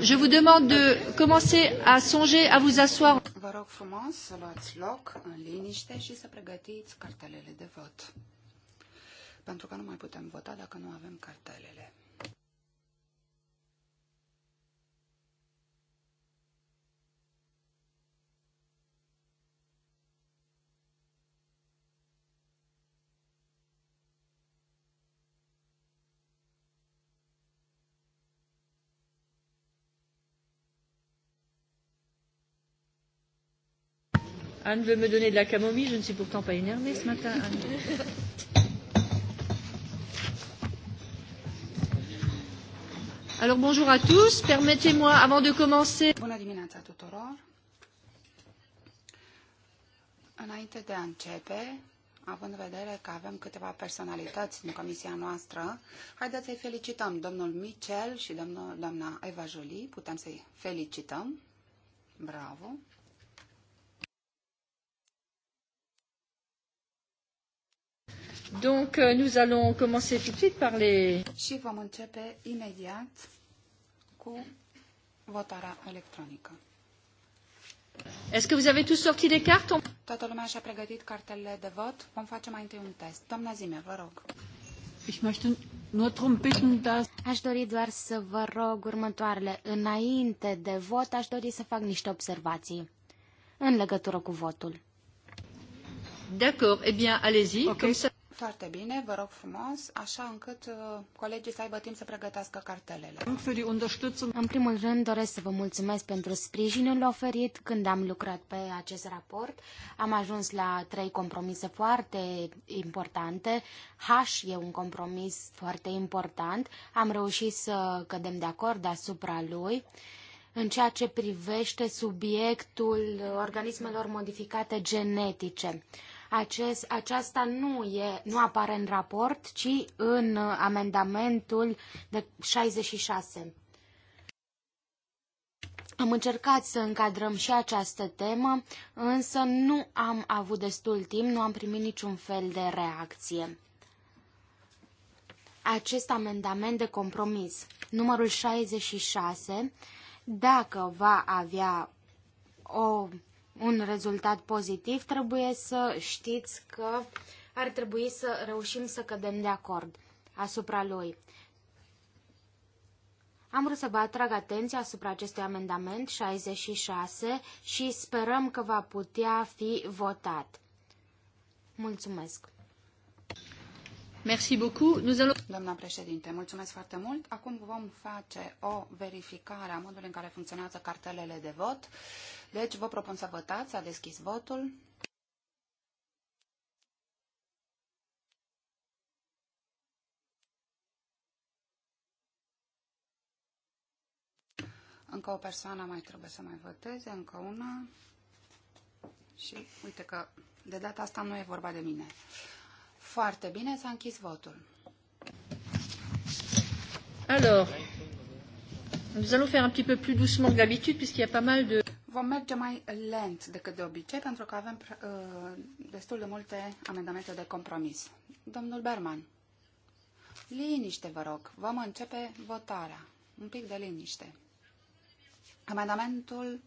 Je vous demande de commencer à songer à vous asseoir. Vă rog frumos să luați loc în liniște și să pregătiți cartelele de vot. Pentru că nu mai putem vota dacă nu avem cartelele. Anne veut me donner de la camomille, je ne suis pourtant pas énervée ce matin, Anne. Alors bonjour à tous, permettez-moi avant de commencer. Bună dimineața tuturor. Înainte de a începe, având în vedere că avem câteva personalități din comisia noastră, haideți să-i felicităm domnul Michel și domnul, doamna Eva Jolie. Putem să-i felicităm. Bravo! Donc, euh, nous allons commencer tout de suite par les... Și vom începe imediat cu votarea electronică. Est-ce que vous avez tous sorti des cartes? Toată lumea și-a pregătit cartele de vot. Vom face mai întâi un test. Doamna Zimmer, vă rog. Ich möchte nur drum bitten, dass... Aș dori doar să vă rog următoarele. Înainte de vot, aș dori să fac niște observații în legătură cu votul. D'accord, eh bien, allez-y. Okay. Comme ça... Foarte bine, vă rog frumos, așa încât uh, colegii să aibă timp să pregătească cartelele. În primul rând doresc să vă mulțumesc pentru sprijinul oferit când am lucrat pe acest raport. Am ajuns la trei compromise foarte importante. H e un compromis foarte important. Am reușit să cădem de acord asupra lui în ceea ce privește subiectul organismelor modificate genetice. Acest, aceasta nu, e, nu apare în raport, ci în uh, amendamentul de 66. Am încercat să încadrăm și această temă, însă nu am avut destul timp, nu am primit niciun fel de reacție. Acest amendament de compromis, numărul 66, dacă va avea o un rezultat pozitiv, trebuie să știți că ar trebui să reușim să cădem de acord asupra lui. Am vrut să vă atrag atenția asupra acestui amendament 66 și sperăm că va putea fi votat. Mulțumesc! Merci beaucoup. Nous allons... Doamna președinte, mulțumesc foarte mult. Acum vom face o verificare a modului în care funcționează cartelele de vot deci vă propun să votați, a deschis votul. Încă o persoană mai trebuie să mai voteze, încă una. Și uite că de data asta nu e vorba de mine. Foarte bine, s-a închis votul. Alors, nous allons faire un petit peu plus doucement que d'habitude puisqu'il y a pas mal de... Vom merge mai lent decât de obicei, pentru că avem uh, destul de multe amendamente de compromis. Domnul Berman, liniște, vă rog. Vom începe votarea. Un pic de liniște. Amendamentul,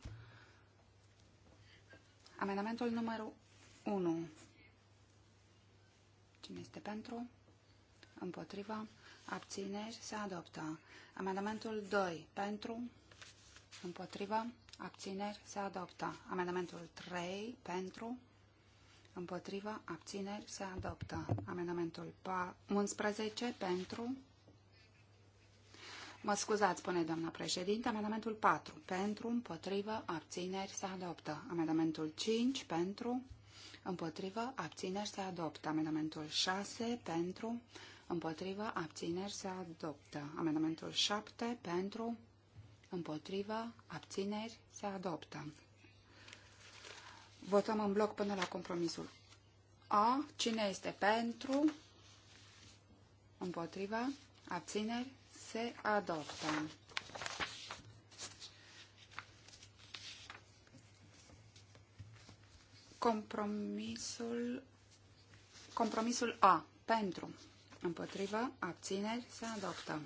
amendamentul numărul 1. Cine este pentru? Împotriva? Abțineri? Se adoptă. Amendamentul 2. Pentru? Împotriva? abțineri, se adoptă. Amendamentul 3 pentru, împotrivă, abțineri, se adoptă. Amendamentul 11 pentru, mă scuzați, spune doamna președinte, amendamentul 4 pentru, împotrivă, abțineri, se adoptă. Amendamentul 5 pentru, împotrivă, abțineri, se adoptă. Amendamentul 6 pentru, împotrivă, abțineri, se adoptă. Amendamentul 7 pentru, împotriva, abțineri, se adoptă. Votăm în bloc până la compromisul A. Cine este pentru, împotriva, abțineri, se adoptă. Compromisul, compromisul A. Pentru, împotriva, abțineri, se adoptă.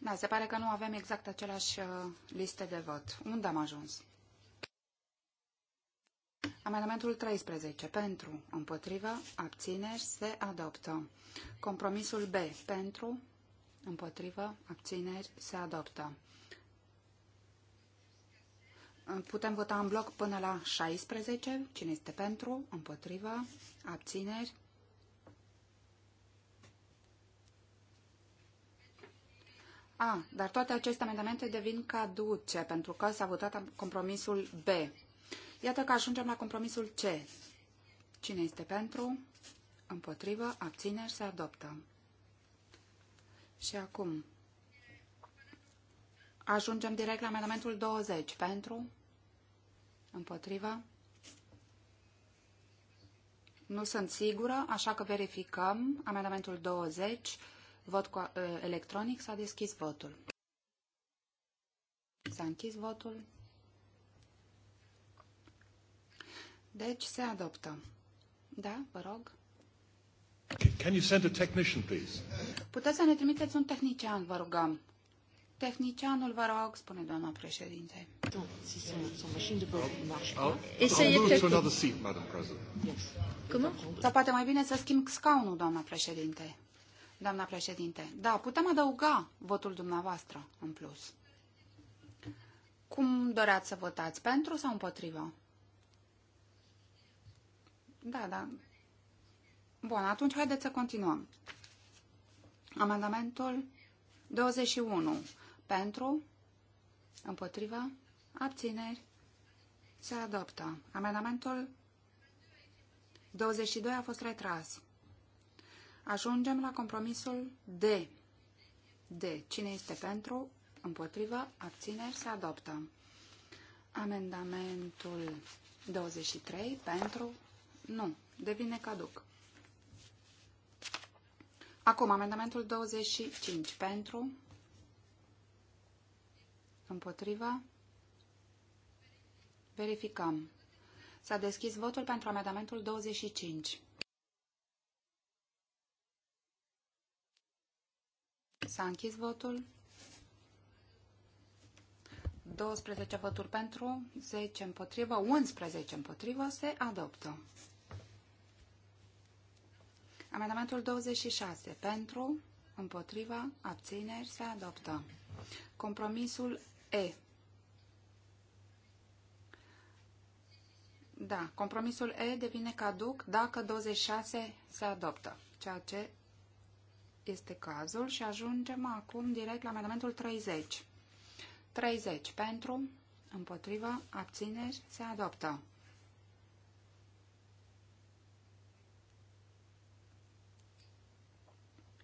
Da, se pare că nu avem exact aceleași uh, liste de vot. Unde am ajuns? Amendamentul 13. Pentru, împotriva, abțineri, se adoptă. Compromisul B. Pentru, împotriva, abțineri, se adoptă. Uh, putem vota în bloc până la 16. Cine este pentru, împotriva, abțineri, A, dar toate aceste amendamente devin caduce pentru că s-a votat compromisul B. Iată că ajungem la compromisul C. Cine este pentru? Împotrivă, abțineri, se adoptă. Și acum ajungem direct la amendamentul 20. Pentru? Împotrivă? Nu sunt sigură, așa că verificăm amendamentul 20. Vot cu, electronic s-a deschis votul. S-a închis votul. Deci se adoptă. Da, vă rog. Can you send a technician, please? Puteți să ne trimiteți un tehnician, vă rugăm. Tehnicianul, vă rog, spune doamna președinte. Sau poate mai bine să schimb scaunul, doamna președinte doamna președinte. Da, putem adăuga votul dumneavoastră în plus. Cum doreați să votați? Pentru sau împotrivă? Da, da. Bun, atunci haideți să continuăm. Amendamentul 21. Pentru, împotriva, abțineri, se adoptă. Amendamentul 22 a fost retras. Ajungem la compromisul D. D. Cine este pentru? Împotrivă? Abțineri? Se adoptă. Amendamentul 23 pentru? Nu. Devine caduc. Acum, amendamentul 25 pentru? Împotrivă? Verificăm. S-a deschis votul pentru amendamentul 25. S-a închis votul. 12 voturi pentru, 10 împotrivă, 11 împotrivă, se adoptă. Amendamentul 26. Pentru, împotriva, abțineri, se adoptă. Compromisul E. Da, compromisul E devine caduc dacă 26 se adoptă, ceea ce este cazul și ajungem acum direct la amendamentul 30. 30 pentru, împotriva, abțineri, se adoptă.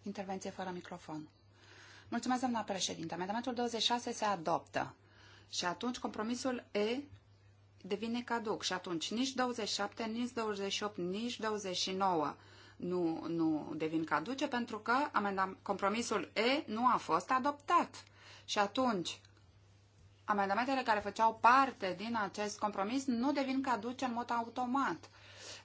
Intervenție fără microfon. Mulțumesc, doamna președinte. Amendamentul 26 se adoptă și atunci compromisul E devine caduc și atunci nici 27, nici 28, nici 29 nu, nu devin caduce pentru că amendam, compromisul E nu a fost adoptat. Și atunci, amendamentele care făceau parte din acest compromis nu devin caduce în mod automat.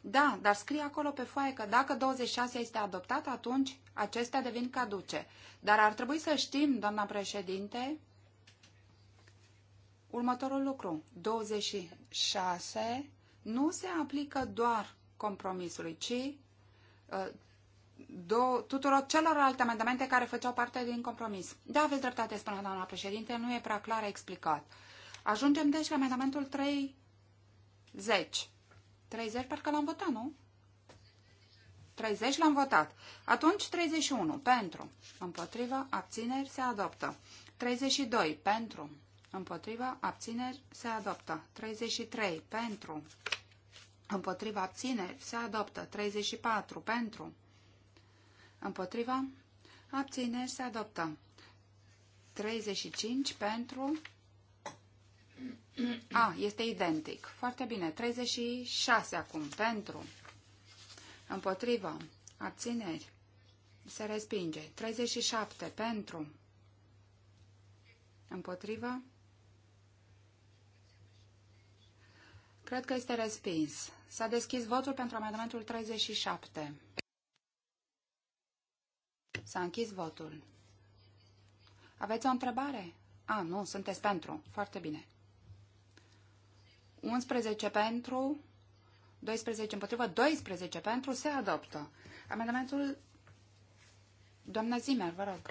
Da, dar scrie acolo pe foaie că dacă 26 este adoptat, atunci acestea devin caduce. Dar ar trebui să știm, doamna președinte, următorul lucru. 26 nu se aplică doar compromisului, ci Uh, două, tuturor celorlalte amendamente care făceau parte din compromis. Da, aveți dreptate, spune doamna președinte, nu e prea clar explicat. Ajungem deci la amendamentul 30. 30 parcă l-am votat, nu? 30 l-am votat. Atunci 31 pentru, împotrivă, abțineri, se adoptă. 32 pentru, împotrivă, abțineri, se adoptă. 33 pentru, Împotriva abțineri se adoptă 34 pentru. Împotriva abțineri se adoptă 35 pentru. A, este identic. Foarte bine. 36 acum pentru. Împotriva abțineri se respinge. 37 pentru. Împotriva Cred că este respins. S-a deschis votul pentru amendamentul 37. S-a închis votul. Aveți o întrebare? A, nu, sunteți pentru. Foarte bine. 11 pentru, 12 împotrivă, 12 pentru, se adoptă. Amendamentul... Doamna Zimmer, vă rog.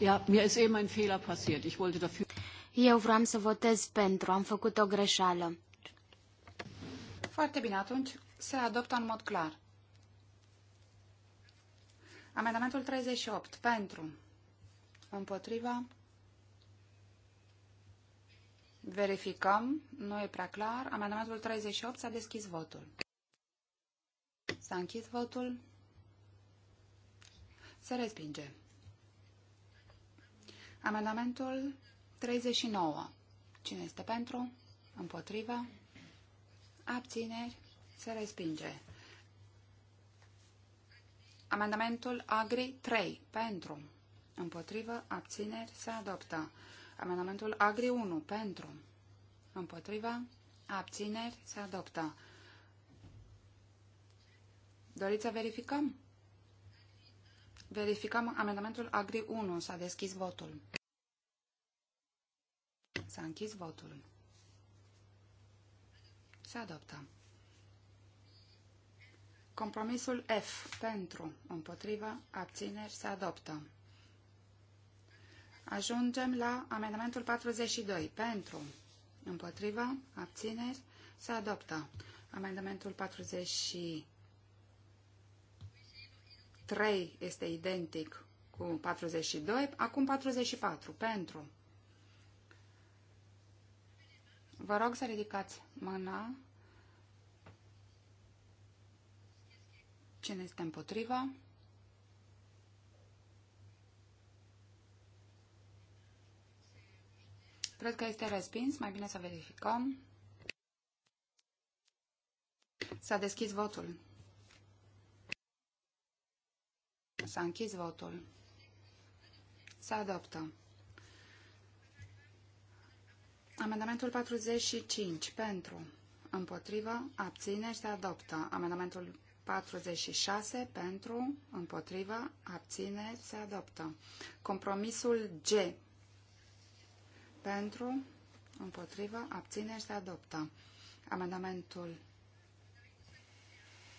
Ja, mir ist eben ein Fehler passiert. Ich wollte dafür... Eu vreau să votez pentru, am făcut o greșeală. Foarte bine, atunci se adoptă în mod clar. Amendamentul 38. Pentru. Împotriva. Verificăm. Nu e prea clar. Amendamentul 38 s-a deschis votul. S-a închis votul. Se respinge. Amendamentul 39. Cine este pentru? Împotriva? abțineri, se respinge. Amendamentul Agri 3. Pentru. Împotrivă. Abțineri. Se adoptă. Amendamentul Agri 1. Pentru. Împotrivă. Abțineri. Se adoptă. Doriți să verificăm? Verificăm amendamentul Agri 1. S-a deschis votul. S-a închis votul. Se adoptă. Compromisul F pentru, împotriva, abțineri se adoptă. Ajungem la amendamentul 42. Pentru, împotriva, abțineri se adoptă. Amendamentul 43 este identic cu 42. Acum 44. Pentru, Vă rog să ridicați mâna. Cine este împotriva? Cred că este respins. Mai bine să verificăm. S-a deschis votul. S-a închis votul. Se adoptă. Amendamentul 45 pentru, împotrivă, Abține se adoptă. Amendamentul 46 pentru, împotrivă, abțineri se adoptă. Compromisul G pentru, împotrivă, Abține se adoptă. Amendamentul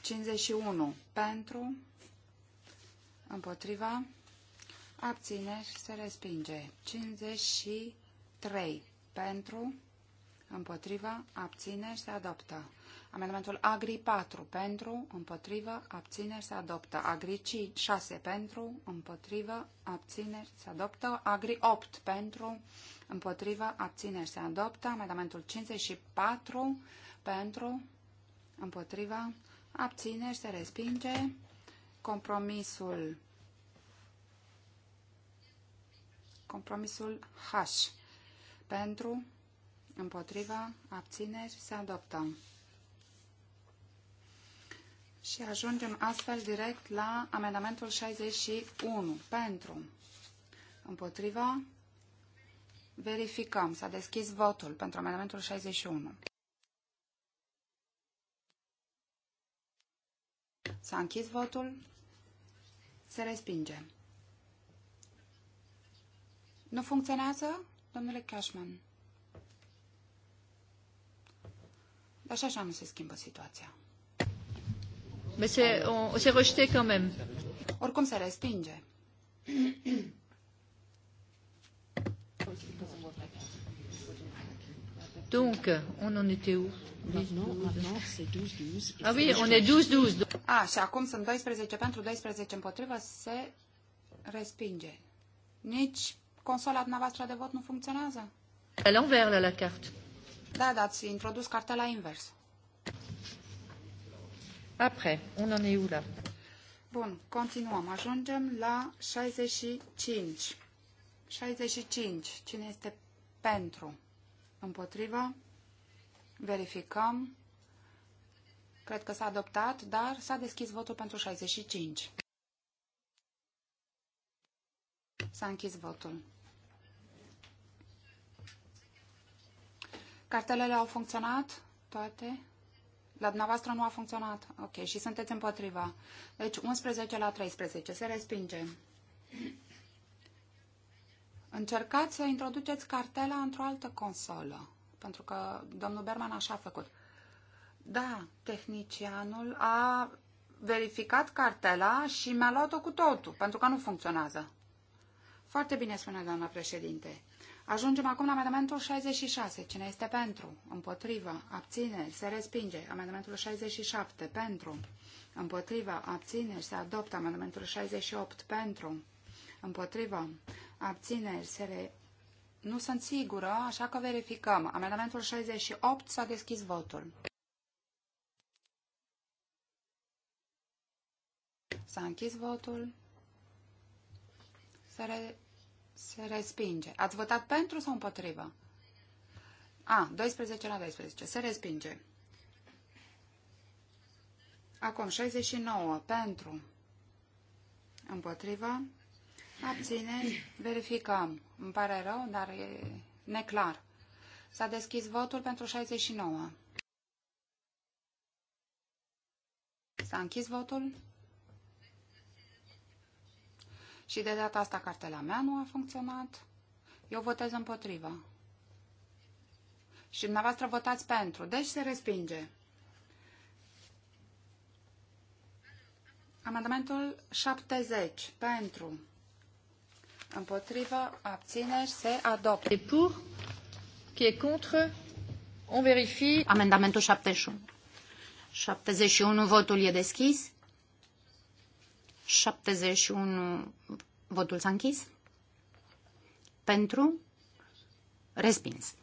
51 pentru, împotriva, și se respinge. 53 pentru, împotriva, abține, se adoptă. Amendamentul Agri 4 pentru, împotrivă, abține, se adoptă. Agri 6 pentru, împotrivă, abțineri, se adoptă. Agri 8 pentru, împotrivă, abțineri, se adoptă. Amendamentul 54 pentru, împotriva, abțineri, se respinge. Compromisul Compromisul H pentru, împotriva, abțineri, se adoptă. Și ajungem astfel direct la amendamentul 61. Pentru, împotriva, verificăm. S-a deschis votul pentru amendamentul 61. S-a închis votul. Se respinge. Nu funcționează? Domnule Cashman. Dar și așa nu se schimbă situația. Mais se, on, on se rejete quand même. Oricum se respinge. Donc, on en était où 12, 12. Ah oui, on est 12-12. Ah, și acum sunt 12 pentru 12 împotriva, se respinge. Nici Consola dumneavoastră de vot nu funcționează? A l'envers, la la carte. Da, da, ați introdus cartela invers. Après, on en est où là? Bun, continuăm. Ajungem la 65. 65. Cine este pentru? Împotriva? Verificăm. Cred că s-a adoptat, dar s-a deschis votul pentru 65. S-a închis votul. Cartelele au funcționat? Toate? La dumneavoastră nu a funcționat. Ok, și sunteți împotriva. Deci 11 la 13. Se respinge. Încercați să introduceți cartela într-o altă consolă. Pentru că domnul Berman așa a făcut. Da, tehnicianul a verificat cartela și mi-a luat-o cu totul, pentru că nu funcționează. Foarte bine spune doamna președinte. Ajungem acum la amendamentul 66. Cine este pentru? Împotrivă. abține, Se respinge. Amendamentul 67. Pentru. Împotrivă. abține, Se adoptă. Amendamentul 68. Pentru. Împotrivă. abține, Se re... Nu sunt sigură, așa că verificăm. Amendamentul 68 s-a deschis votul. S-a închis votul. Se re... Se respinge. Ați votat pentru sau împotrivă? A, 12 la 12. Se respinge. Acum 69 pentru împotriva abțineri. Verificăm. Îmi pare rău, dar e neclar. S-a deschis votul pentru 69. S-a închis votul. Și de data asta cartela mea nu a funcționat. Eu votez împotriva. Și dumneavoastră votați pentru. Deci se respinge. Amendamentul 70. Pentru. Împotrivă. Abțineri. Se adoptă. Et pour, qui est contre, on vérifie. Amendamentul 71. 71. Votul e deschis. 71. Votul s-a închis. Pentru. Respins.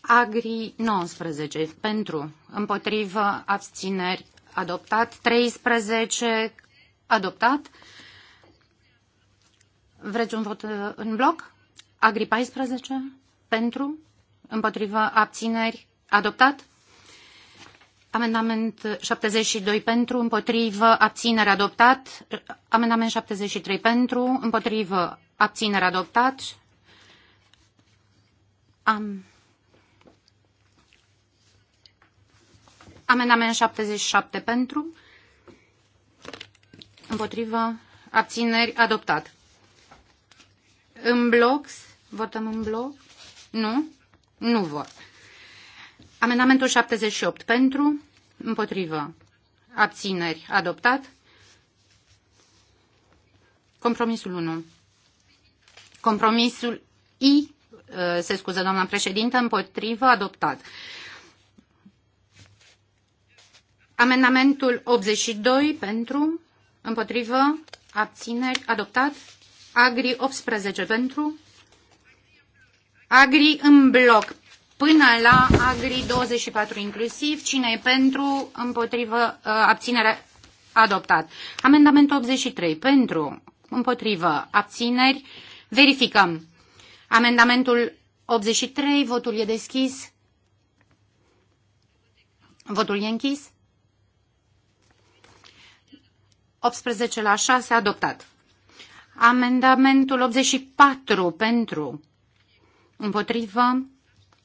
Agri 19. Pentru. Împotrivă. Abțineri. Adoptat. 13. Adoptat. Vreți un vot uh, în bloc? Agri 14. Pentru. Împotrivă. Abțineri. Adoptat. Amendament 72 pentru, împotrivă, abținere adoptat. Amendament 73 pentru, împotrivă, abținere adoptat. Am... Amendament 77 pentru, împotrivă, abțineri adoptat. În bloc, votăm în bloc? Nu? Nu vor. Amendamentul 78 pentru, împotrivă, abțineri, adoptat. Compromisul 1. Compromisul I, uh, se scuză doamna președintă, împotrivă, adoptat. Amendamentul 82 pentru, împotrivă, abțineri, adoptat. Agri 18 pentru. Agri în bloc până la Agri 24 inclusiv. Cine e pentru, împotrivă, ă, abținere, adoptat. Amendamentul 83, pentru, împotrivă, abțineri, verificăm. Amendamentul 83, votul e deschis. Votul e închis. 18 la 6, adoptat. Amendamentul 84, pentru, împotrivă,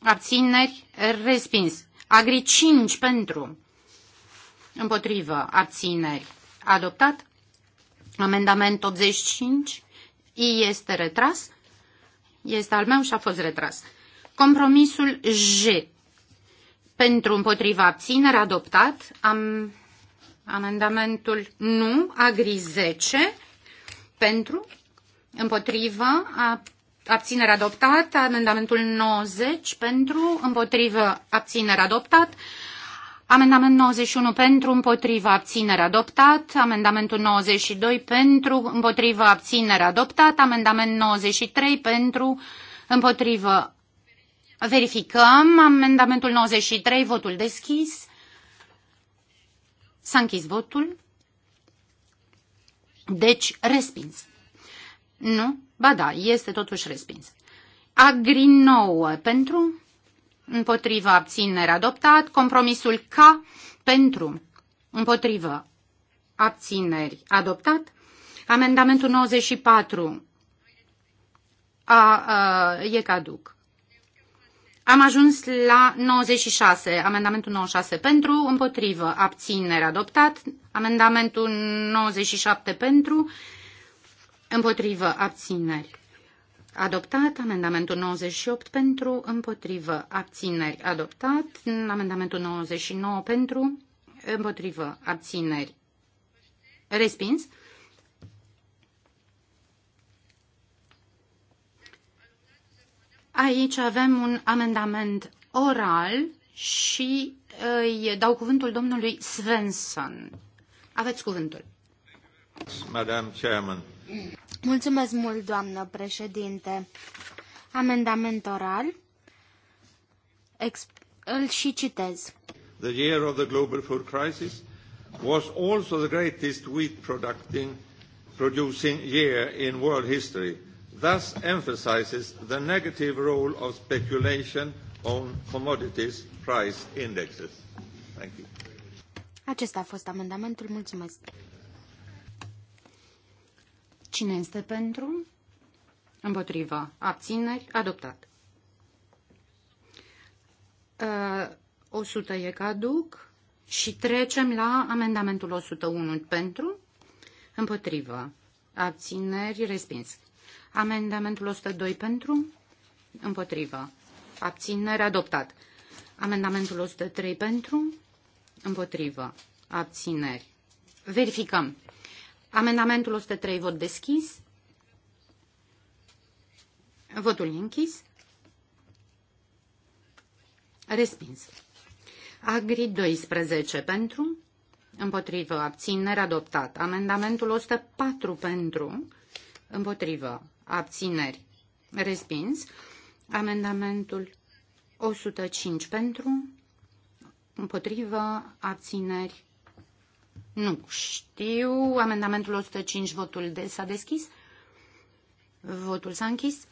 abțineri, respins. Agri 5 pentru, împotrivă, abțineri, adoptat. Amendament 85, I este retras, este al meu și a fost retras. Compromisul J, pentru împotriva abținere, adoptat. Am, amendamentul nu, Agri 10, pentru împotriva a abținere adoptat, amendamentul 90 pentru, împotrivă, abținere adoptat, amendament 91 pentru, împotrivă, abținere adoptat, amendamentul 92 pentru, împotrivă, abținere adoptat, amendament 93 pentru, împotrivă, verificăm, amendamentul 93, votul deschis, s-a închis votul, deci respins. Nu, Ba da, este totuși respins. Agri pentru, împotrivă abținere adoptat, compromisul K pentru, împotrivă abțineri adoptat, amendamentul 94 a, a, e caduc. Am ajuns la 96, amendamentul 96 pentru, împotrivă, abținere adoptat, amendamentul 97 pentru, împotrivă, abțineri. Adoptat amendamentul 98 pentru, împotrivă, abțineri. Adoptat amendamentul 99 pentru, împotrivă, abțineri. Respins. Aici avem un amendament oral și îi dau cuvântul domnului Svensson. Aveți cuvântul. Madam Chairman. Mulțumesc mult, doamnă președinte. Amendament oral. Ex îl și citez. The year of the global food crisis was also the greatest wheat producing, producing year in world history, thus emphasizes the negative role of speculation on commodities price indexes. Thank you. Acesta a fost amendamentul. Mulțumesc. Cine este pentru? Împotrivă. Abțineri. Adoptat. 100 uh, e caduc și trecem la amendamentul 101 pentru, împotrivă, abțineri, respins. Amendamentul 102 pentru, împotrivă, abțineri, adoptat. Amendamentul 103 pentru, împotrivă, abțineri. Verificăm. Amendamentul 103, vot deschis. Votul închis. Respins. Agri 12 pentru. Împotrivă. Abținere adoptat. Amendamentul 104 pentru. Împotrivă. Abțineri. Respins. Amendamentul 105 pentru. Împotrivă. Abțineri. Nu știu. Amendamentul 105, votul de s-a deschis. Votul s-a închis.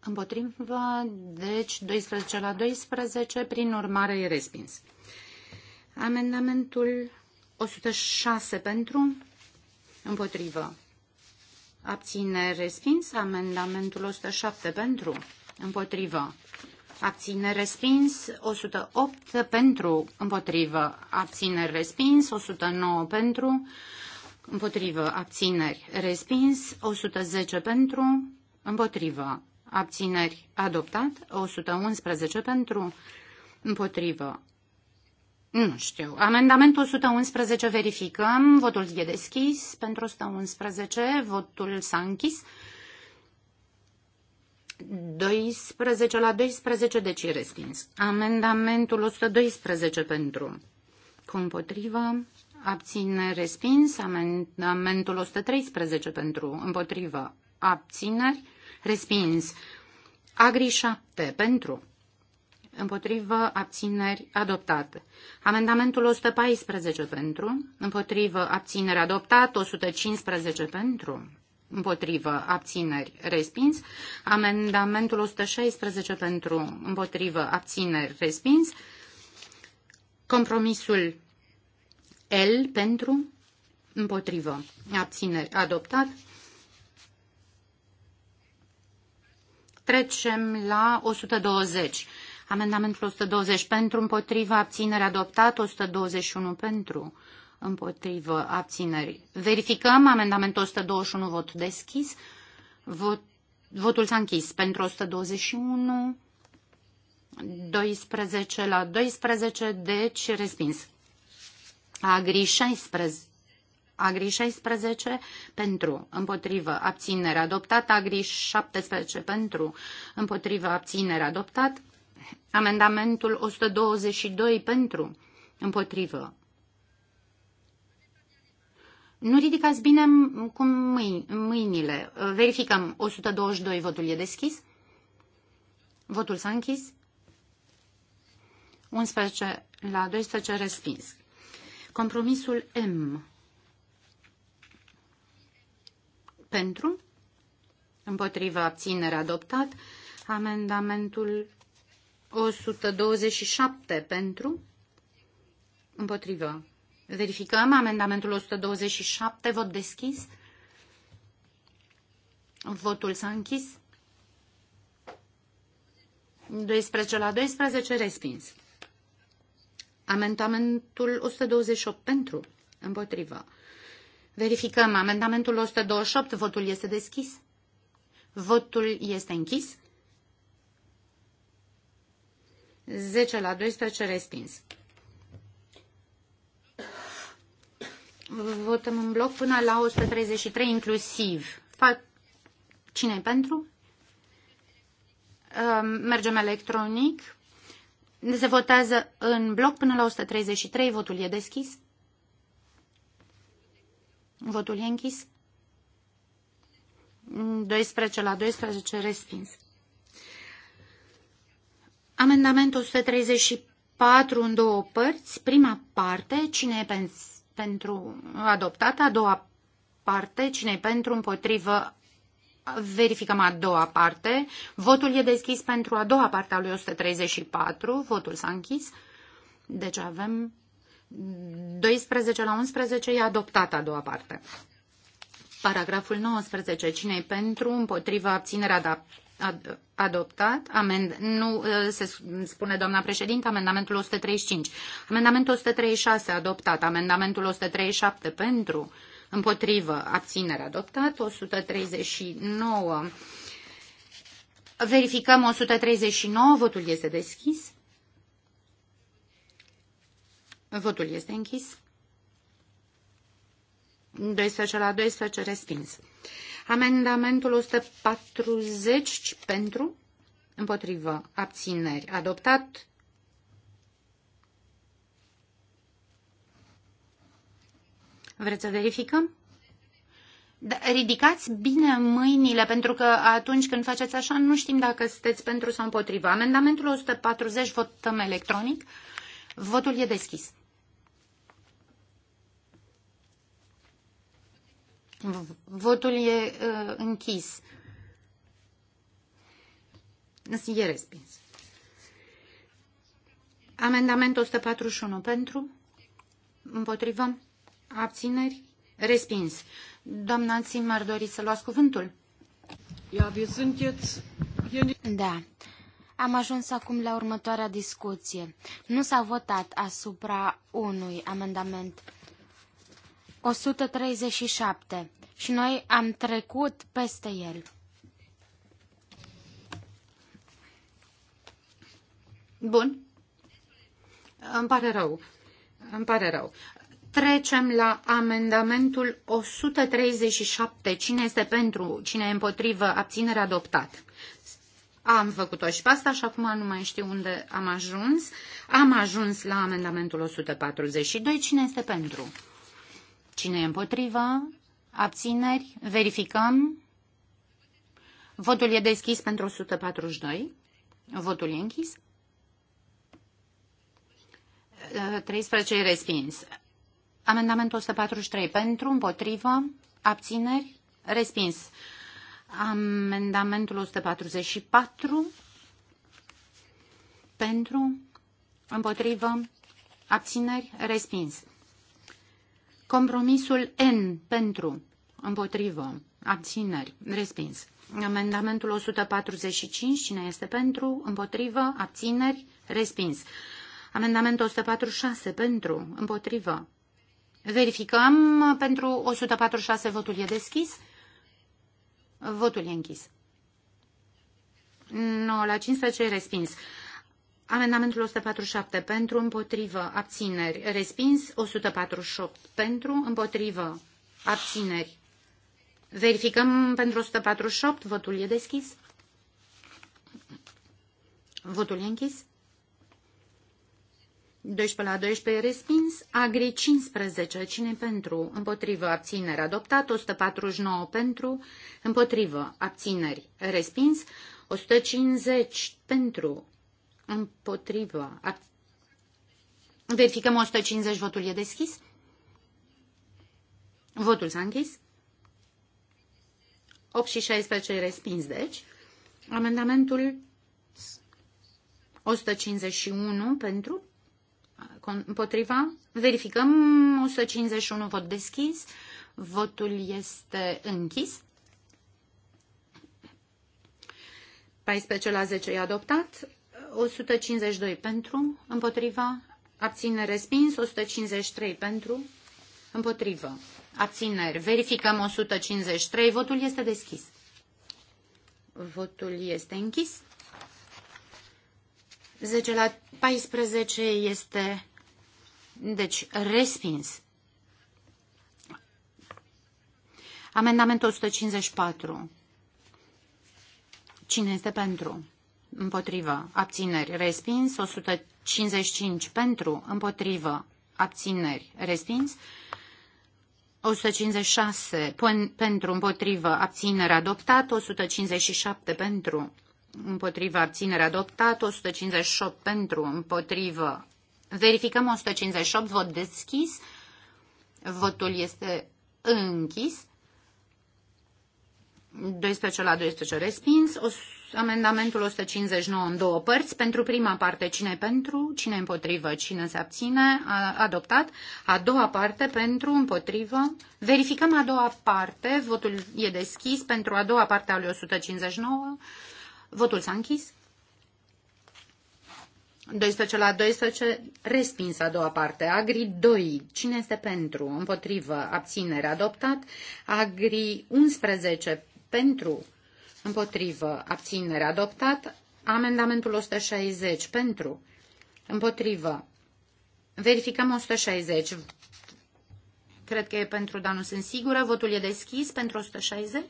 Împotriva, deci 12 la 12, prin urmare e respins. Amendamentul 106 pentru, împotrivă, abține respins. Amendamentul 107 pentru, împotrivă, abțineri respins, 108 pentru, împotrivă, abțineri respins, 109 pentru, împotrivă, abțineri respins, 110 pentru, împotrivă, abțineri adoptat, 111 pentru, împotrivă, nu știu. Amendamentul 111 verificăm. Votul e deschis pentru 111. Votul s-a închis. 12 la 12, deci e respins. Amendamentul 112 pentru. Împotrivă. Abține respins. Amendamentul 113 pentru. Împotrivă. Abțineri. Respins. Agri 7 pentru. Împotrivă abțineri adoptat. Amendamentul 114 pentru. Împotrivă abțineri adoptat. 115 pentru împotrivă, abțineri, respins. Amendamentul 116 pentru, împotrivă, abțineri, respins. Compromisul L pentru, împotrivă, abțineri, adoptat. Trecem la 120. Amendamentul 120 pentru, împotrivă, abțineri adoptat, 121 pentru, împotrivă, abținerii. Verificăm amendamentul 121, vot deschis. Vot, votul s-a închis pentru 121, 12 la 12, deci respins. Agri 16. Agri 16 pentru, împotrivă, abținere adoptat. Agri 17 pentru, împotrivă, abținere adoptat. Amendamentul 122 pentru, împotrivă, nu ridicați bine cu mâinile. Verificăm. 122 votul e deschis. Votul s-a închis. 11 la 12 respins. Compromisul M. Pentru. Împotriva abținere adoptat. Amendamentul 127 pentru. Împotriva Verificăm amendamentul 127, vot deschis. Votul s-a închis. 12 la 12, respins. Amendamentul 128 pentru, împotrivă. Verificăm amendamentul 128, votul este deschis. Votul este închis. 10 la 12, respins. Votăm în bloc până la 133 inclusiv. Fac... cine pentru? Um, mergem electronic. Se votează în bloc până la 133. Votul e deschis. Votul e închis. 12 la 12 respins. Amendamentul 134 în două părți. Prima parte, cine e pentru? pentru adoptată, a doua parte, cine pentru, împotrivă, verificăm a doua parte. Votul e deschis pentru a doua parte a lui 134, votul s-a închis. Deci avem 12 la 11, e adoptată a doua parte. Paragraful 19. Cine pentru, abținerea, abținere, adoptat. Amend nu ă, se spune, doamna președinte, amendamentul 135. Amendamentul 136 adoptat. Amendamentul 137 pentru, împotrivă, abținere adoptat. 139. Verificăm 139. Votul este deschis. Votul este închis. 12 la 12 respins. Amendamentul 140 pentru, împotrivă, abțineri, adoptat. Vreți să verificăm? Da, ridicați bine mâinile, pentru că atunci când faceți așa, nu știm dacă sunteți pentru sau împotriva. Amendamentul 140, votăm electronic. Votul e deschis. Votul e uh, închis. E respins. Amendamentul 141 pentru, împotrivă, abțineri, respins. Doamna Țimar, doriți să luați cuvântul? Da. Am ajuns acum la următoarea discuție. Nu s-a votat asupra unui amendament 137 și noi am trecut peste el. Bun. Îmi pare rău. Îmi pare rău. Trecem la amendamentul 137. Cine este pentru, cine e împotrivă, abținere adoptat. Am făcut-o și pe asta și acum nu mai știu unde am ajuns. Am ajuns la amendamentul 142. Cine este pentru? Cine e împotrivă? Abțineri? Verificăm. Votul e deschis pentru 142. Votul e închis. 13 uh, e respins. Amendamentul 143 pentru, împotrivă, abțineri, respins. Amendamentul 144 pentru, împotrivă, abțineri, respins. Compromisul N pentru, împotrivă, abțineri, respins. Amendamentul 145, cine este pentru, împotrivă, abțineri, respins. Amendamentul 146 pentru, împotrivă. Verificăm pentru 146 votul e deschis. Votul e închis. 9 la 15 respins. Amendamentul 147 pentru, împotrivă, abțineri, respins. 148 pentru, împotrivă, abțineri. Verificăm pentru 148, votul e deschis. Votul e închis. 12 la 12 respins. Agri 15. Cine pentru? Împotrivă. Abțineri. Adoptat. 149 pentru. Împotrivă. Abțineri. Respins. 150 pentru. Împotrivă. Verificăm 150, votul e deschis. Votul s-a închis. 8 și 16 respins, deci. Amendamentul 151 pentru, împotriva. Verificăm 151 vot deschis. Votul este închis. 14 la 10 e adoptat. 152 pentru, împotriva, abține respins, 153 pentru, împotrivă, abțineri. Verificăm 153, votul este deschis. Votul este închis. 10 la 14 este, deci, respins. Amendamentul 154. Cine este pentru? împotrivă, abțineri, respins, 155 pentru, împotrivă, abțineri, respins, 156 pentru, împotrivă, abținere, adoptat, 157 pentru, împotrivă, abținere, adoptat, 158 pentru, împotrivă, verificăm 158, vot deschis, votul este închis, 12 la 12 respins, 100 amendamentul 159 în două părți. Pentru prima parte, cine pentru, cine împotrivă, cine se abține, a, adoptat. A doua parte, pentru, împotrivă. Verificăm a doua parte, votul e deschis pentru a doua parte a lui 159. Votul s-a închis. 12 la 12, respins a doua parte. Agri 2, cine este pentru, împotrivă, abținere, adoptat. Agri 11, pentru, Împotrivă. Abținere. Adoptat. Amendamentul 160. Pentru. Împotrivă. Verificăm 160. Cred că e pentru, dar nu sunt sigură. Votul e deschis pentru 160.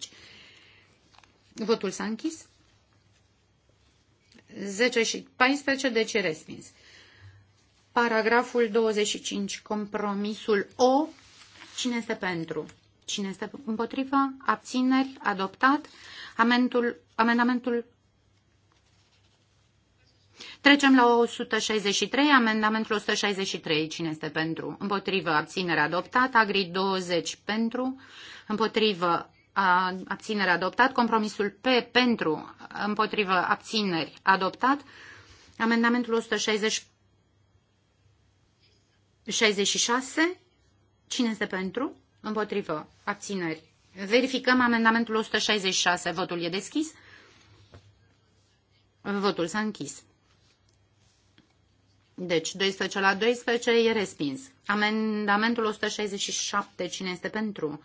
Votul s-a închis. 10 și 14, deci e respins. Paragraful 25. Compromisul O. Cine este pentru? Cine este împotrivă? Abțineri? Adoptat. Amendul, amendamentul. Trecem la 163. Amendamentul 163. Cine este pentru? Împotrivă? Abținere? Adoptat. Agri 20 pentru. Împotrivă? Abținere? Adoptat. Compromisul P pentru. Împotrivă? Abțineri? Adoptat. Amendamentul 166. 66. Cine este pentru? Împotrivă. Abțineri. Verificăm amendamentul 166. Votul e deschis. Votul s-a închis. Deci, 12 la 12 e respins. Amendamentul 167. Cine este pentru?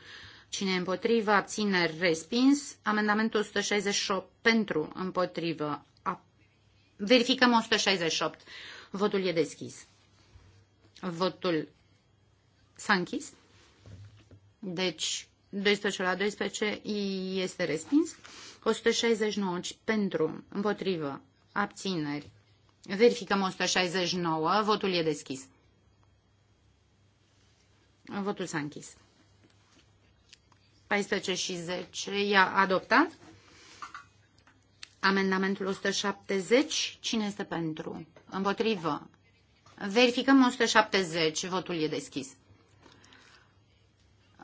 Cine e împotrivă? Abțineri. Respins. Amendamentul 168. Pentru. Împotrivă. Verificăm 168. Votul e deschis. Votul s-a închis. Deci, 12 la 12 este respins. 169 pentru, împotrivă, abțineri. Verificăm 169. Votul e deschis. Votul s-a închis. 14 și 10 i-a adoptat. Amendamentul 170. Cine este pentru? Împotrivă. Verificăm 170. Votul e deschis.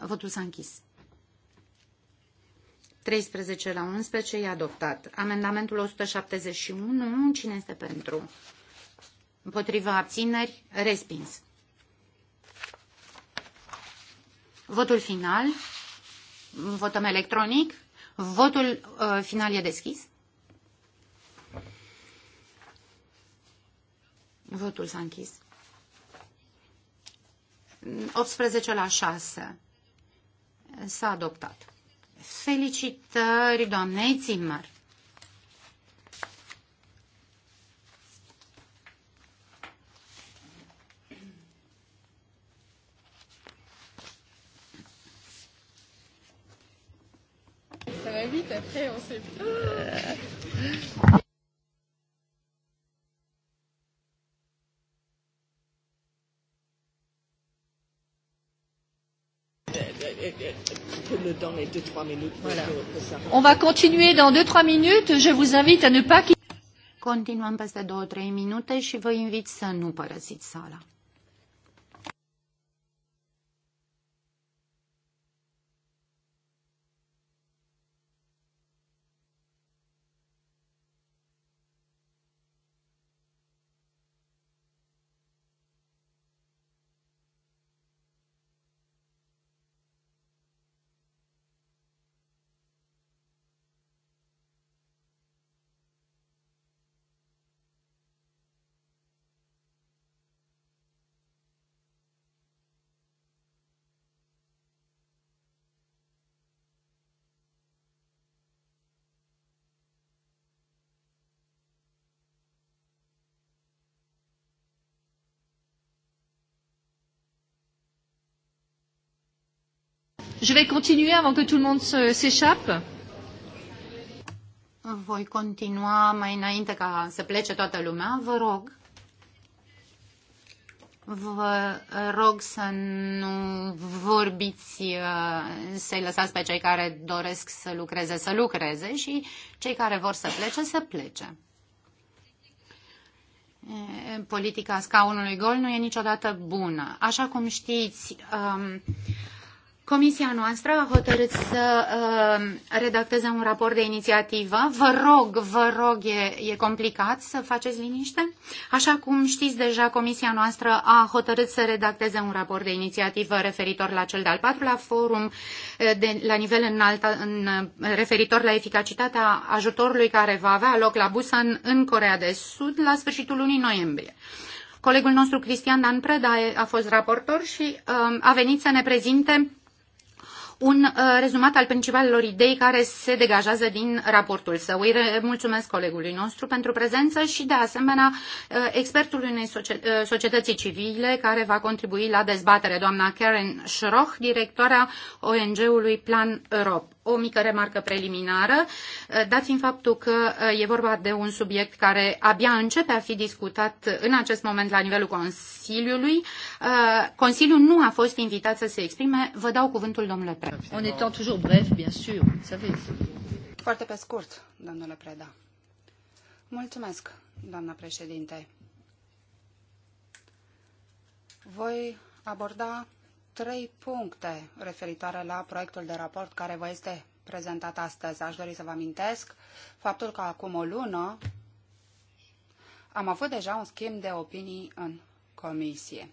Votul s-a închis. 13 la 11 e adoptat. Amendamentul 171, cine este pentru? Împotriva abțineri, respins. Votul final, votăm electronic, votul uh, final e deschis. Votul s-a închis. 18 la 6 s-a adoptat. Felicitări doamnei Zimmer. dans les deux trois minutes. Voilà. Que, que ça... On va continuer dans deux trois minutes. Je vous invite à ne pas... Continuăm peste 2-3 minute și vă invit să nu părăsiți sala. Je vais continuer avant que tout le monde s'échappe. Voi continua mai înainte ca să plece toată lumea, vă rog. Vă rog să nu vorbiți, uh, să-i lăsați pe cei care doresc să lucreze să lucreze și cei care vor să plece să plece. Politica scaunului gol nu e niciodată bună. Așa cum știți, um, Comisia noastră a hotărât să uh, redacteze un raport de inițiativă. Vă rog, vă rog, e, e complicat să faceți liniște. Așa cum știți deja, Comisia noastră a hotărât să redacteze un raport de inițiativă referitor la cel de-al patrulea forum uh, de, la nivel înalt în, uh, referitor la eficacitatea ajutorului care va avea loc la Busan în Corea de Sud la sfârșitul lunii noiembrie. Colegul nostru Cristian Dan Preda a fost raportor și um, a venit să ne prezinte un uh, rezumat al principalelor idei care se degajează din raportul său. Îi mulțumesc colegului nostru pentru prezență și, de asemenea, uh, expertului unei societ uh, societății civile care va contribui la dezbatere, doamna Karen Schroch, directoarea ONG-ului Plan Europe o mică remarcă preliminară, dat fiind faptul că uh, e vorba de un subiect care abia începe a fi discutat în acest moment la nivelul Consiliului. Uh, Consiliul nu a fost invitat să se exprime. Vă dau cuvântul, domnule Preda. Exact. On étant toujours bref, bien sûr, Foarte pe scurt, domnule Preda. Mulțumesc, doamna președinte. Voi aborda trei puncte referitoare la proiectul de raport care vă este prezentat astăzi. Aș dori să vă amintesc faptul că acum o lună am avut deja un schimb de opinii în comisie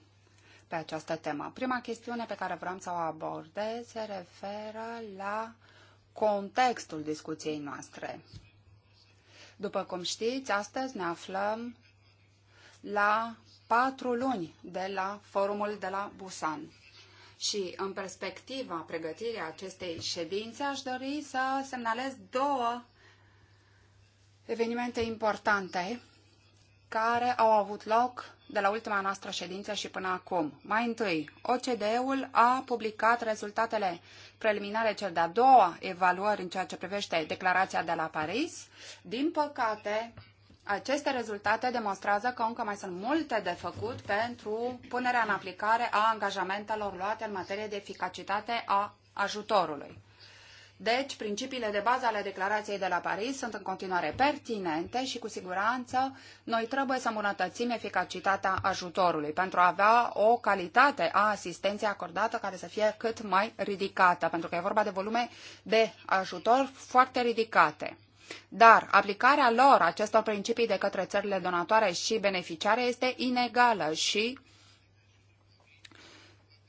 pe această temă. Prima chestiune pe care vreau să o abordez se referă la contextul discuției noastre. După cum știți, astăzi ne aflăm la patru luni de la forumul de la Busan. Și în perspectiva pregătirii acestei ședințe aș dori să semnalez două evenimente importante care au avut loc de la ultima noastră ședință și până acum. Mai întâi, OCDE-ul a publicat rezultatele preliminare cel de-a doua evaluări în ceea ce privește declarația de la Paris. Din păcate, aceste rezultate demonstrează că încă mai sunt multe de făcut pentru punerea în aplicare a angajamentelor luate în materie de eficacitate a ajutorului. Deci, principiile de bază ale declarației de la Paris sunt în continuare pertinente și, cu siguranță, noi trebuie să îmbunătățim eficacitatea ajutorului pentru a avea o calitate a asistenței acordată care să fie cât mai ridicată, pentru că e vorba de volume de ajutor foarte ridicate. Dar aplicarea lor acestor principii de către țările donatoare și beneficiare este inegală și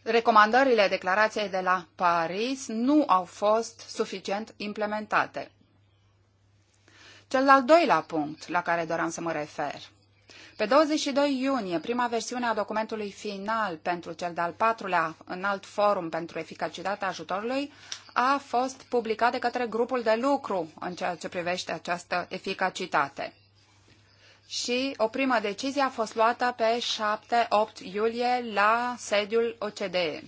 recomandările declarației de la Paris nu au fost suficient implementate. Cel de-al doilea punct la care doream să mă refer. Pe 22 iunie, prima versiune a documentului final pentru cel de-al patrulea înalt forum pentru eficacitatea ajutorului a fost publicat de către grupul de lucru în ceea ce privește această eficacitate. Și o primă decizie a fost luată pe 7-8 iulie la sediul OCDE.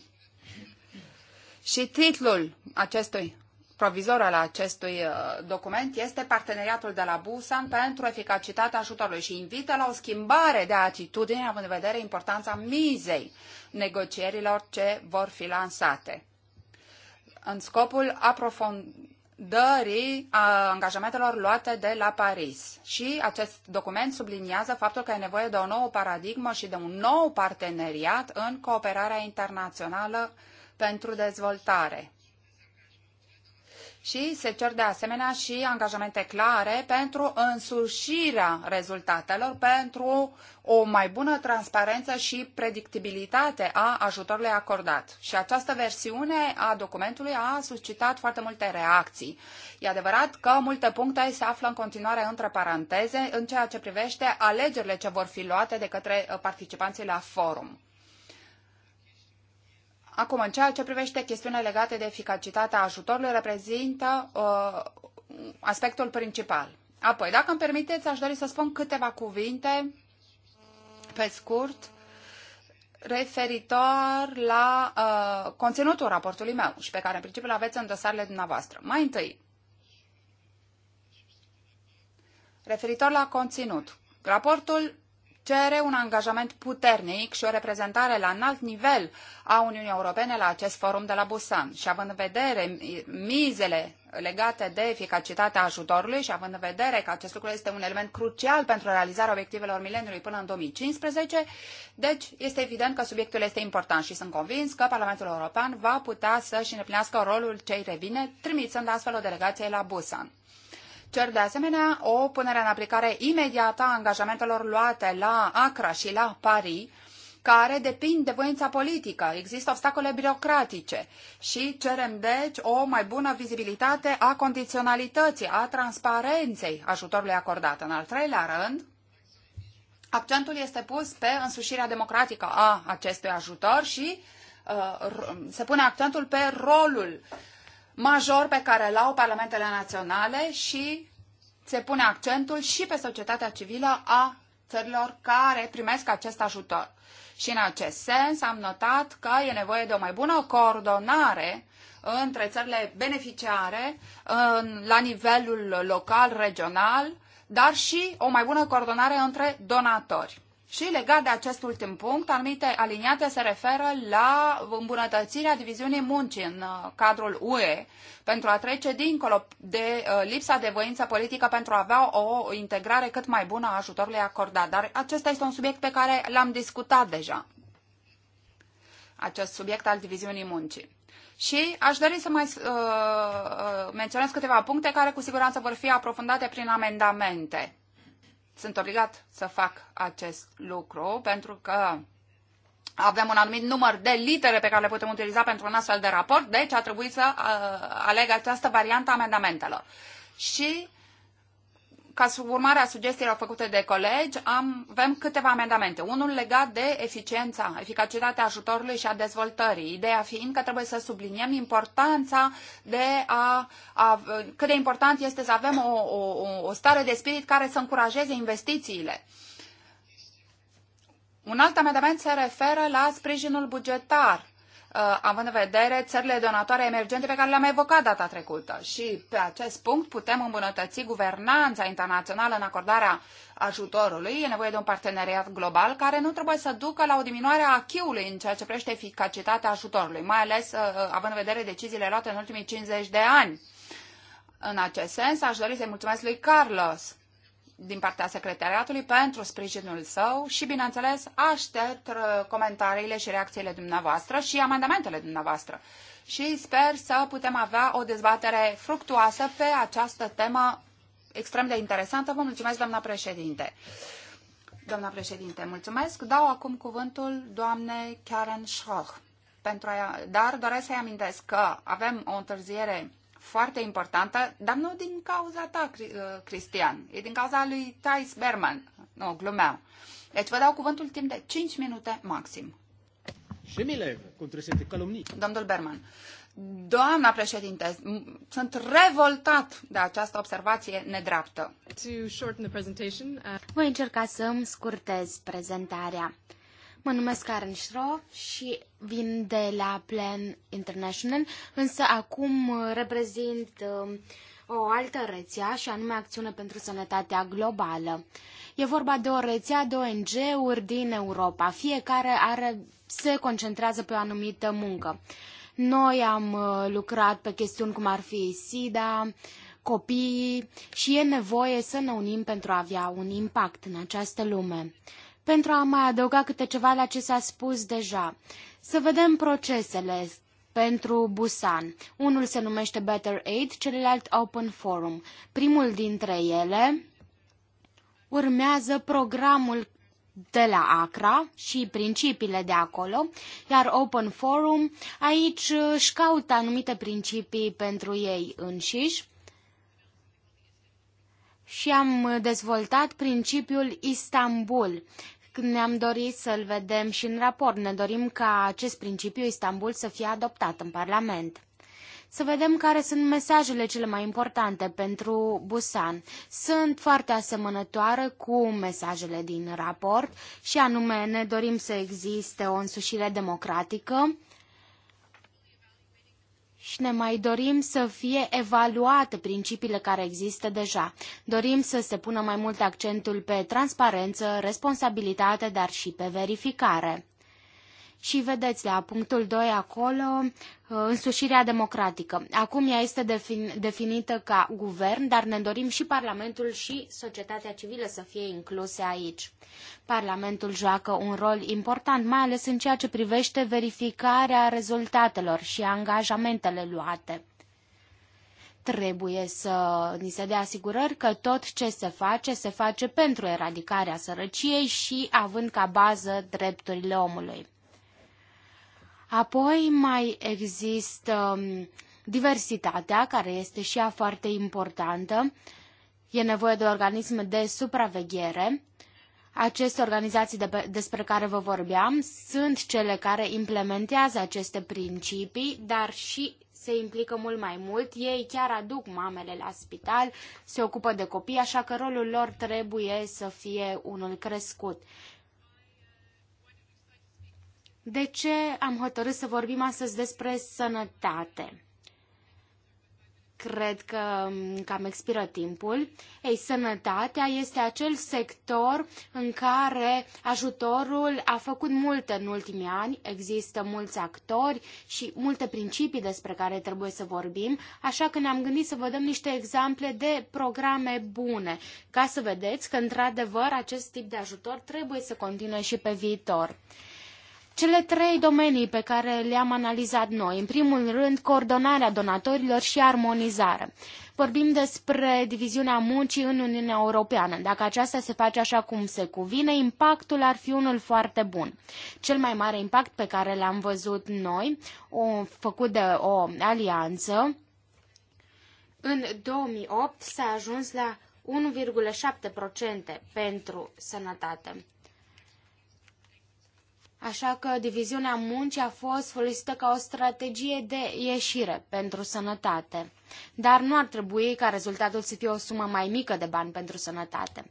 Și titlul acestui provizor al acestui uh, document este Parteneriatul de la Busan pentru eficacitatea ajutorului și invită la o schimbare de atitudine având în vedere importanța mizei negocierilor ce vor fi lansate în scopul aprofundării a angajamentelor luate de la Paris. Și acest document subliniază faptul că e nevoie de o nouă paradigmă și de un nou parteneriat în cooperarea internațională pentru dezvoltare și se cer de asemenea și angajamente clare pentru însușirea rezultatelor, pentru o mai bună transparență și predictibilitate a ajutorului acordat. Și această versiune a documentului a suscitat foarte multe reacții. E adevărat că multe puncte se află în continuare între paranteze în ceea ce privește alegerile ce vor fi luate de către participanții la forum. Acum, în ceea ce privește chestiunile legate de eficacitatea ajutorului, reprezintă uh, aspectul principal. Apoi, dacă îmi permiteți, aș dori să spun câteva cuvinte, pe scurt, referitor la uh, conținutul raportului meu și pe care în principiu îl aveți în dosarele dumneavoastră. Mai întâi, referitor la conținut. Raportul cere un angajament puternic și o reprezentare la înalt nivel a Uniunii Europene la acest forum de la Busan. Și având în vedere mizele legate de eficacitatea ajutorului și având în vedere că acest lucru este un element crucial pentru realizarea obiectivelor mileniului până în 2015, deci este evident că subiectul este important și sunt convins că Parlamentul European va putea să-și îndeplinească rolul ce îi revine, trimițând astfel o delegație la Busan. Cer de asemenea o punere în aplicare imediată a angajamentelor luate la Acra și la Paris, care depind de voința politică. Există obstacole birocratice și cerem deci o mai bună vizibilitate a condiționalității, a transparenței ajutorului acordat. În al treilea rând, accentul este pus pe însușirea democratică a acestui ajutor și uh, se pune accentul pe rolul major pe care îl au parlamentele naționale și se pune accentul și pe societatea civilă a țărilor care primesc acest ajutor. Și în acest sens am notat că e nevoie de o mai bună coordonare între țările beneficiare în, la nivelul local, regional, dar și o mai bună coordonare între donatori. Și legat de acest ultim punct, anumite aliniate se referă la îmbunătățirea diviziunii muncii în uh, cadrul UE pentru a trece dincolo de uh, lipsa de voință politică pentru a avea o integrare cât mai bună a ajutorului acordat. Dar acesta este un subiect pe care l-am discutat deja, acest subiect al diviziunii muncii. Și aș dori să mai uh, uh menționez câteva puncte care cu siguranță vor fi aprofundate prin amendamente sunt obligat să fac acest lucru pentru că avem un anumit număr de litere pe care le putem utiliza pentru un astfel de raport, deci a trebuit să uh, aleg această variantă a amendamentelor. Și ca sub a sugestiilor făcute de colegi, am, avem câteva amendamente. Unul legat de eficiența, eficacitatea ajutorului și a dezvoltării. Ideea fiind că trebuie să subliniem importanța de a, a cât de important este să avem o, o, o stare de spirit care să încurajeze investițiile. Un alt amendament se referă la sprijinul bugetar Uh, având în vedere țările donatoare emergente pe care le-am evocat data trecută. Și pe acest punct putem îmbunătăți guvernanța internațională în acordarea ajutorului. E nevoie de un parteneriat global care nu trebuie să ducă la o diminuare a achiului în ceea ce privește eficacitatea ajutorului, mai ales uh, uh, având în vedere deciziile luate în ultimii 50 de ani. În acest sens, aș dori să-i mulțumesc lui Carlos din partea secretariatului pentru sprijinul său și, bineînțeles, aștept uh, comentariile și reacțiile dumneavoastră și amendamentele dumneavoastră. Și sper să putem avea o dezbatere fructuoasă pe această temă extrem de interesantă. Vă mulțumesc, doamna președinte. Doamna președinte, mulțumesc. Dau acum cuvântul doamnei Karen Schoch. Pentru a, dar doresc să-i amintesc că avem o întârziere foarte importantă, dar nu din cauza ta, uh, Cristian, e din cauza lui Thais Berman. Nu, glumeam. Deci vă dau cuvântul timp de 5 minute maxim. Și mi calumnii? calomnii. Domnul Berman. Doamna președinte, sunt revoltat de această observație nedreaptă. Uh, Voi încerca să îmi scurtez prezentarea. Mă numesc Karen Shro și vin de la Plan International, însă acum uh, reprezint uh, o altă rețea și anume Acțiune pentru Sănătatea Globală. E vorba de o rețea de ONG-uri din Europa. Fiecare are, se concentrează pe o anumită muncă. Noi am uh, lucrat pe chestiuni cum ar fi SIDA, copiii și e nevoie să ne unim pentru a avea un impact în această lume pentru a mai adăuga câte ceva la ce s-a spus deja. Să vedem procesele pentru Busan. Unul se numește Better Aid, celălalt Open Forum. Primul dintre ele urmează programul de la ACRA și principiile de acolo, iar Open Forum aici își caută anumite principii pentru ei înșiși și am dezvoltat principiul Istanbul, ne-am dorit să-l vedem și în raport. Ne dorim ca acest principiu Istanbul să fie adoptat în Parlament să vedem care sunt mesajele cele mai importante pentru Busan. Sunt foarte asemănătoare cu mesajele din raport și anume ne dorim să existe o însușire democratică, și ne mai dorim să fie evaluate principiile care există deja. Dorim să se pună mai mult accentul pe transparență, responsabilitate, dar și pe verificare. Și vedeți la punctul 2 acolo uh, însușirea democratică. Acum ea este defin, definită ca guvern, dar ne dorim și Parlamentul și societatea civilă să fie incluse aici. Parlamentul joacă un rol important, mai ales în ceea ce privește verificarea rezultatelor și angajamentele luate trebuie să ni se dea asigurări că tot ce se face, se face pentru eradicarea sărăciei și având ca bază drepturile omului. Apoi mai există um, diversitatea, care este și ea foarte importantă. E nevoie de organisme de supraveghere. Aceste organizații de pe, despre care vă vorbeam sunt cele care implementează aceste principii, dar și se implică mult mai mult. Ei chiar aduc mamele la spital, se ocupă de copii, așa că rolul lor trebuie să fie unul crescut. De ce am hotărât să vorbim astăzi despre sănătate? Cred că mm, cam expiră timpul. Ei, sănătatea este acel sector în care ajutorul a făcut multe în ultimii ani. Există mulți actori și multe principii despre care trebuie să vorbim, așa că ne-am gândit să vă dăm niște exemple de programe bune, ca să vedeți că, într-adevăr, acest tip de ajutor trebuie să continue și pe viitor. Cele trei domenii pe care le-am analizat noi, în primul rând, coordonarea donatorilor și armonizarea. Vorbim despre diviziunea muncii în Uniunea Europeană. Dacă aceasta se face așa cum se cuvine, impactul ar fi unul foarte bun. Cel mai mare impact pe care l-am văzut noi, o, făcut de o alianță, în 2008 s-a ajuns la 1,7% pentru sănătate. Așa că diviziunea muncii a fost folosită ca o strategie de ieșire pentru sănătate. Dar nu ar trebui ca rezultatul să fie o sumă mai mică de bani pentru sănătate.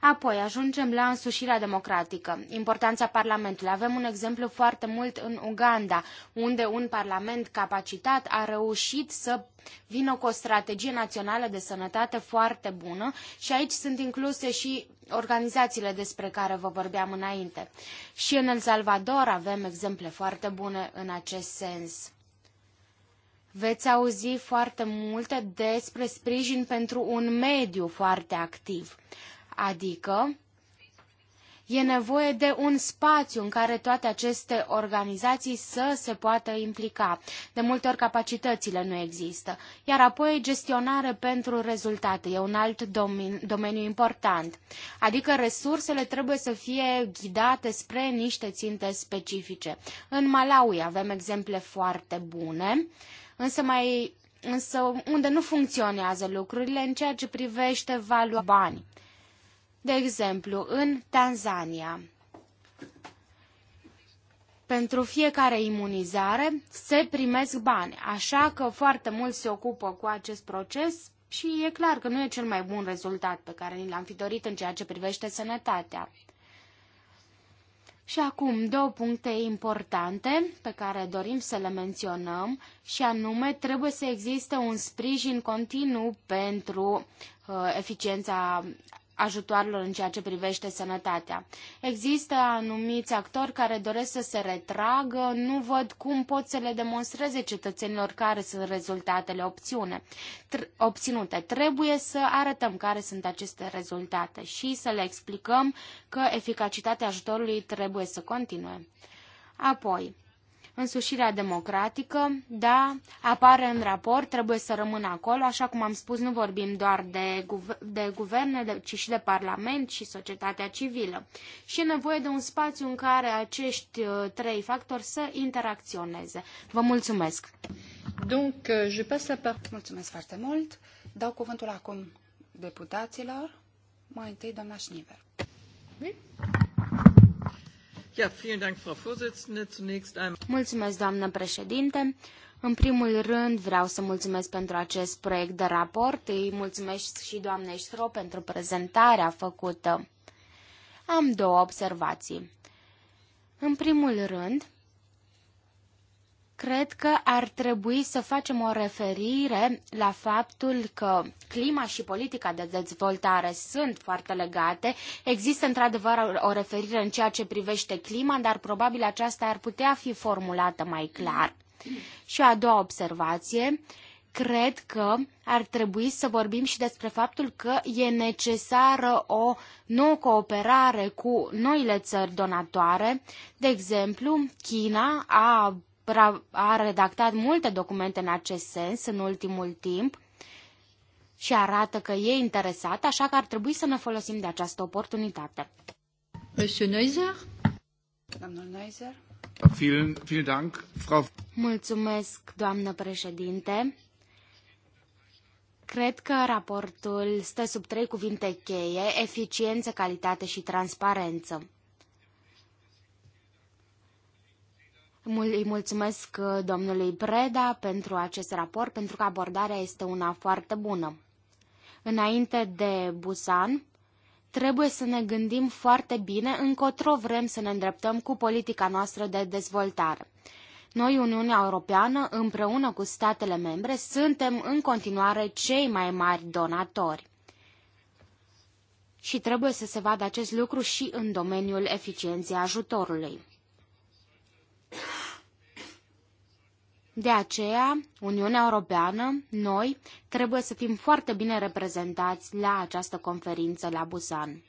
Apoi ajungem la însușirea democratică, importanța Parlamentului. Avem un exemplu foarte mult în Uganda, unde un Parlament capacitat a reușit să vină cu o strategie națională de sănătate foarte bună și aici sunt incluse și organizațiile despre care vă vorbeam înainte. Și în El Salvador avem exemple foarte bune în acest sens. Veți auzi foarte multe despre sprijin pentru un mediu foarte activ, adică E nevoie de un spațiu în care toate aceste organizații să se poată implica. De multe ori capacitățile nu există. Iar apoi gestionare pentru rezultate e un alt domeniu important. Adică resursele trebuie să fie ghidate spre niște ținte specifice. În Malawi avem exemple foarte bune, însă mai însă unde nu funcționează lucrurile în ceea ce privește valoarea bani. De exemplu, în Tanzania, pentru fiecare imunizare se primesc bani, așa că foarte mult se ocupă cu acest proces și e clar că nu e cel mai bun rezultat pe care ni l-am fi dorit în ceea ce privește sănătatea. Și acum două puncte importante pe care dorim să le menționăm și anume trebuie să existe un sprijin continuu pentru uh, eficiența ajutoarelor în ceea ce privește sănătatea. Există anumiți actori care doresc să se retragă, nu văd cum pot să le demonstreze cetățenilor care sunt rezultatele opțiune, tr- obținute. Trebuie să arătăm care sunt aceste rezultate și să le explicăm că eficacitatea ajutorului trebuie să continue. Apoi, Însușirea democratică, da, apare în raport, trebuie să rămână acolo. Așa cum am spus, nu vorbim doar de, guver- de guverne, de ci și de parlament și societatea civilă. Și e nevoie de un spațiu în care acești uh, trei factori să interacționeze. Vă mulțumesc! Donc, euh, je passe la part... Mulțumesc foarte mult! Dau cuvântul acum deputaților. Mai întâi, doamna Schniver. Oui? Mulțumesc, doamnă președinte. În primul rând, vreau să mulțumesc pentru acest proiect de raport. Îi mulțumesc și doamnei Ștro pentru prezentarea făcută. Am două observații. În primul rând, Cred că ar trebui să facem o referire la faptul că clima și politica de dezvoltare sunt foarte legate. Există într-adevăr o referire în ceea ce privește clima, dar probabil aceasta ar putea fi formulată mai clar. Și a doua observație, cred că ar trebui să vorbim și despre faptul că e necesară o nouă cooperare cu noile țări donatoare. De exemplu, China a a redactat multe documente în acest sens în ultimul timp și arată că e interesat, așa că ar trebui să ne folosim de această oportunitate. Monsieur Neuser? Domnul Neuser? Vielen, vielen Dank, Frau... Mulțumesc, doamnă președinte. Cred că raportul stă sub trei cuvinte cheie, eficiență, calitate și transparență. Îi mulțumesc uh, domnului Preda pentru acest raport, pentru că abordarea este una foarte bună. Înainte de Busan, trebuie să ne gândim foarte bine încotro vrem să ne îndreptăm cu politica noastră de dezvoltare. Noi, Uniunea Europeană, împreună cu statele membre, suntem în continuare cei mai mari donatori. Și trebuie să se vadă acest lucru și în domeniul eficienței ajutorului. De aceea, Uniunea Europeană, noi, trebuie să fim foarte bine reprezentați la această conferință la Busan.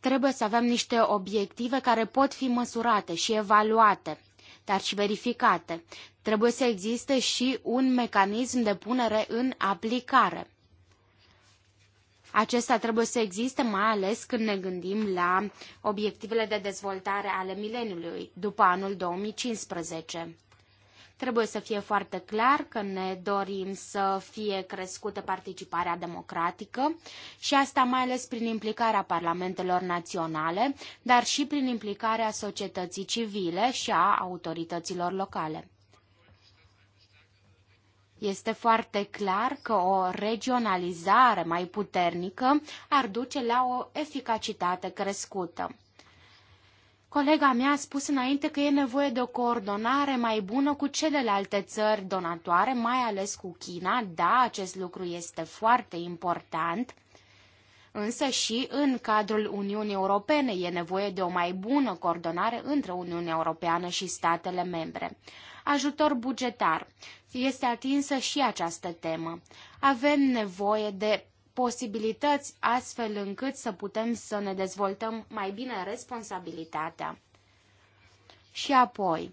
Trebuie să avem niște obiective care pot fi măsurate și evaluate, dar și verificate. Trebuie să existe și un mecanism de punere în aplicare. Acesta trebuie să existe, mai ales când ne gândim la obiectivele de dezvoltare ale mileniului după anul 2015 trebuie să fie foarte clar că ne dorim să fie crescută participarea democratică și asta mai ales prin implicarea parlamentelor naționale, dar și prin implicarea societății civile și a autorităților locale. Este foarte clar că o regionalizare mai puternică ar duce la o eficacitate crescută. Colega mea a spus înainte că e nevoie de o coordonare mai bună cu celelalte țări donatoare, mai ales cu China. Da, acest lucru este foarte important. Însă și în cadrul Uniunii Europene e nevoie de o mai bună coordonare între Uniunea Europeană și statele membre. Ajutor bugetar este atinsă și această temă. Avem nevoie de posibilități astfel încât să putem să ne dezvoltăm mai bine responsabilitatea. Și apoi,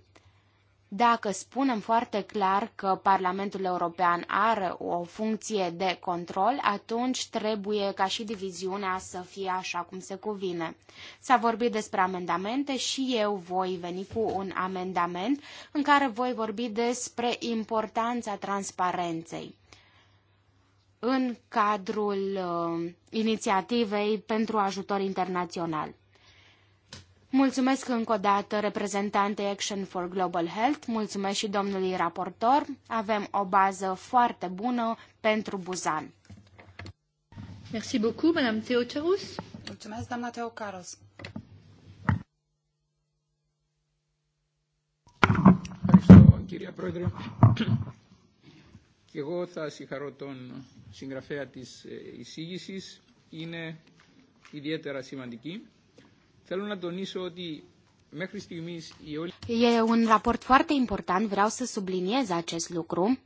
dacă spunem foarte clar că Parlamentul European are o funcție de control, atunci trebuie ca și diviziunea să fie așa cum se cuvine. S-a vorbit despre amendamente și eu voi veni cu un amendament în care voi vorbi despre importanța transparenței în cadrul uh, inițiativei pentru ajutor internațional. Mulțumesc încă o dată reprezentantei Action for Global Health, mulțumesc și domnului raportor. Avem o bază foarte bună pentru Buzan. Merci beaucoup, Madame Teocarus. Mulțumesc, doamna Teocarus. Κυρία Πρόεδρε, και εγώ θα συγχαρώ τον συγγραφέα της εισήγησης. Είναι ιδιαίτερα σημαντική Θέλω να τονίσω ότι μέχρι στιγμής η όλη... E un raport foarte important, vreau să subliniez acest lucru.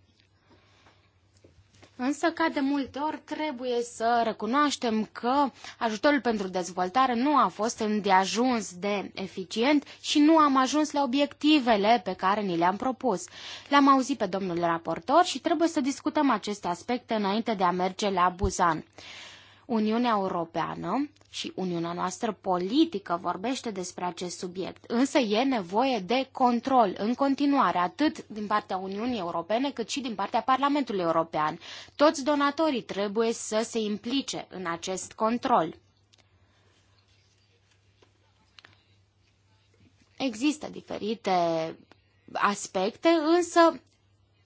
Însă, ca de multe ori, trebuie să recunoaștem că ajutorul pentru dezvoltare nu a fost îndeajuns de eficient și nu am ajuns la obiectivele pe care ni le-am propus. L-am auzit pe domnul raportor și trebuie să discutăm aceste aspecte înainte de a merge la Buzan. Uniunea Europeană și Uniunea noastră politică vorbește despre acest subiect, însă e nevoie de control în continuare, atât din partea Uniunii Europene, cât și din partea Parlamentului European. Toți donatorii trebuie să se implice în acest control. Există diferite aspecte, însă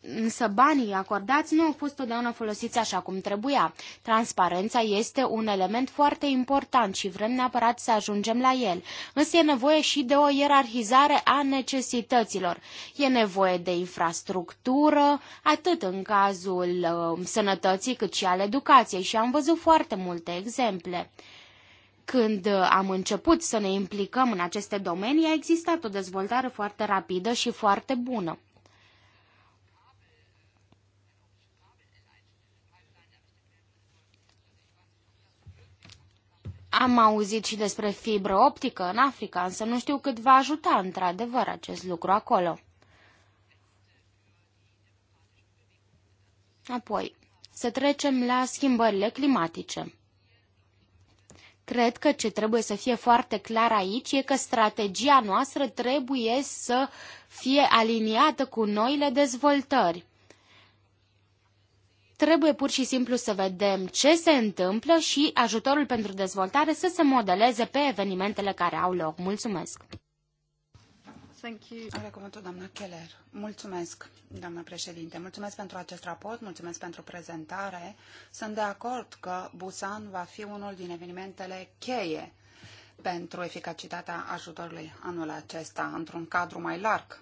Însă banii acordați nu au fost totdeauna folosiți așa cum trebuia. Transparența este un element foarte important și vrem neapărat să ajungem la el. Însă e nevoie și de o ierarhizare a necesităților. E nevoie de infrastructură, atât în cazul uh, sănătății cât și al educației și am văzut foarte multe exemple. Când uh, am început să ne implicăm în aceste domenii, a existat o dezvoltare foarte rapidă și foarte bună. Am auzit și despre fibră optică în Africa, însă nu știu cât va ajuta într-adevăr acest lucru acolo. Apoi, să trecem la schimbările climatice. Cred că ce trebuie să fie foarte clar aici e că strategia noastră trebuie să fie aliniată cu noile dezvoltări. Trebuie pur și simplu să vedem ce se întâmplă și ajutorul pentru dezvoltare să se modeleze pe evenimentele care au loc. Mulțumesc! Thank you. Are cuvântul doamna Keller. Mulțumesc, doamna președinte. Mulțumesc pentru acest raport, mulțumesc pentru prezentare. Sunt de acord că Busan va fi unul din evenimentele cheie pentru eficacitatea ajutorului anul acesta, într-un cadru mai larg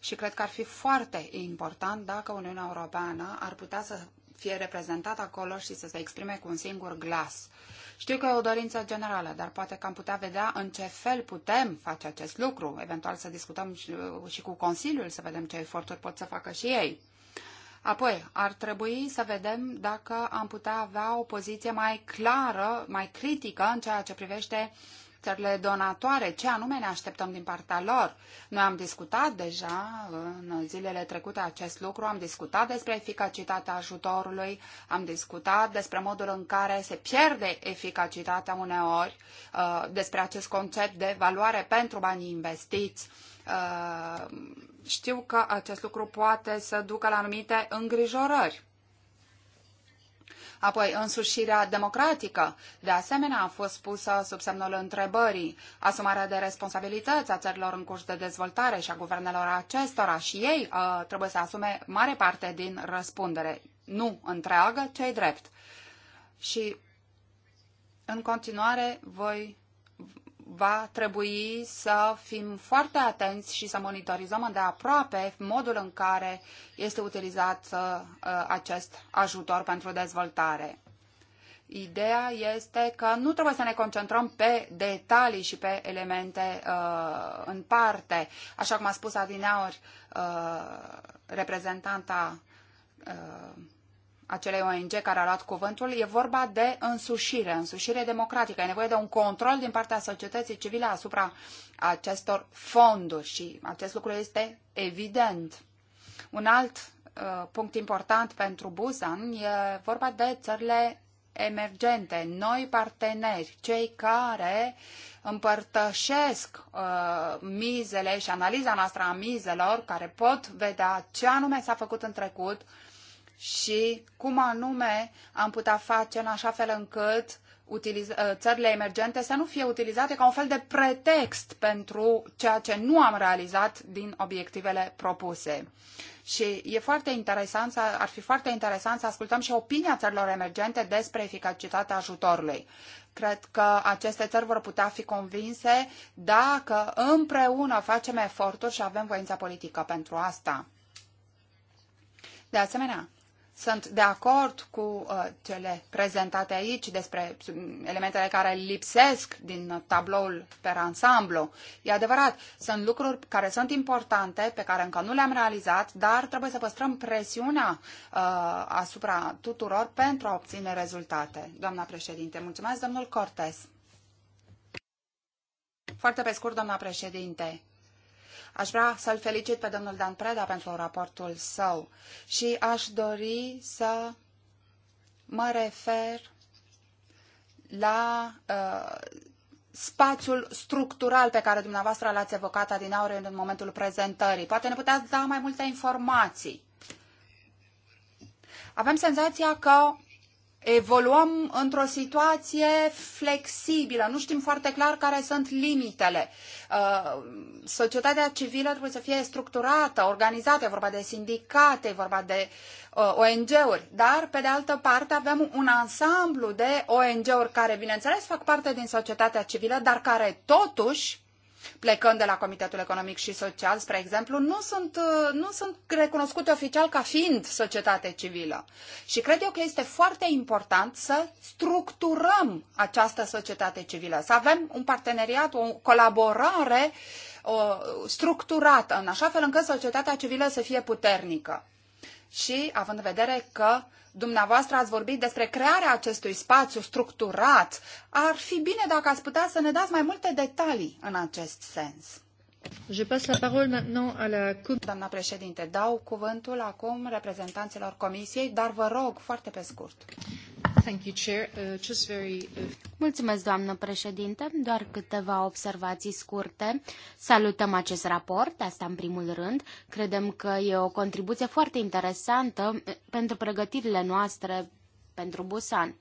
și cred că ar fi foarte important dacă Uniunea Europeană ar putea să fie reprezentat acolo și să se exprime cu un singur glas. Știu că e o dorință generală, dar poate că am putea vedea în ce fel putem face acest lucru, eventual să discutăm și cu Consiliul, să vedem ce eforturi pot să facă și ei. Apoi, ar trebui să vedem dacă am putea avea o poziție mai clară, mai critică în ceea ce privește țările donatoare, ce anume ne așteptăm din partea lor. Noi am discutat deja în zilele trecute acest lucru, am discutat despre eficacitatea ajutorului, am discutat despre modul în care se pierde eficacitatea uneori, uh, despre acest concept de valoare pentru banii investiți. Uh, știu că acest lucru poate să ducă la anumite îngrijorări Apoi, însușirea democratică, de asemenea, a fost pusă sub semnul întrebării. Asumarea de responsabilități a țărilor în curs de dezvoltare și a guvernelor acestora și ei uh, trebuie să asume mare parte din răspundere. Nu întreagă, cei drept. Și în continuare voi va trebui să fim foarte atenți și să monitorizăm de aproape modul în care este utilizat uh, acest ajutor pentru dezvoltare. Ideea este că nu trebuie să ne concentrăm pe detalii și pe elemente uh, în parte. Așa cum a spus Adinaur, uh, reprezentanta uh, acelei ONG care a luat cuvântul, e vorba de însușire, însușire democratică. E nevoie de un control din partea societății civile asupra acestor fonduri și acest lucru este evident. Un alt uh, punct important pentru Busan e vorba de țările emergente, noi parteneri, cei care împărtășesc uh, mizele și analiza noastră a mizelor, care pot vedea ce anume s-a făcut în trecut, uh, și cum anume am putea face în așa fel încât ă, țările emergente să nu fie utilizate ca un fel de pretext pentru ceea ce nu am realizat din obiectivele propuse. Și e foarte interesant, ar fi foarte interesant să ascultăm și opinia țărilor emergente despre eficacitatea ajutorului. Cred că aceste țări vor putea fi convinse dacă împreună facem eforturi și avem voința politică pentru asta. De asemenea, sunt de acord cu uh, cele prezentate aici despre elementele care lipsesc din tabloul per ansamblu. E adevărat, sunt lucruri care sunt importante, pe care încă nu le-am realizat, dar trebuie să păstrăm presiunea uh, asupra tuturor pentru a obține rezultate. Doamna președinte, mulțumesc, domnul Cortes. Foarte pe scurt, doamna președinte, Aș vrea să-l felicit pe domnul Dan Preda pentru raportul său și aș dori să mă refer la uh, spațiul structural pe care dumneavoastră l-ați evocat adineauri în momentul prezentării. Poate ne puteți da mai multe informații. Avem senzația că evoluăm într-o situație flexibilă. Nu știm foarte clar care sunt limitele. Uh, societatea civilă trebuie să fie structurată, organizată, e vorba de sindicate, e vorba de uh, ONG-uri, dar pe de altă parte avem un ansamblu de ONG-uri care, bineînțeles, fac parte din societatea civilă, dar care totuși plecând de la Comitetul Economic și Social, spre exemplu, nu sunt, uh, nu sunt recunoscute oficial ca fiind societate civilă. Și cred eu că este foarte important să structurăm această societate civilă, să avem un parteneriat, o colaborare o, structurată, în așa fel încât societatea civilă să fie puternică. Și având în vedere că dumneavoastră ați vorbit despre crearea acestui spațiu structurat. Ar fi bine dacă ați putea să ne dați mai multe detalii în acest sens. Je passe la parole maintenant à la Doamna președinte, dau cuvântul acum reprezentanților comisiei, dar vă rog foarte pe scurt. Thank you, Chair. Uh, just very, uh... Mulțumesc, doamnă președinte. Doar câteva observații scurte. Salutăm acest raport, asta în primul rând. Credem că e o contribuție foarte interesantă uh, pentru pregătirile noastre pentru Busan.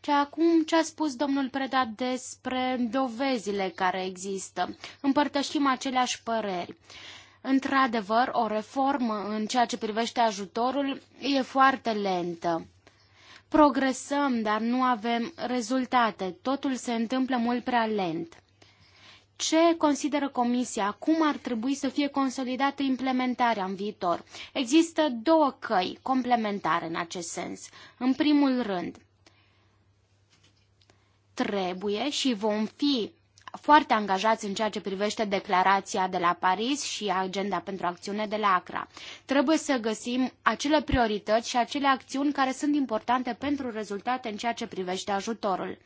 Ce acum ce a spus domnul Preda despre dovezile care există? Împărtășim aceleași păreri. Într-adevăr, o reformă în ceea ce privește ajutorul e foarte lentă. Progresăm, dar nu avem rezultate. Totul se întâmplă mult prea lent. Ce consideră Comisia? Cum ar trebui să fie consolidată implementarea în viitor? Există două căi complementare în acest sens. În primul rând, trebuie și vom fi foarte angajați în ceea ce privește declarația de la Paris și agenda pentru acțiune de la Acra. Trebuie să găsim acele priorități și acele acțiuni care sunt importante pentru rezultate în ceea ce privește ajutorul.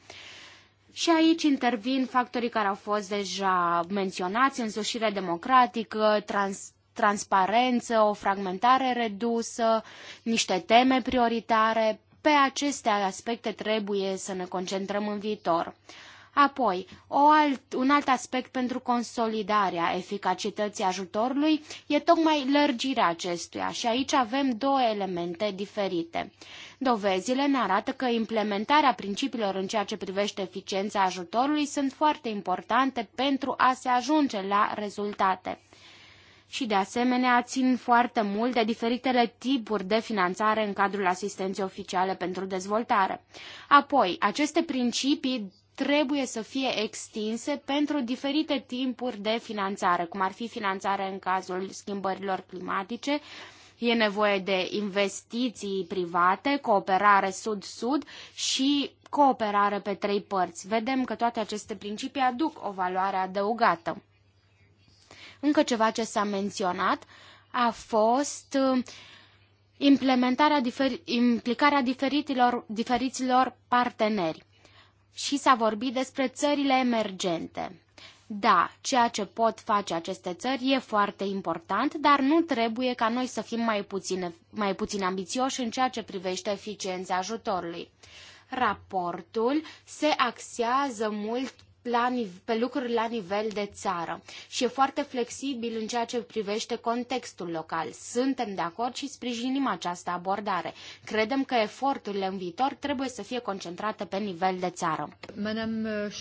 Și aici intervin factorii care au fost deja menționați, însușire democratică, trans transparență, o fragmentare redusă, niște teme prioritare. Pe aceste aspecte trebuie să ne concentrăm în viitor. Apoi, o alt, un alt aspect pentru consolidarea eficacității ajutorului e tocmai lărgirea acestuia și aici avem două elemente diferite. Dovezile ne arată că implementarea principiilor în ceea ce privește eficiența ajutorului sunt foarte importante pentru a se ajunge la rezultate. Și de asemenea țin foarte mult de diferitele tipuri de finanțare în cadrul asistenței oficiale pentru dezvoltare. Apoi, aceste principii trebuie să fie extinse pentru diferite tipuri de finanțare, cum ar fi finanțare în cazul schimbărilor climatice, E nevoie de investiții private, cooperare sud-sud și cooperare pe trei părți. Vedem că toate aceste principii aduc o valoare adăugată. Încă ceva ce s-a menționat a fost uh, implementarea diferi, implicarea diferitilor, diferiților parteneri și s-a vorbit despre țările emergente. Da, ceea ce pot face aceste țări e foarte important, dar nu trebuie ca noi să fim mai puțin, mai puțin ambițioși în ceea ce privește eficiența ajutorului. Raportul se axează mult la, pe lucruri la nivel de țară și e foarte flexibil în ceea ce privește contextul local. Suntem de acord și sprijinim această abordare. Credem că eforturile în viitor trebuie să fie concentrate pe nivel de țară. Madame uh,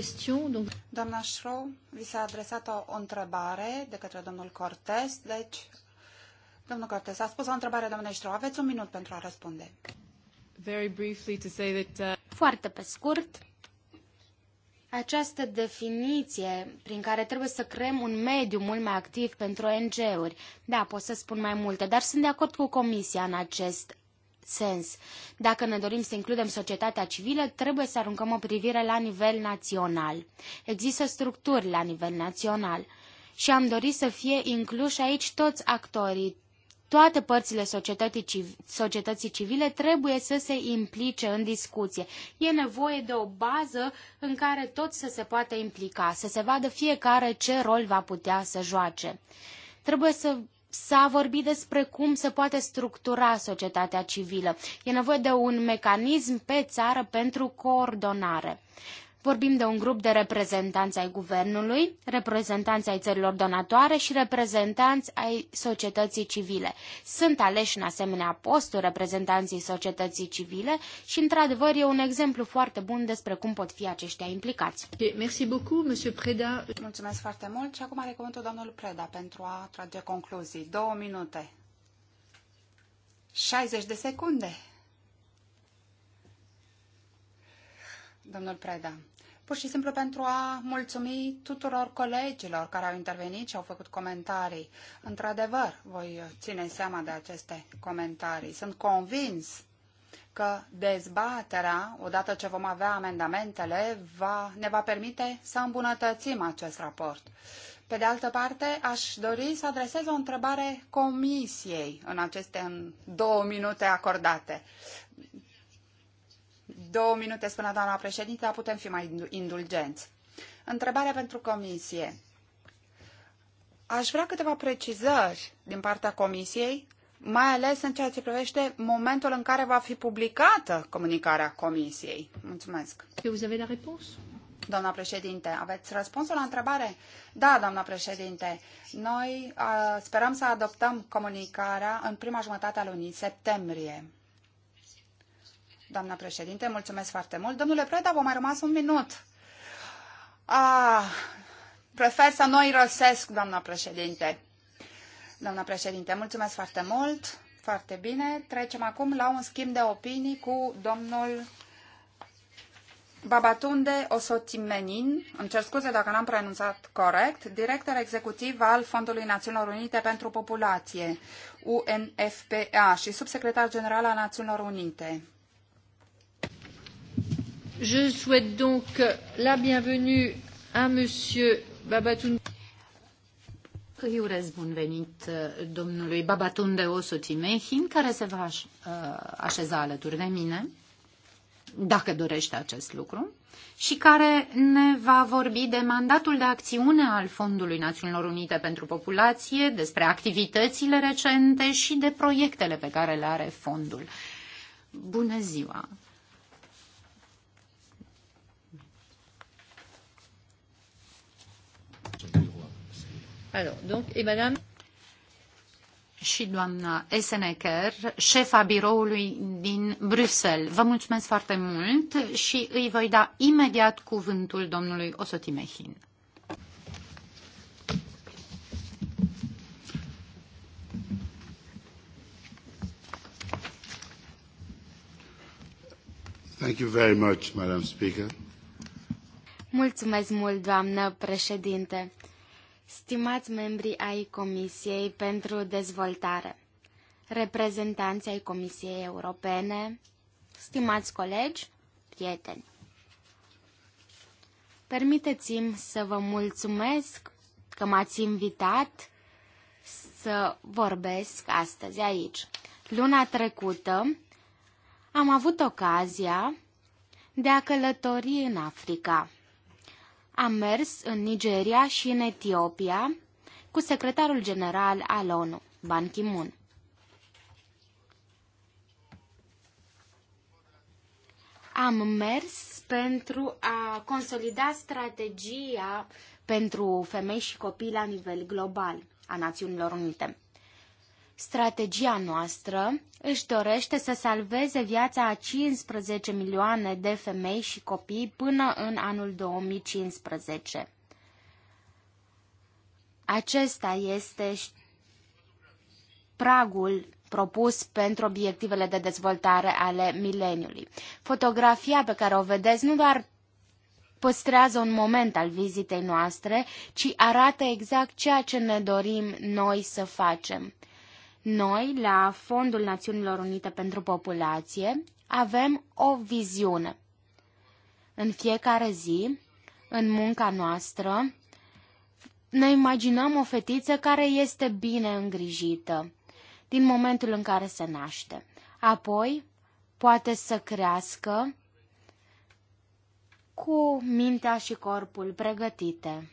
Schro, Doamna vi s-a adresat o, o întrebare de către domnul Cortes, deci Domnul Cortes, a spus o întrebare, domnule Ștro. Aveți un minut pentru a răspunde. Very briefly to say that, uh... Foarte pe scurt, această definiție prin care trebuie să creăm un mediu mult mai activ pentru ONG-uri. Da, pot să spun mai multe, dar sunt de acord cu Comisia în acest sens. Dacă ne dorim să includem societatea civilă, trebuie să aruncăm o privire la nivel național. Există structuri la nivel național și am dorit să fie incluși aici toți actorii toate părțile societății civile trebuie să se implice în discuție. E nevoie de o bază în care tot să se poată implica, să se vadă fiecare ce rol va putea să joace. Trebuie să S-a vorbit despre cum se poate structura societatea civilă. E nevoie de un mecanism pe țară pentru coordonare. Vorbim de un grup de reprezentanți ai guvernului, reprezentanți ai țărilor donatoare și reprezentanți ai societății civile. Sunt aleși în asemenea postul reprezentanții societății civile și, într-adevăr, e un exemplu foarte bun despre cum pot fi aceștia implicați. Merci beaucoup, Monsieur Preda. Mulțumesc foarte mult și acum are cuvântul domnul Preda pentru a trage concluzii. Două minute. 60 de secunde. Domnul Preda, pur și simplu pentru a mulțumi tuturor colegilor care au intervenit și au făcut comentarii. Într-adevăr, voi ține seama de aceste comentarii. Sunt convins că dezbaterea, odată ce vom avea amendamentele, va, ne va permite să îmbunătățim acest raport. Pe de altă parte, aș dori să adresez o întrebare comisiei în aceste în două minute acordate două minute, spune doamna președinte, dar putem fi mai indulgenți. Întrebarea pentru comisie. Aș vrea câteva precizări din partea comisiei, mai ales în ceea ce privește momentul în care va fi publicată comunicarea comisiei. Mulțumesc. Vous Doamna președinte, aveți răspunsul la întrebare? Da, doamna președinte. Noi uh, sperăm să adoptăm comunicarea în prima jumătate a lunii septembrie doamna președinte, mulțumesc foarte mult. Domnule Preda, vă mai rămas un minut. Ah, prefer să nu irosesc, doamna președinte. Doamna președinte, mulțumesc foarte mult. Foarte bine. Trecem acum la un schimb de opinii cu domnul Babatunde Osotimenin, îmi cer scuze dacă n-am pronunțat corect, director executiv al Fondului Națiunilor Unite pentru Populație, UNFPA, și subsecretar general al Națiunilor Unite. Je souhaite donc la bienvenue à Monsieur Babatunde. Îi urez bun venit uh, domnului Babatunde Osotimehin, care se va uh, așeza alături de mine, dacă dorește acest lucru, și care ne va vorbi de mandatul de acțiune al Fondului Națiunilor Unite pentru Populație, despre activitățile recente și de proiectele pe care le are fondul. Bună ziua! și doamna Esenecker, șefa biroului din Bruxelles. Vă mulțumesc foarte mult și îi voi da imediat cuvântul domnului Osotimehin. Thank you very much, Madam Speaker. Mulțumesc mult, doamnă președinte stimați membri ai Comisiei pentru Dezvoltare, reprezentanții ai Comisiei Europene, stimați colegi, prieteni. Permiteți-mi să vă mulțumesc că m-ați invitat să vorbesc astăzi aici. Luna trecută am avut ocazia de a călători în Africa. Am mers în Nigeria și în Etiopia cu secretarul general al ONU, Ban Ki-moon. Am mers pentru a consolida strategia pentru femei și copii la nivel global a Națiunilor Unite. Strategia noastră își dorește să salveze viața a 15 milioane de femei și copii până în anul 2015. Acesta este pragul propus pentru obiectivele de dezvoltare ale mileniului. Fotografia pe care o vedeți nu doar păstrează un moment al vizitei noastre, ci arată exact ceea ce ne dorim noi să facem. Noi, la Fondul Națiunilor Unite pentru Populație, avem o viziune. În fiecare zi, în munca noastră, ne imaginăm o fetiță care este bine îngrijită din momentul în care se naște. Apoi, poate să crească cu mintea și corpul pregătite.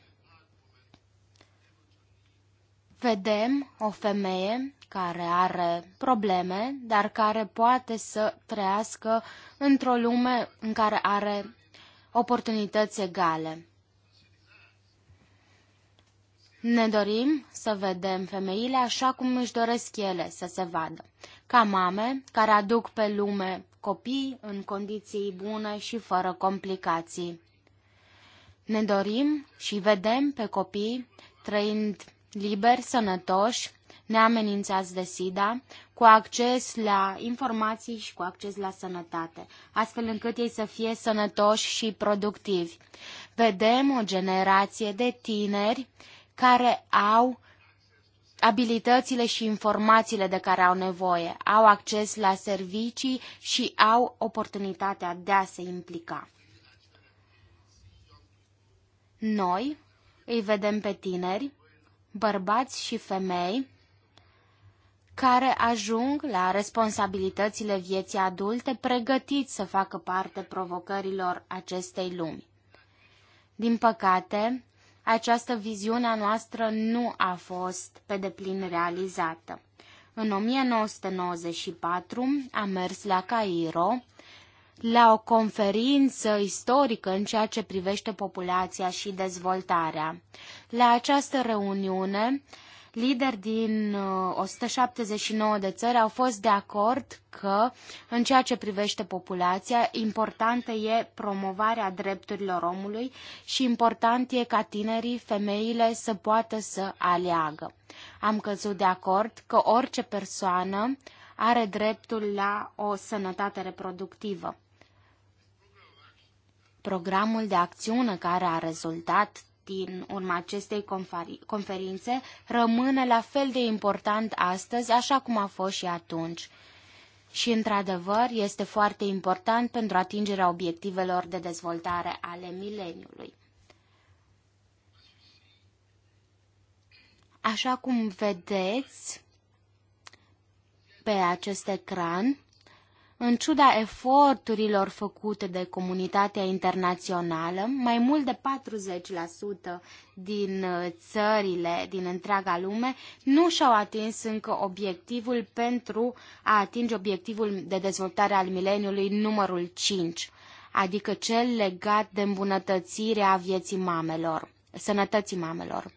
Vedem o femeie care are probleme, dar care poate să trăiască într-o lume în care are oportunități egale. Ne dorim să vedem femeile așa cum își doresc ele să se vadă, ca mame care aduc pe lume copii în condiții bune și fără complicații. Ne dorim și vedem pe copii trăind liberi, sănătoși, ne de SIDA, cu acces la informații și cu acces la sănătate, astfel încât ei să fie sănătoși și productivi. Vedem o generație de tineri care au abilitățile și informațiile de care au nevoie, au acces la servicii și au oportunitatea de a se implica. Noi îi vedem pe tineri, bărbați și femei, care ajung la responsabilitățile vieții adulte pregătiți să facă parte provocărilor acestei lumi. Din păcate, această viziune a noastră nu a fost pe deplin realizată. În 1994 am mers la Cairo la o conferință istorică în ceea ce privește populația și dezvoltarea. La această reuniune Lideri din 179 uh, de țări au fost de acord că, în ceea ce privește populația, importantă e promovarea drepturilor omului și important e ca tinerii, femeile să poată să aleagă. Am căzut de acord că orice persoană are dreptul la o sănătate reproductivă programul de acțiune care a rezultat din urma acestei conferințe rămâne la fel de important astăzi, așa cum a fost și atunci. Și, într-adevăr, este foarte important pentru atingerea obiectivelor de dezvoltare ale mileniului. Așa cum vedeți pe acest ecran, în ciuda eforturilor făcute de comunitatea internațională, mai mult de 40% din uh, țările din întreaga lume nu și-au atins încă obiectivul pentru a atinge obiectivul de dezvoltare al mileniului numărul 5, adică cel legat de îmbunătățirea vieții mamelor, sănătății mamelor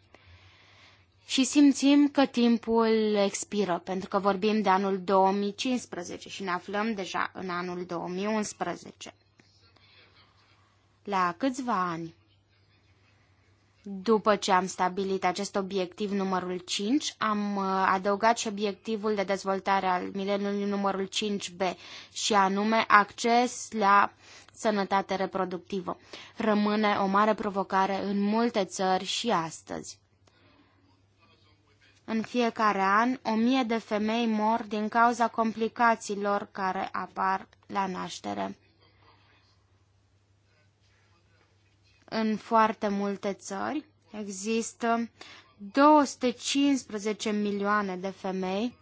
și simțim că timpul expiră, pentru că vorbim de anul 2015 și ne aflăm deja în anul 2011. La câțiva ani, după ce am stabilit acest obiectiv numărul 5, am uh, adăugat și obiectivul de dezvoltare al mileniului numărul 5B și anume acces la sănătate reproductivă. Rămâne o mare provocare în multe țări și astăzi. În fiecare an, o mie de femei mor din cauza complicațiilor care apar la naștere. În foarte multe țări există 215 milioane de femei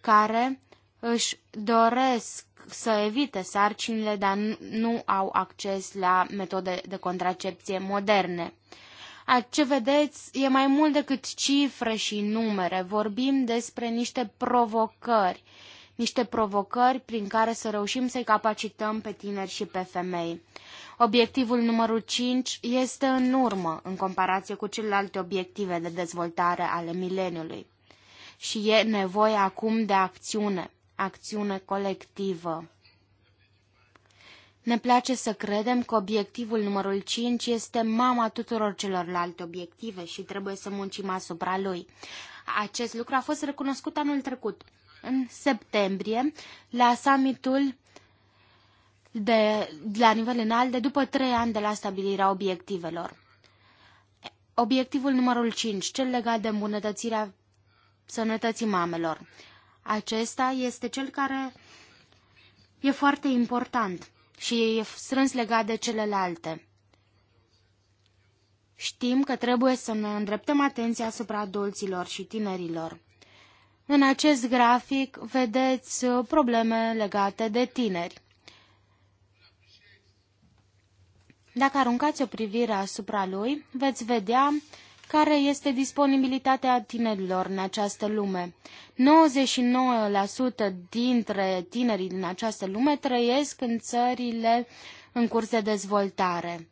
care își doresc să evite sarcinile, dar nu au acces la metode de contracepție moderne ce vedeți e mai mult decât cifre și numere. Vorbim despre niște provocări, niște provocări prin care să reușim să-i capacităm pe tineri și pe femei. Obiectivul numărul 5 este în urmă în comparație cu celelalte obiective de dezvoltare ale mileniului. Și e nevoie acum de acțiune, acțiune colectivă. Ne place să credem că obiectivul numărul 5 este mama tuturor celorlalte obiective și trebuie să muncim asupra lui. Acest lucru a fost recunoscut anul trecut, în septembrie, la summitul de, la nivel înalt de după trei ani de la stabilirea obiectivelor. Obiectivul numărul 5, cel legat de îmbunătățirea sănătății mamelor. Acesta este cel care e foarte important și e strâns legat de celelalte. Știm că trebuie să ne îndreptăm atenția asupra adulților și tinerilor. În acest grafic vedeți uh, probleme legate de tineri. Dacă aruncați o privire asupra lui, veți vedea care este disponibilitatea tinerilor în această lume. 99% dintre tinerii din această lume trăiesc în țările în curs de dezvoltare.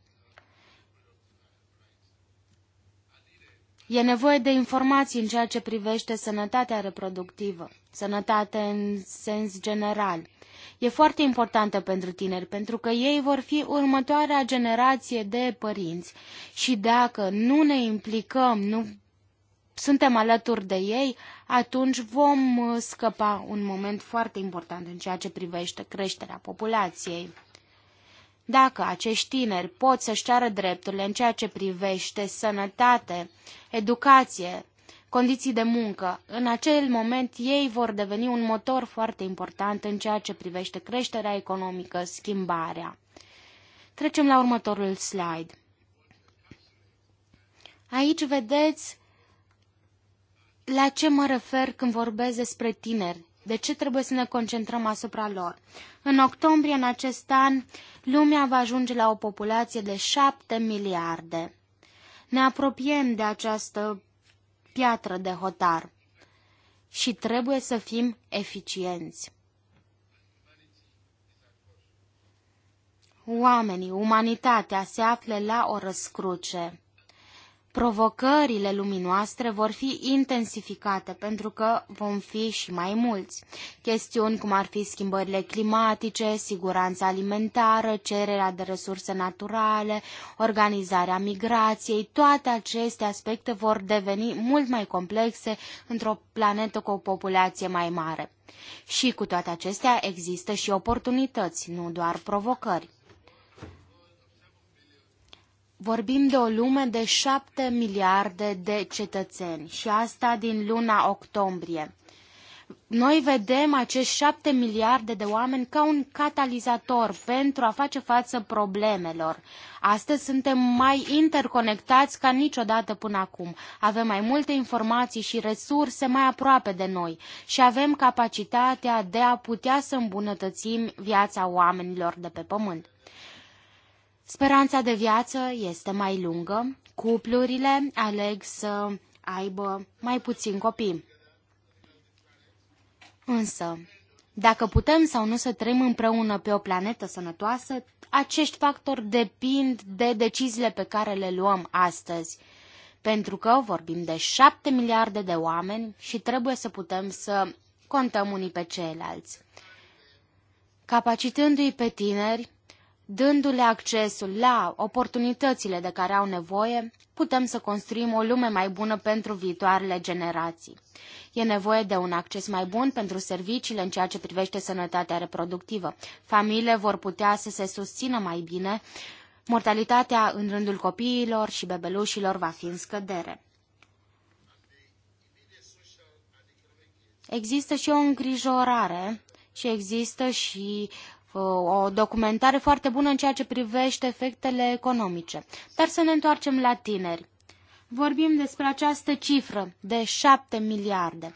E nevoie de informații în ceea ce privește sănătatea reproductivă, sănătate în sens general e foarte importantă pentru tineri, pentru că ei vor fi următoarea generație de părinți. Și dacă nu ne implicăm, nu suntem alături de ei, atunci vom uh, scăpa un moment foarte important în ceea ce privește creșterea populației. Dacă acești tineri pot să-și ceară drepturile în ceea ce privește sănătate, educație, condiții de muncă. În acel moment ei vor deveni un motor foarte important în ceea ce privește creșterea economică, schimbarea. Trecem la următorul slide. Aici vedeți la ce mă refer când vorbesc despre tineri. De ce trebuie să ne concentrăm asupra lor? În octombrie în acest an, lumea va ajunge la o populație de 7 miliarde. Ne apropiem de această piatră de hotar și trebuie să fim eficienți. Oamenii, umanitatea se află la o răscruce. Provocările lumii noastre vor fi intensificate pentru că vom fi și mai mulți. Chestiuni cum ar fi schimbările climatice, siguranța alimentară, cererea de resurse naturale, organizarea migrației, toate aceste aspecte vor deveni mult mai complexe într-o planetă cu o populație mai mare. Și cu toate acestea există și oportunități, nu doar provocări. Vorbim de o lume de 7 miliarde de cetățeni și asta din luna octombrie. Noi vedem acești 7 miliarde de oameni ca un catalizator pentru a face față problemelor. Astăzi suntem mai interconectați ca niciodată până acum. Avem mai multe informații și resurse mai aproape de noi și avem capacitatea de a putea să îmbunătățim viața oamenilor de pe pământ. Speranța de viață este mai lungă, cuplurile aleg să aibă mai puțin copii. Însă, dacă putem sau nu să trăim împreună pe o planetă sănătoasă, acești factori depind de deciziile pe care le luăm astăzi. Pentru că vorbim de șapte miliarde de oameni și trebuie să putem să contăm unii pe ceilalți. Capacitându-i pe tineri, Dându-le accesul la oportunitățile de care au nevoie, putem să construim o lume mai bună pentru viitoarele generații. E nevoie de un acces mai bun pentru serviciile în ceea ce privește sănătatea reproductivă. Familiile vor putea să se susțină mai bine, mortalitatea în rândul copiilor și bebelușilor va fi în scădere. Există și o îngrijorare și există și o documentare foarte bună în ceea ce privește efectele economice. Dar să ne întoarcem la tineri. Vorbim despre această cifră de 7 miliarde.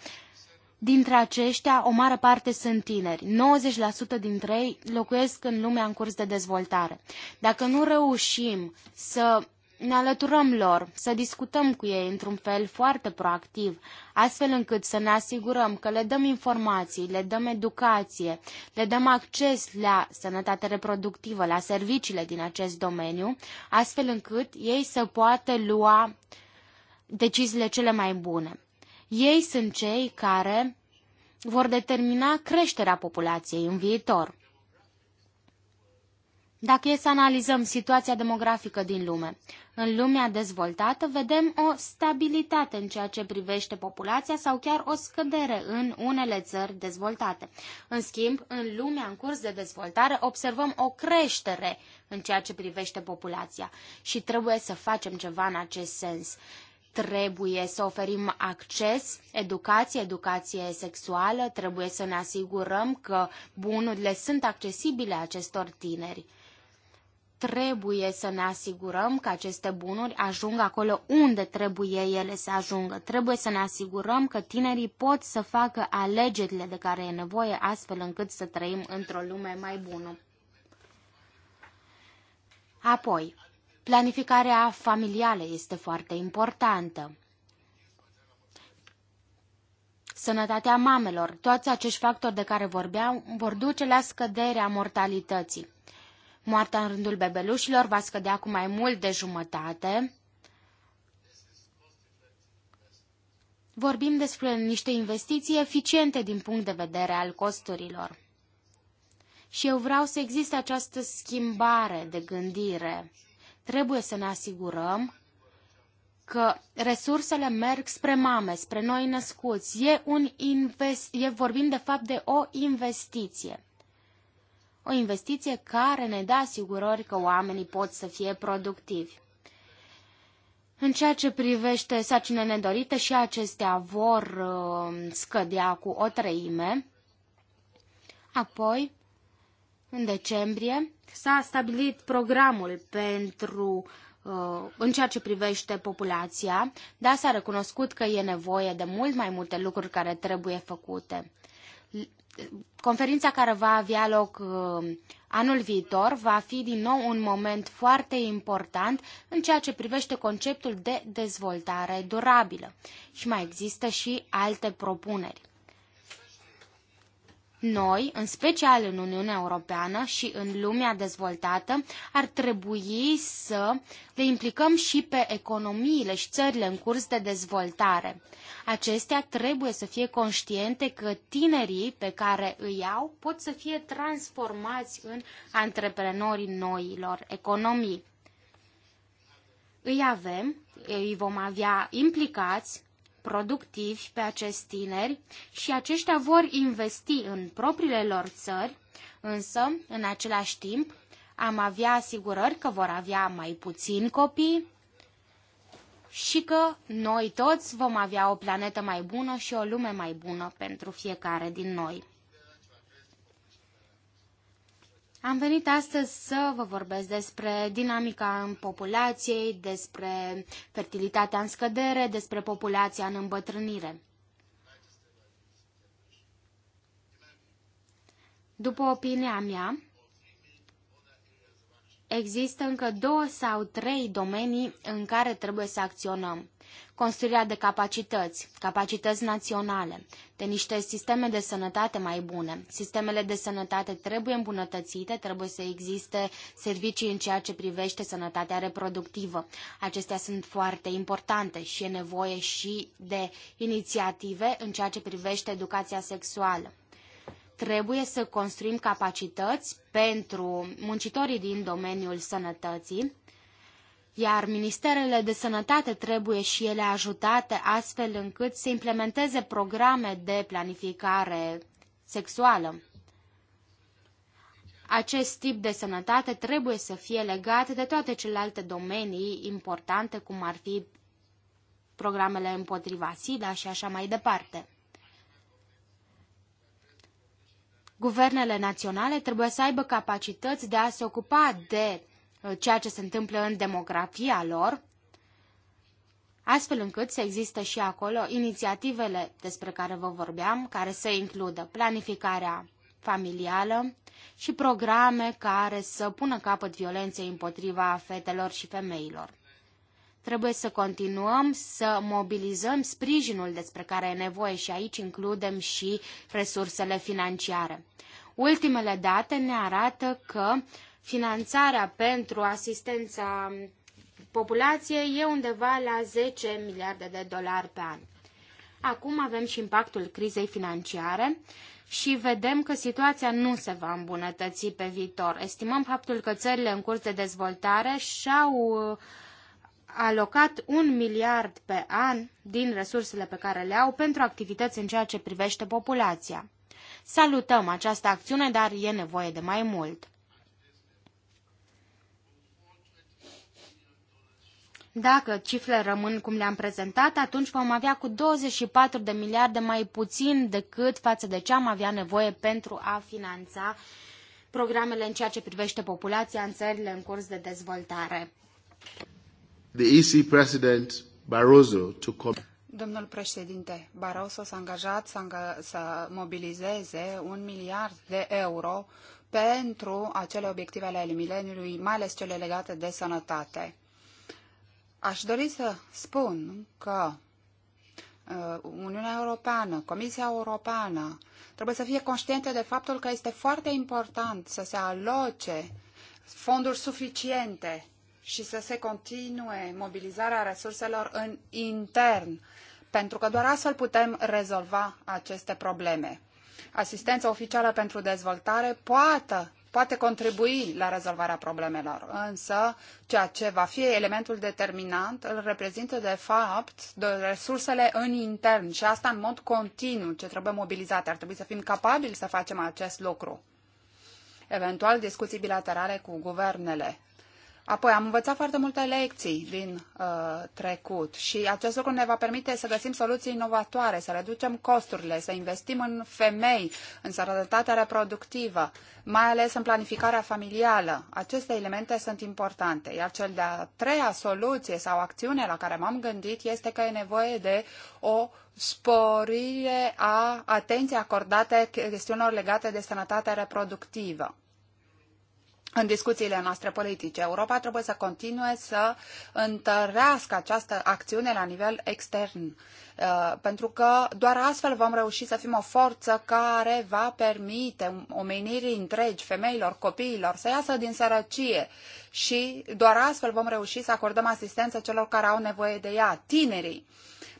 Dintre aceștia, o mare parte sunt tineri. 90% dintre ei locuiesc în lumea în curs de dezvoltare. Dacă nu reușim să ne alăturăm lor, să discutăm cu ei într-un fel foarte proactiv, astfel încât să ne asigurăm că le dăm informații, le dăm educație, le dăm acces la sănătate reproductivă, la serviciile din acest domeniu, astfel încât ei să poată lua deciziile cele mai bune. Ei sunt cei care vor determina creșterea populației în viitor. Dacă e să analizăm situația demografică din lume, în lumea dezvoltată vedem o stabilitate în ceea ce privește populația sau chiar o scădere în unele țări dezvoltate. În schimb, în lumea în curs de dezvoltare observăm o creștere în ceea ce privește populația și trebuie să facem ceva în acest sens trebuie să oferim acces, educație, educație sexuală, trebuie să ne asigurăm că bunurile sunt accesibile acestor tineri trebuie să ne asigurăm că aceste bunuri ajung acolo unde trebuie ele să ajungă. Trebuie să ne asigurăm că tinerii pot să facă alegerile de care e nevoie astfel încât să trăim într-o lume mai bună. Apoi, planificarea familială este foarte importantă. Sănătatea mamelor, toți acești factori de care vorbeam, vor duce la scăderea mortalității. Moartea în rândul bebelușilor va scădea cu mai mult de jumătate. Vorbim despre niște investiții eficiente din punct de vedere al costurilor. Și eu vreau să existe această schimbare de gândire. Trebuie să ne asigurăm că resursele merg spre mame, spre noi născuți. E un invest... e, vorbim de fapt de o investiție o investiție care ne dă asigurări că oamenii pot să fie productivi. În ceea ce privește sacine nedorite, și acestea vor uh, scădea cu o treime. Apoi, în decembrie, s-a stabilit programul pentru uh, în ceea ce privește populația, dar s-a recunoscut că e nevoie de mult mai multe lucruri care trebuie făcute conferința care va avea loc uh, anul viitor va fi din nou un moment foarte important în ceea ce privește conceptul de dezvoltare durabilă. Și mai există și alte propuneri. Noi, în special în Uniunea Europeană și în lumea dezvoltată, ar trebui să le implicăm și pe economiile și țările în curs de dezvoltare. Acestea trebuie să fie conștiente că tinerii pe care îi au pot să fie transformați în antreprenorii noilor economii. Îi avem, îi vom avea implicați productivi pe acești tineri și aceștia vor investi în propriile lor țări, însă, în același timp, am avea asigurări că vor avea mai puțini copii și că noi toți vom avea o planetă mai bună și o lume mai bună pentru fiecare din noi. Am venit astăzi să vă vorbesc despre dinamica în populației, despre fertilitatea în scădere, despre populația în îmbătrânire. După opinia mea, există încă două sau trei domenii în care trebuie să acționăm. Construirea de capacități, capacități naționale, de niște sisteme de sănătate mai bune. Sistemele de sănătate trebuie îmbunătățite, trebuie să existe servicii în ceea ce privește sănătatea reproductivă. Acestea sunt foarte importante și e nevoie și de inițiative în ceea ce privește educația sexuală trebuie să construim capacități pentru muncitorii din domeniul sănătății iar ministerele de sănătate trebuie și ele ajutate astfel încât să implementeze programe de planificare sexuală. Acest tip de sănătate trebuie să fie legat de toate celelalte domenii importante, cum ar fi programele împotriva SIDA și așa mai departe. Guvernele naționale trebuie să aibă capacități de a se ocupa de ceea ce se întâmplă în demografia lor, astfel încât să existe și acolo inițiativele despre care vă vorbeam, care să includă planificarea familială și programe care să pună capăt violenței împotriva fetelor și femeilor. Trebuie să continuăm să mobilizăm sprijinul despre care e nevoie și aici includem și resursele financiare. Ultimele date ne arată că Finanțarea pentru asistența populației e undeva la 10 miliarde de dolari pe an. Acum avem și impactul crizei financiare și vedem că situația nu se va îmbunătăți pe viitor. Estimăm faptul că țările în curs de dezvoltare și-au uh, alocat un miliard pe an din resursele pe care le au pentru activități în ceea ce privește populația. Salutăm această acțiune, dar e nevoie de mai mult. Dacă cifrele rămân cum le-am prezentat, atunci vom avea cu 24 de miliarde mai puțin decât față de ce am avea nevoie pentru a finanța programele în ceea ce privește populația în țările în curs de dezvoltare. The EC President Barroso to come... Domnul președinte, Barroso s-a angajat să, angă, să mobilizeze un miliard de euro pentru acele obiective ale mileniului, mai ales cele legate de sănătate. Aș dori să spun că uh, Uniunea Europeană, Comisia Europeană, trebuie să fie conștientă de faptul că este foarte important să se aloce fonduri suficiente și să se continue mobilizarea resurselor în intern, pentru că doar astfel putem rezolva aceste probleme. Asistența oficială pentru dezvoltare poate poate contribui la rezolvarea problemelor, însă ceea ce va fi elementul determinant îl reprezintă de fapt de resursele în intern și asta în mod continuu ce trebuie mobilizate. Ar trebui să fim capabili să facem acest lucru. Eventual discuții bilaterale cu guvernele Apoi am învățat foarte multe lecții din uh, trecut și acest lucru ne va permite să găsim soluții inovatoare, să reducem costurile, să investim în femei, în sănătatea reproductivă, mai ales în planificarea familială. Aceste elemente sunt importante. Iar cel de-a treia soluție sau acțiune la care m-am gândit este că e nevoie de o sporire a atenției acordate chestiunilor legate de sănătatea reproductivă în discuțiile noastre politice. Europa trebuie să continue să întărească această acțiune la nivel extern, uh, pentru că doar astfel vom reuși să fim o forță care va permite omenirii întregi, femeilor, copiilor, să iasă din sărăcie și doar astfel vom reuși să acordăm asistență celor care au nevoie de ea, tinerii,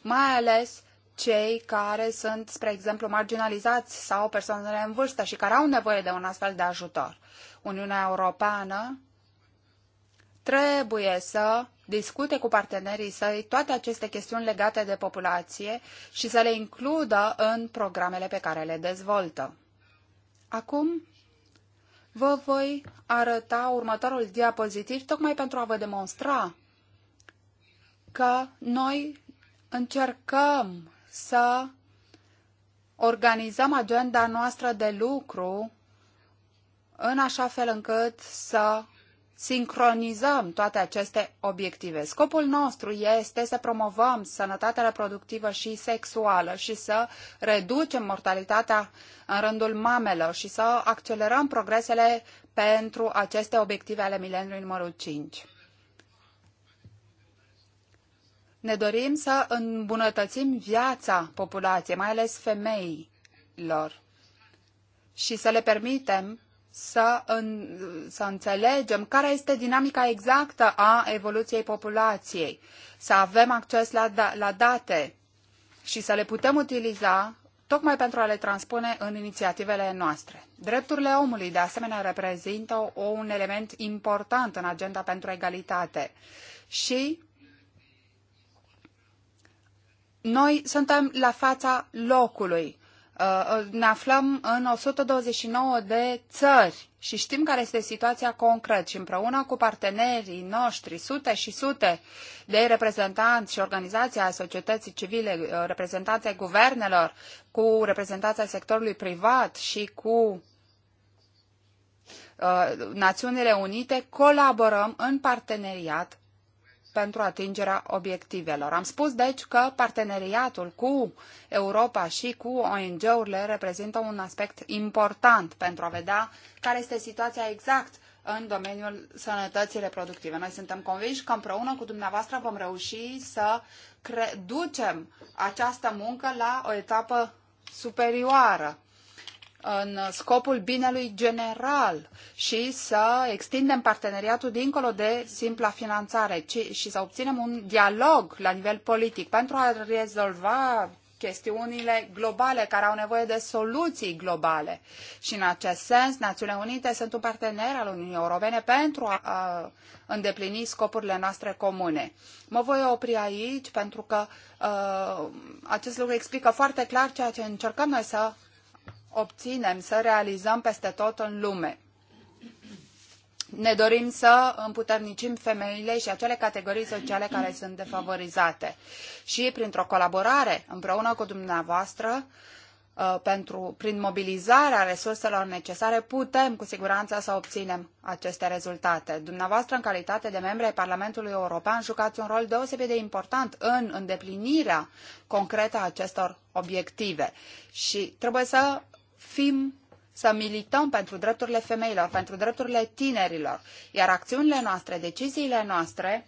mai ales cei care sunt, spre exemplu, marginalizați sau persoanele în vârstă și care au nevoie de un astfel de ajutor. Uniunea Europeană trebuie să discute cu partenerii săi toate aceste chestiuni legate de populație și să le includă în programele pe care le dezvoltă. Acum vă voi arăta următorul diapozitiv tocmai pentru a vă demonstra că noi încercăm să organizăm agenda noastră de lucru în așa fel încât să sincronizăm toate aceste obiective. Scopul nostru este să promovăm sănătatea reproductivă și sexuală și să reducem mortalitatea în rândul mamelor și să accelerăm progresele pentru aceste obiective ale mileniului numărul 5. Ne dorim să îmbunătățim viața populației, mai ales femeilor, și să le permitem să, în, să înțelegem care este dinamica exactă a evoluției populației, să avem acces la, da, la date și să le putem utiliza tocmai pentru a le transpune în inițiativele noastre. Drepturile omului, de asemenea, reprezintă un element important în agenda pentru egalitate și noi suntem la fața locului. Uh, ne aflăm în 129 de țări și știm care este situația concret și împreună cu partenerii noștri, sute și sute de reprezentanți și organizația societății civile, uh, reprezentanții guvernelor, cu reprezentanța sectorului privat și cu uh, Națiunile Unite, colaborăm în parteneriat pentru atingerea obiectivelor. Am spus deci că parteneriatul cu Europa și cu ONG-urile reprezintă un aspect important pentru a vedea care este situația exact în domeniul sănătății reproductive. Noi suntem convinși că împreună cu dumneavoastră vom reuși să ducem această muncă la o etapă superioară în scopul binelui general și să extindem parteneriatul dincolo de simpla finanțare ci, și să obținem un dialog la nivel politic pentru a rezolva chestiunile globale care au nevoie de soluții globale. Și în acest sens, Națiunile Unite sunt un partener al Uniunii Europene pentru a, a îndeplini scopurile noastre comune. Mă voi opri aici pentru că a, acest lucru explică foarte clar ceea ce încercăm noi să obținem, să realizăm peste tot în lume. Ne dorim să împuternicim femeile și acele categorii sociale care sunt defavorizate. Și printr-o colaborare împreună cu dumneavoastră, uh, pentru, prin mobilizarea resurselor necesare, putem cu siguranță să obținem aceste rezultate. Dumneavoastră, în calitate de membri ai Parlamentului European, jucați un rol deosebit de important în îndeplinirea concretă a acestor obiective și trebuie să fim să milităm pentru drepturile femeilor, pentru drepturile tinerilor. Iar acțiunile noastre, deciziile noastre,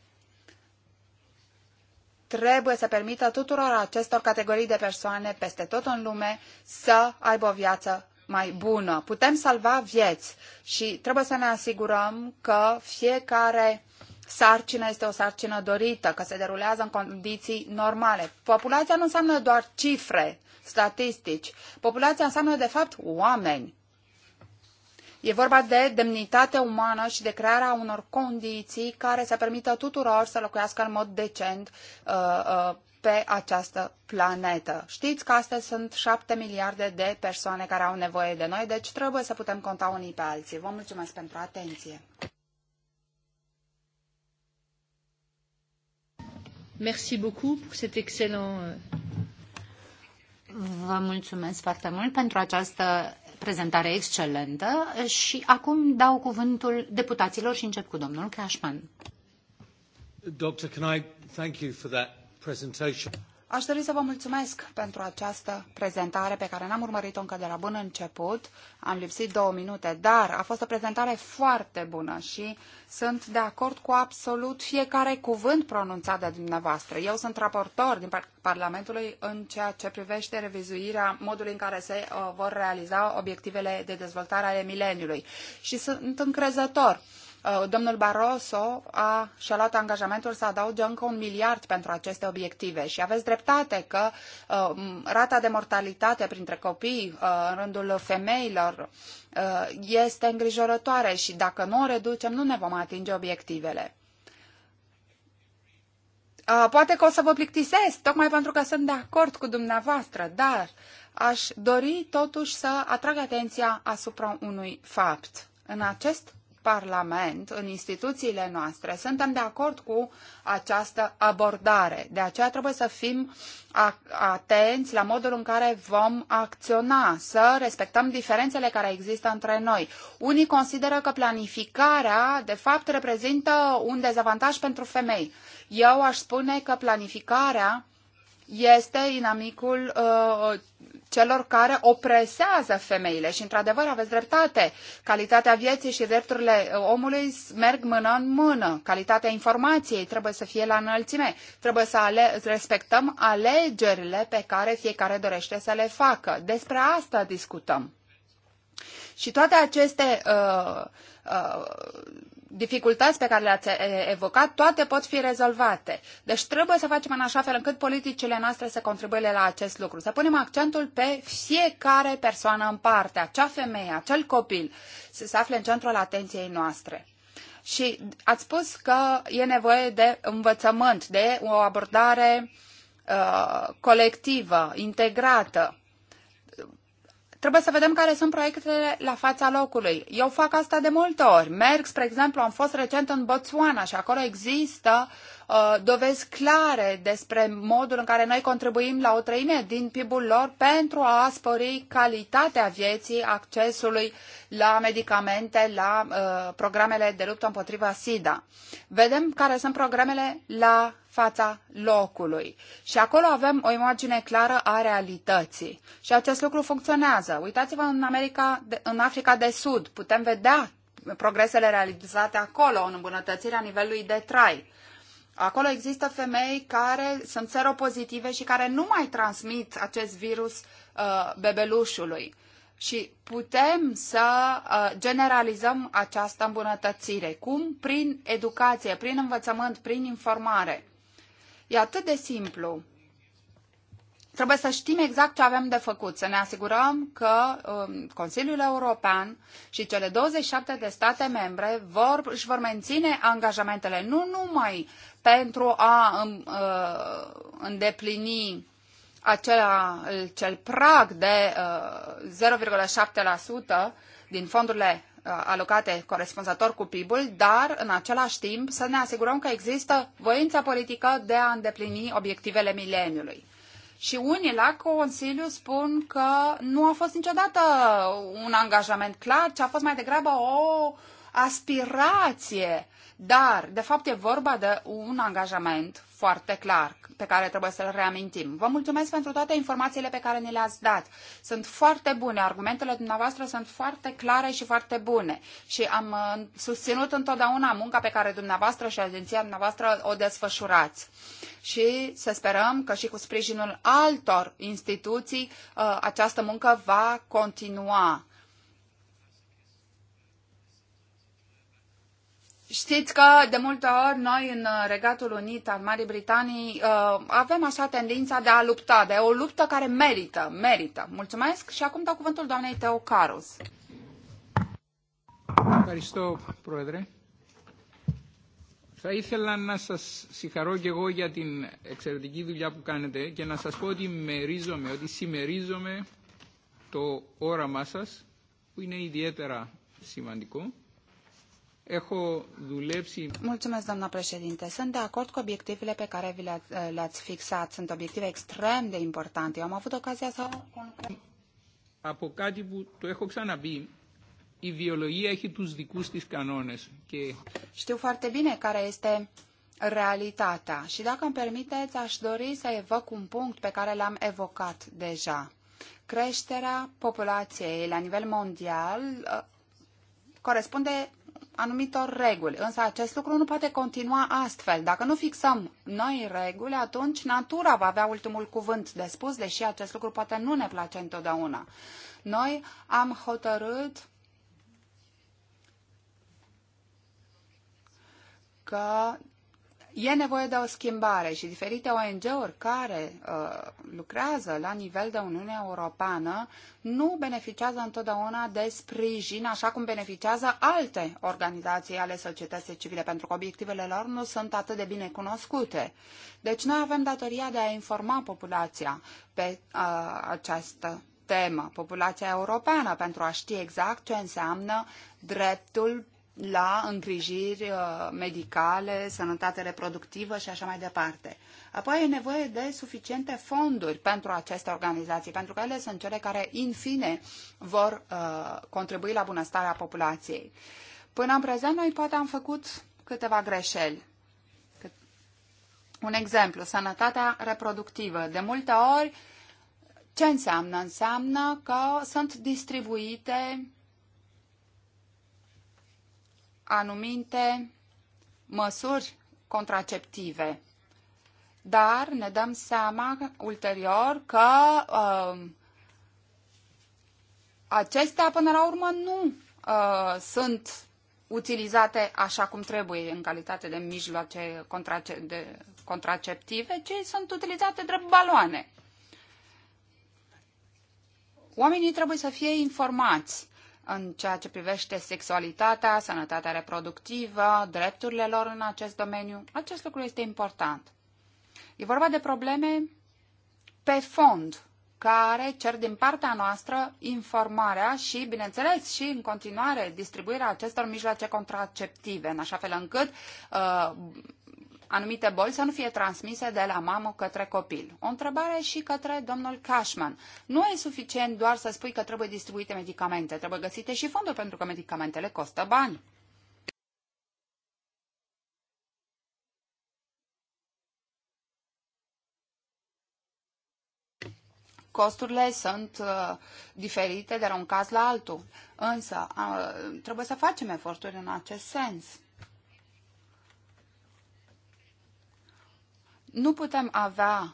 trebuie să permită tuturor acestor categorii de persoane peste tot în lume să aibă o viață mai bună. Putem salva vieți și trebuie să ne asigurăm că fiecare sarcină este o sarcină dorită, că se derulează în condiții normale. Populația nu înseamnă doar cifre, statistici. Populația înseamnă, de fapt, oameni. E vorba de demnitate umană și de crearea unor condiții care să permită tuturor să locuiască în mod decent uh, uh, pe această planetă. Știți că astăzi sunt șapte miliarde de persoane care au nevoie de noi, deci trebuie să putem conta unii pe alții. Vă mulțumesc pentru atenție. Merci beaucoup pour cet excellent euh, Vă mulțumesc foarte mult pentru această prezentare excelentă și acum dau cuvântul deputaților și încep cu domnul Cashman. Doctor, can I thank you for that presentation? Aș dori să vă mulțumesc pentru această prezentare pe care n-am urmărit-o încă de la bun început. Am lipsit două minute, dar a fost o prezentare foarte bună și sunt de acord cu absolut fiecare cuvânt pronunțat de dumneavoastră. Eu sunt raportor din Parlamentului în ceea ce privește revizuirea modului în care se uh, vor realiza obiectivele de dezvoltare ale mileniului și sunt încrezător Uh, domnul Barroso a, și-a luat angajamentul să adauge încă un miliard pentru aceste obiective și aveți dreptate că uh, rata de mortalitate printre copii uh, în rândul femeilor uh, este îngrijorătoare și dacă nu o reducem, nu ne vom atinge obiectivele. Uh, poate că o să vă plictisesc, tocmai pentru că sunt de acord cu dumneavoastră, dar aș dori totuși să atrag atenția asupra unui fapt. În acest Parlament, în instituțiile noastre, suntem de acord cu această abordare. De aceea trebuie să fim atenți la modul în care vom acționa, să respectăm diferențele care există între noi. Unii consideră că planificarea, de fapt, reprezintă un dezavantaj pentru femei. Eu aș spune că planificarea este inamicul uh, celor care opresează femeile. Și, într-adevăr, aveți dreptate. Calitatea vieții și drepturile omului merg mână în mână. Calitatea informației trebuie să fie la înălțime. Trebuie să ale- respectăm alegerile pe care fiecare dorește să le facă. Despre asta discutăm. Și toate aceste uh, uh, dificultăți pe care le-ați evocat, toate pot fi rezolvate. Deci trebuie să facem în așa fel încât politicile noastre să contribuie la acest lucru. Să punem accentul pe fiecare persoană în parte, acea femeie, acel copil, să se afle în centrul atenției noastre. Și ați spus că e nevoie de învățământ, de o abordare uh, colectivă, integrată trebuie să vedem care sunt proiectele la fața locului. Eu fac asta de multe ori. Merg, spre exemplu, am fost recent în Botswana și acolo există uh, Uh, dovezi clare despre modul în care noi contribuim la o treime din PIB-ul lor pentru a spori calitatea vieții, accesului la medicamente, la uh, programele de luptă împotriva SIDA. Vedem care sunt programele la fața locului. Și acolo avem o imagine clară a realității. Și acest lucru funcționează. Uitați-vă în, America, în Africa de Sud. Putem vedea progresele realizate acolo, în îmbunătățirea nivelului de trai. Acolo există femei care sunt seropozitive și care nu mai transmit acest virus uh, bebelușului. Și putem să uh, generalizăm această îmbunătățire. Cum? Prin educație, prin învățământ, prin informare. E atât de simplu. Trebuie să știm exact ce avem de făcut, să ne asigurăm că um, Consiliul European și cele 27 de state membre vor, își vor menține angajamentele nu numai pentru a ă, îndeplini acela, cel prag de 0,7% ă, din fondurile ă, alocate corespunzător cu PIB-ul, dar în același timp să ne asigurăm că există voința politică de a îndeplini obiectivele mileniului. Și unii la Consiliu spun că nu a fost niciodată un angajament clar, ci a fost mai degrabă o aspirație dar, de fapt, e vorba de un angajament foarte clar pe care trebuie să-l reamintim. Vă mulțumesc pentru toate informațiile pe care ni le-ați dat. Sunt foarte bune, argumentele dumneavoastră sunt foarte clare și foarte bune și am uh, susținut întotdeauna munca pe care dumneavoastră și agenția dumneavoastră o desfășurați. Și să sperăm că și cu sprijinul altor instituții uh, această muncă va continua Știți că de multe ori noi în Regatul Unit al Marii Britanii avem așa tendința de a lupta, de o luptă care merită, merită. Mulțumesc și acum dau cuvântul doamnei Teocarus. Ευχαριστώ, Πρόεδρε. Θα ήθελα να σας συγχαρώ και εγώ για την εξαιρετική δουλειά που κάνετε και να σας πω ότι μερίζομαι, ότι συμμερίζομαι το όραμά σας, που είναι ιδιαίτερα σημαντικό Mulțumesc, doamna președinte. Sunt de acord cu obiectivele pe care vi le-ați fixat. Sunt obiective extrem de importante. Eu am avut ocazia să... Από κάτι που το η βιολογία έχει τους δικούς της κανόνες. Και... Știu foarte bine care este realitatea și dacă îmi permiteți, aș dori să evoc un punct pe care l-am evocat deja. Creșterea populației la nivel mondial uh, corespunde anumitor reguli. Însă acest lucru nu poate continua astfel. Dacă nu fixăm noi reguli, atunci natura va avea ultimul cuvânt de spus, deși acest lucru poate nu ne place întotdeauna. Noi am hotărât că E nevoie de o schimbare și diferite ONG-uri care uh, lucrează la nivel de Uniunea Europeană nu beneficiază întotdeauna de sprijin așa cum beneficiază alte organizații ale societății civile, pentru că obiectivele lor nu sunt atât de bine cunoscute. Deci noi avem datoria de a informa populația pe uh, această temă, populația europeană, pentru a ști exact ce înseamnă dreptul la îngrijiri uh, medicale, sănătate reproductivă și așa mai departe. Apoi e nevoie de suficiente fonduri pentru aceste organizații, pentru că ele sunt cele care, în fine, vor uh, contribui la bunăstarea populației. Până în prezent, noi poate am făcut câteva greșeli. Un exemplu, sănătatea reproductivă. De multe ori, ce înseamnă? Înseamnă că sunt distribuite anumite măsuri contraceptive. Dar ne dăm seama ulterior că uh, acestea, până la urmă, nu uh, sunt utilizate așa cum trebuie în calitate de mijloace contrace- de contraceptive, ci sunt utilizate drept baloane. Oamenii trebuie să fie informați în ceea ce privește sexualitatea, sănătatea reproductivă, drepturile lor în acest domeniu. Acest lucru este important. E vorba de probleme pe fond, care cer din partea noastră informarea și, bineînțeles, și în continuare distribuirea acestor mijloace contraceptive, în așa fel încât uh, anumite boli să nu fie transmise de la mamă către copil. O întrebare și către domnul Cashman. Nu e suficient doar să spui că trebuie distribuite medicamente, trebuie găsite și fonduri pentru că medicamentele costă bani. costurile sunt uh, diferite de la un caz la altul. Însă, uh, trebuie să facem eforturi în acest sens. Nu putem avea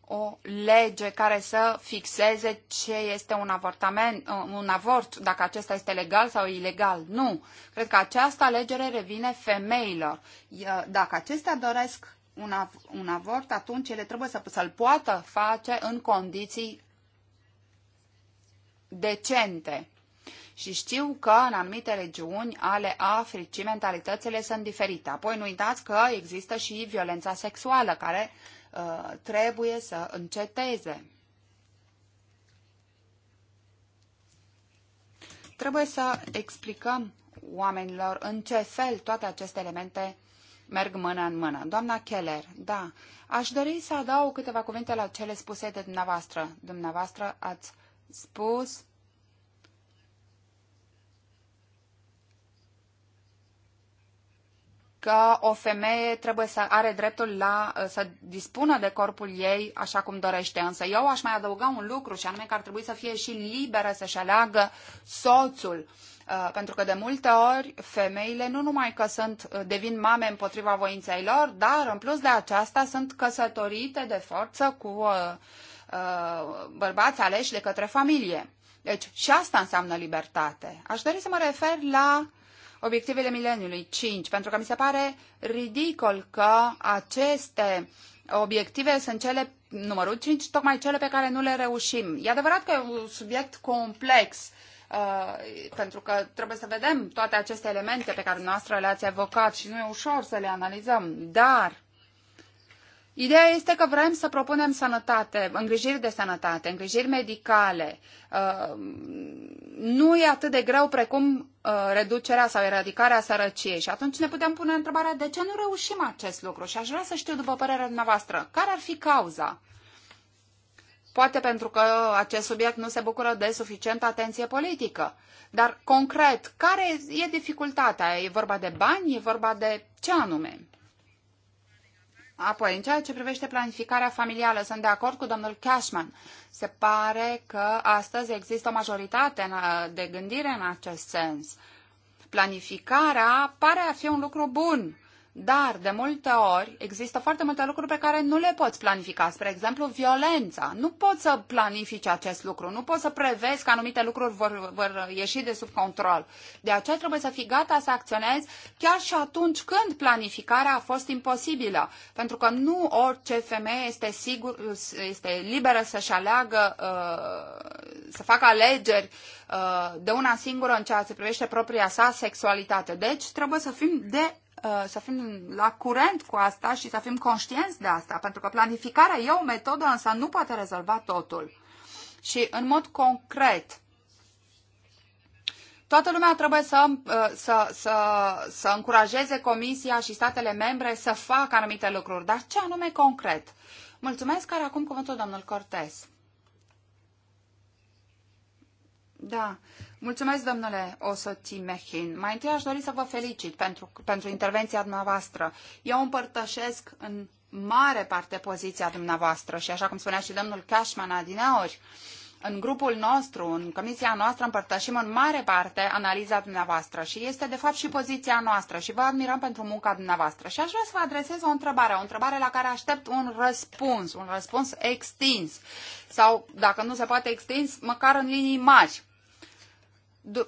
o lege care să fixeze ce este un, avortament, uh, un avort, dacă acesta este legal sau ilegal. Nu. Cred că această alegere revine femeilor. Dacă acestea doresc un, av- un avort, atunci ele trebuie să, să-l poată face în condiții decente. Și știu că în anumite regiuni ale Africii mentalitățile sunt diferite. Apoi nu uitați că există și violența sexuală care uh, trebuie să înceteze. Trebuie să explicăm oamenilor în ce fel toate aceste elemente merg mână în mână. Doamna Keller, da, aș dori să adaug câteva cuvinte la cele spuse de dumneavoastră. Dumneavoastră ați spus că o femeie trebuie să are dreptul la, uh, să dispună de corpul ei așa cum dorește. Însă eu aș mai adăuga un lucru și anume că ar trebui să fie și liberă să-și aleagă soțul. Uh, pentru că de multe ori femeile nu numai că sunt, uh, devin mame împotriva voinței lor, dar în plus de aceasta sunt căsătorite de forță cu uh, uh, bărbați aleși de către familie. Deci și asta înseamnă libertate. Aș dori să mă refer la obiectivele mileniului 5, pentru că mi se pare ridicol că aceste obiective sunt cele numărul 5, tocmai cele pe care nu le reușim. E adevărat că e un subiect complex, uh, pentru că trebuie să vedem toate aceste elemente pe care noastră le-ați evocat și nu e ușor să le analizăm, dar Ideea este că vrem să propunem sănătate, îngrijiri de sănătate, îngrijiri medicale. Uh, nu e atât de greu precum uh, reducerea sau eradicarea sărăciei. Și atunci ne putem pune întrebarea de ce nu reușim acest lucru. Și aș vrea să știu, după părerea dumneavoastră, care ar fi cauza? Poate pentru că acest subiect nu se bucură de suficientă atenție politică. Dar, concret, care e dificultatea? E vorba de bani? E vorba de ce anume? Apoi, în ceea ce privește planificarea familială, sunt de acord cu domnul Cashman. Se pare că astăzi există o majoritate de gândire în acest sens. Planificarea pare a fi un lucru bun dar, de multe ori, există foarte multe lucruri pe care nu le poți planifica. Spre exemplu, violența. Nu poți să planifici acest lucru. Nu poți să prevezi că anumite lucruri vor, vor ieși de sub control. De aceea trebuie să fii gata să acționezi chiar și atunci când planificarea a fost imposibilă. Pentru că nu orice femeie este, sigur, este liberă să-și aleagă, uh, să facă alegeri uh, de una singură în ceea ce privește propria sa sexualitate. Deci trebuie să fim de Uh, să fim la curent cu asta și să fim conștienți de asta, pentru că planificarea e o metodă, însă nu poate rezolva totul. Și în mod concret, toată lumea trebuie să, uh, să, să, să încurajeze Comisia și statele membre să facă anumite lucruri, dar ce anume concret? Mulțumesc, care acum cuvântul domnul Cortez. Da, Mulțumesc, domnule Osotimehin. Mai întâi aș dori să vă felicit pentru, pentru intervenția dumneavoastră. Eu împărtășesc în mare parte poziția dumneavoastră și așa cum spunea și domnul Cashman adineori, în grupul nostru, în comisia noastră, împărtășim în mare parte analiza dumneavoastră și este de fapt și poziția noastră și vă admirăm pentru munca dumneavoastră. Și aș vrea să vă adresez o întrebare, o întrebare la care aștept un răspuns, un răspuns extins sau, dacă nu se poate extins, măcar în linii mari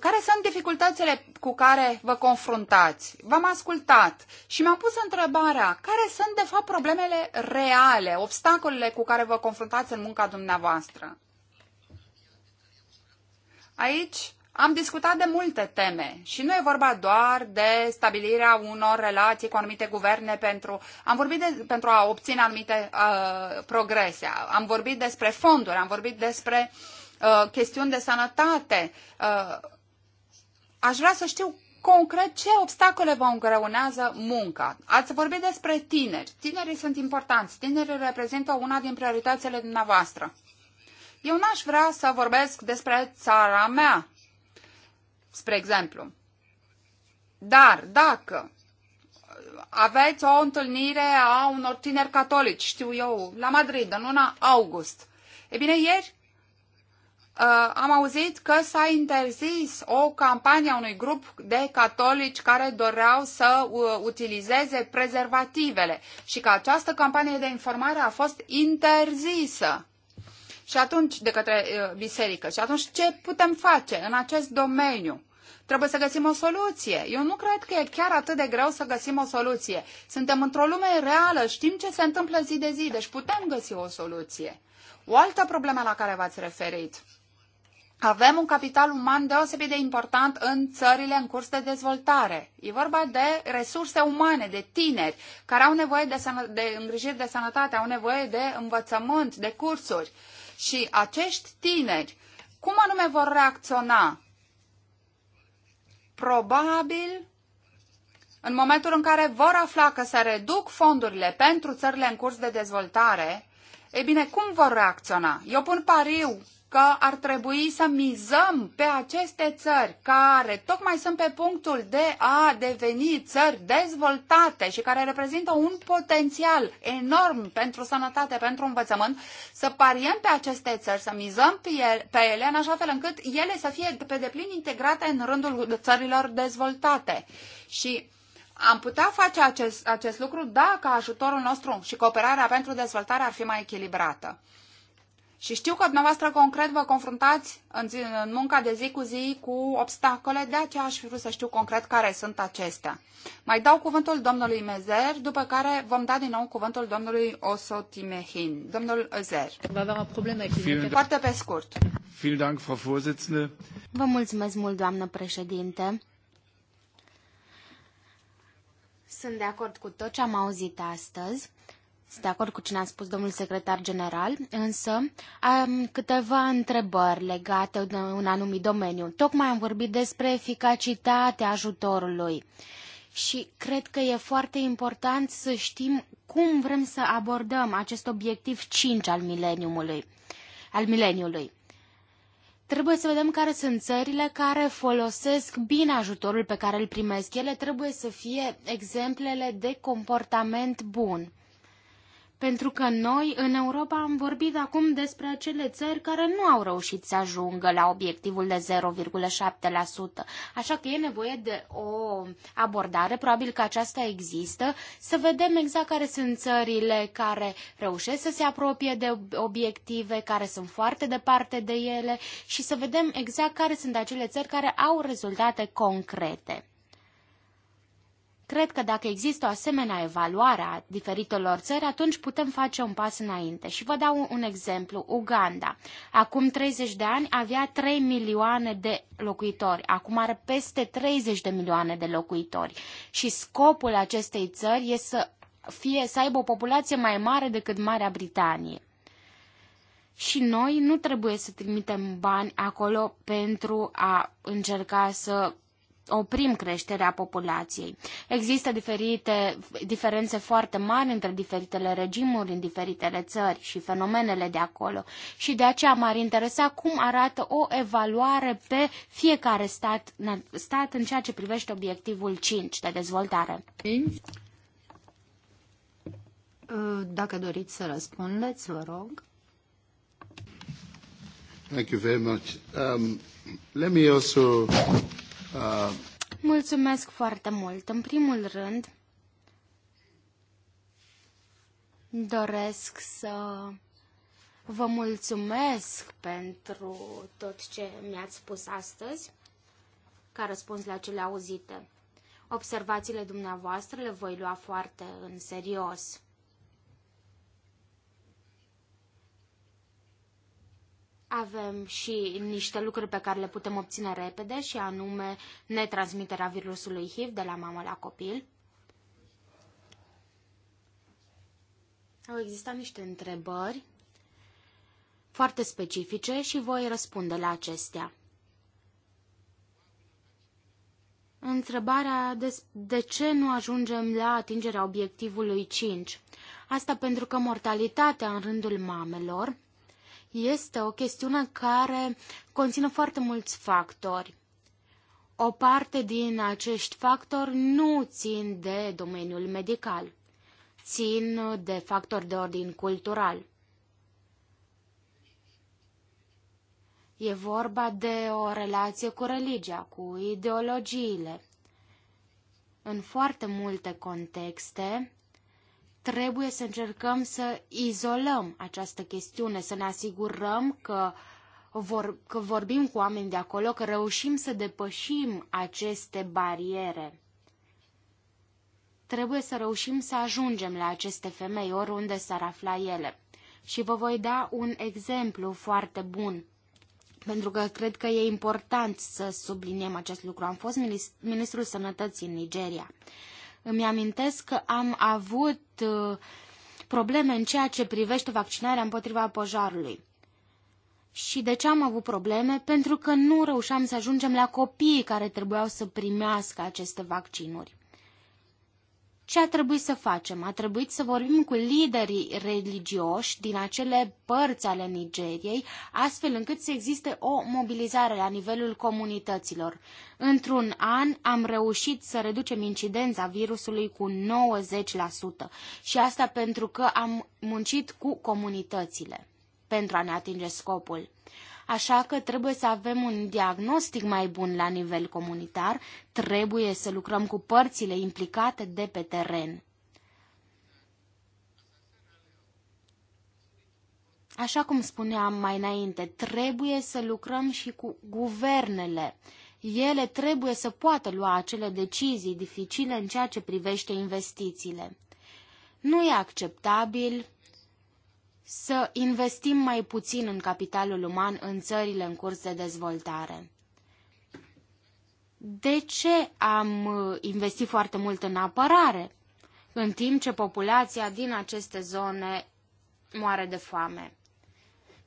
care sunt dificultățile cu care vă confruntați? V-am ascultat și mi-am pus întrebarea, care sunt de fapt problemele reale, obstacolele cu care vă confruntați în munca dumneavoastră? Aici am discutat de multe teme și nu e vorba doar de stabilirea unor relații cu anumite guverne pentru, am vorbit de, pentru a obține anumite uh, progrese, am vorbit despre fonduri, am vorbit despre uh, Uh, chestiuni de sănătate. Uh, aș vrea să știu concret ce obstacole vă îngreunează munca. Ați vorbit despre tineri. Tinerii sunt importanți. Tinerii reprezintă una din prioritățile dumneavoastră. Eu n-aș vrea să vorbesc despre țara mea, spre exemplu. Dar dacă aveți o întâlnire a unor tineri catolici, știu eu, la Madrid, în luna august. E bine, ieri uh, am auzit că s-a interzis o campanie a unui grup de catolici care doreau să uh, utilizeze prezervativele și că această campanie de informare a fost interzisă. Și atunci, de către uh, biserică. Și atunci, ce putem face în acest domeniu? Trebuie să găsim o soluție. Eu nu cred că e chiar atât de greu să găsim o soluție. Suntem într-o lume reală, știm ce se întâmplă zi de zi, deci putem găsi o soluție. O altă problemă la care v-ați referit avem un capital uman deosebit de important în țările în curs de dezvoltare. E vorba de resurse umane, de tineri care au nevoie de, de îngrijiri de sănătate, au nevoie de învățământ, de cursuri. Și acești tineri, cum anume vor reacționa? Probabil în momentul în care vor afla că se reduc fondurile pentru țările în curs de dezvoltare, ei bine, cum vor reacționa? Eu pun pariu că ar trebui să mizăm pe aceste țări care tocmai sunt pe punctul de a deveni țări dezvoltate și care reprezintă un potențial enorm pentru sănătate, pentru învățământ, să pariem pe aceste țări, să mizăm pe ele, pe ele în așa fel încât ele să fie pe deplin integrate în rândul țărilor dezvoltate. Și am putea face acest, acest lucru dacă ajutorul nostru și cooperarea pentru dezvoltare ar fi mai echilibrată. Și știu că dumneavoastră concret vă confruntați în, zi, în munca de zi cu zi cu obstacole, de aceea aș fi vrut să știu concret care sunt acestea. Mai dau cuvântul domnului Mezer, după care vom da din nou cuvântul domnului Osotimehin. Domnul Özer. Foarte pe scurt. Vă mulțumesc mult, doamnă președinte. Sunt de acord cu tot ce am auzit astăzi. Sunt de acord cu cine a spus domnul secretar general, însă am câteva întrebări legate de un anumit domeniu. Tocmai am vorbit despre eficacitatea ajutorului și cred că e foarte important să știm cum vrem să abordăm acest obiectiv 5 al mileniului. Al mileniului. Trebuie să vedem care sunt țările care folosesc bine ajutorul pe care îl primesc. Ele trebuie să fie exemplele de comportament bun. Pentru că noi, în Europa, am vorbit acum despre acele țări care nu au reușit să ajungă la obiectivul de 0,7%. Așa că e nevoie de o abordare, probabil că aceasta există, să vedem exact care sunt țările care reușesc să se apropie de obiective, care sunt foarte departe de ele și să vedem exact care sunt acele țări care au rezultate concrete. Cred că dacă există o asemenea evaluare a diferitelor țări, atunci putem face un pas înainte. Și vă dau un exemplu. Uganda. Acum 30 de ani avea 3 milioane de locuitori. Acum are peste 30 de milioane de locuitori. Și scopul acestei țări este să fie să aibă o populație mai mare decât Marea Britanie. Și noi nu trebuie să trimitem bani acolo pentru a încerca să oprim creșterea populației. Există diferite diferențe foarte mari între diferitele regimuri în diferitele țări și fenomenele de acolo și de aceea m-ar interesa cum arată o evaluare pe fiecare stat, stat în ceea ce privește obiectivul 5 de dezvoltare. Dacă doriți să răspundeți, vă rog. Thank you very much. Um, let me also Mulțumesc foarte mult. În primul rând, doresc să vă mulțumesc pentru tot ce mi-ați spus astăzi ca răspuns la cele auzite. Observațiile dumneavoastră le voi lua foarte în serios. Avem și niște lucruri pe care le putem obține repede și anume netransmiterea virusului HIV de la mamă la copil. Au existat niște întrebări foarte specifice și voi răspunde la acestea. Întrebarea de, de ce nu ajungem la atingerea obiectivului 5. Asta pentru că mortalitatea în rândul mamelor este o chestiune care conține foarte mulți factori. O parte din acești factori nu țin de domeniul medical, țin de factori de ordin cultural. E vorba de o relație cu religia, cu ideologiile. În foarte multe contexte, trebuie să încercăm să izolăm această chestiune, să ne asigurăm că, vor, că vorbim cu oameni de acolo, că reușim să depășim aceste bariere. Trebuie să reușim să ajungem la aceste femei oriunde s-ar afla ele. Și vă voi da un exemplu foarte bun pentru că cred că e important să subliniem acest lucru. Am fost ministrul sănătății în Nigeria îmi amintesc că am avut uh, probleme în ceea ce privește vaccinarea împotriva pojarului. Și de ce am avut probleme? Pentru că nu reușeam să ajungem la copiii care trebuiau să primească aceste vaccinuri. Ce a trebuit să facem? A trebuit să vorbim cu liderii religioși din acele părți ale Nigeriei, astfel încât să existe o mobilizare la nivelul comunităților. Într-un an am reușit să reducem incidența virusului cu 90% și asta pentru că am muncit cu comunitățile pentru a ne atinge scopul așa că trebuie să avem un diagnostic mai bun la nivel comunitar, trebuie să lucrăm cu părțile implicate de pe teren. Așa cum spuneam mai înainte, trebuie să lucrăm și cu guvernele. Ele trebuie să poată lua acele decizii dificile în ceea ce privește investițiile. Nu e acceptabil să investim mai puțin în capitalul uman în țările în curs de dezvoltare. De ce am investit foarte mult în apărare, în timp ce populația din aceste zone moare de foame?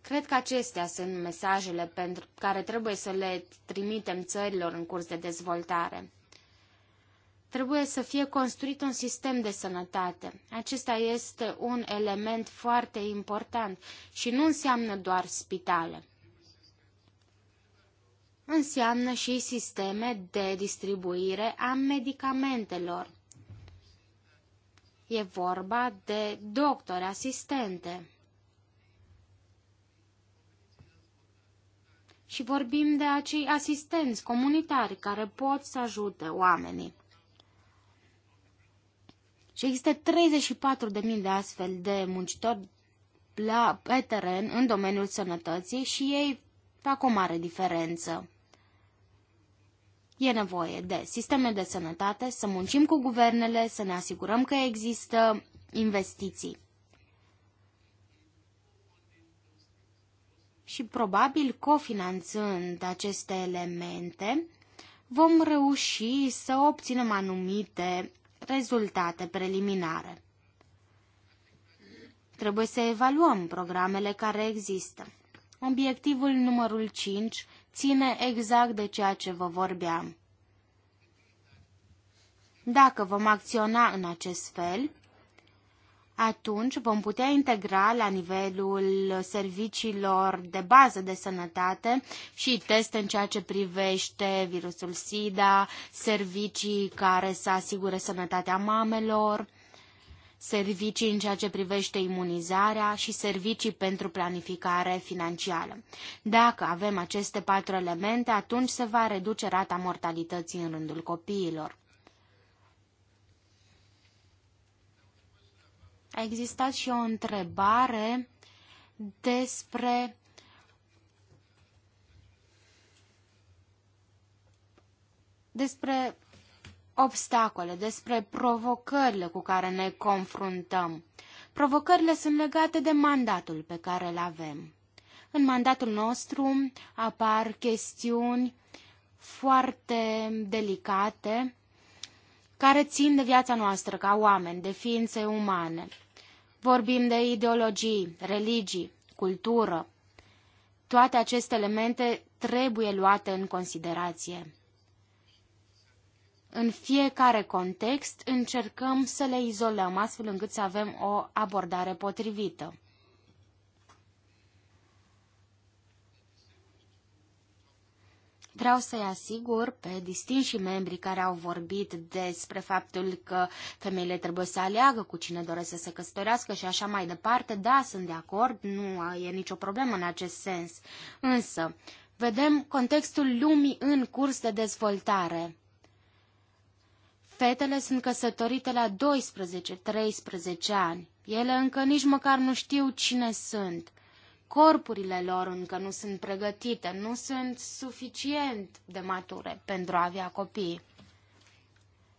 Cred că acestea sunt mesajele pentru care trebuie să le trimitem țărilor în curs de dezvoltare. Trebuie să fie construit un sistem de sănătate. Acesta este un element foarte important și nu înseamnă doar spitale. Înseamnă și sisteme de distribuire a medicamentelor. E vorba de doctori asistente. și vorbim de acei asistenți comunitari care pot să ajute oamenii. Și există 34.000 de astfel de muncitori la, pe teren în domeniul sănătății și ei fac o mare diferență. E nevoie de sisteme de sănătate, să muncim cu guvernele, să ne asigurăm că există investiții. Și probabil cofinanțând aceste elemente, vom reuși să obținem anumite rezultate preliminare. Trebuie să evaluăm programele care există. Obiectivul numărul 5 ține exact de ceea ce vă vorbeam. Dacă vom acționa în acest fel, atunci vom putea integra la nivelul serviciilor de bază de sănătate și teste în ceea ce privește virusul SIDA, servicii care să asigure sănătatea mamelor, servicii în ceea ce privește imunizarea și servicii pentru planificare financiară. Dacă avem aceste patru elemente, atunci se va reduce rata mortalității în rândul copiilor. A existat și o întrebare despre despre obstacole, despre provocările cu care ne confruntăm. Provocările sunt legate de mandatul pe care îl avem. În mandatul nostru apar chestiuni foarte delicate care țin de viața noastră ca oameni, de ființe umane. Vorbim de ideologii, religii, cultură. Toate aceste elemente trebuie luate în considerație. În fiecare context încercăm să le izolăm astfel încât să avem o abordare potrivită. Vreau să-i asigur pe distinși membri care au vorbit despre faptul că femeile trebuie să aleagă cu cine doresc să se căsătorească și așa mai departe. Da, sunt de acord, nu e nicio problemă în acest sens. Însă, vedem contextul lumii în curs de dezvoltare. Fetele sunt căsătorite la 12-13 ani. Ele încă nici măcar nu știu cine sunt corpurile lor încă nu sunt pregătite, nu sunt suficient de mature pentru a avea copii.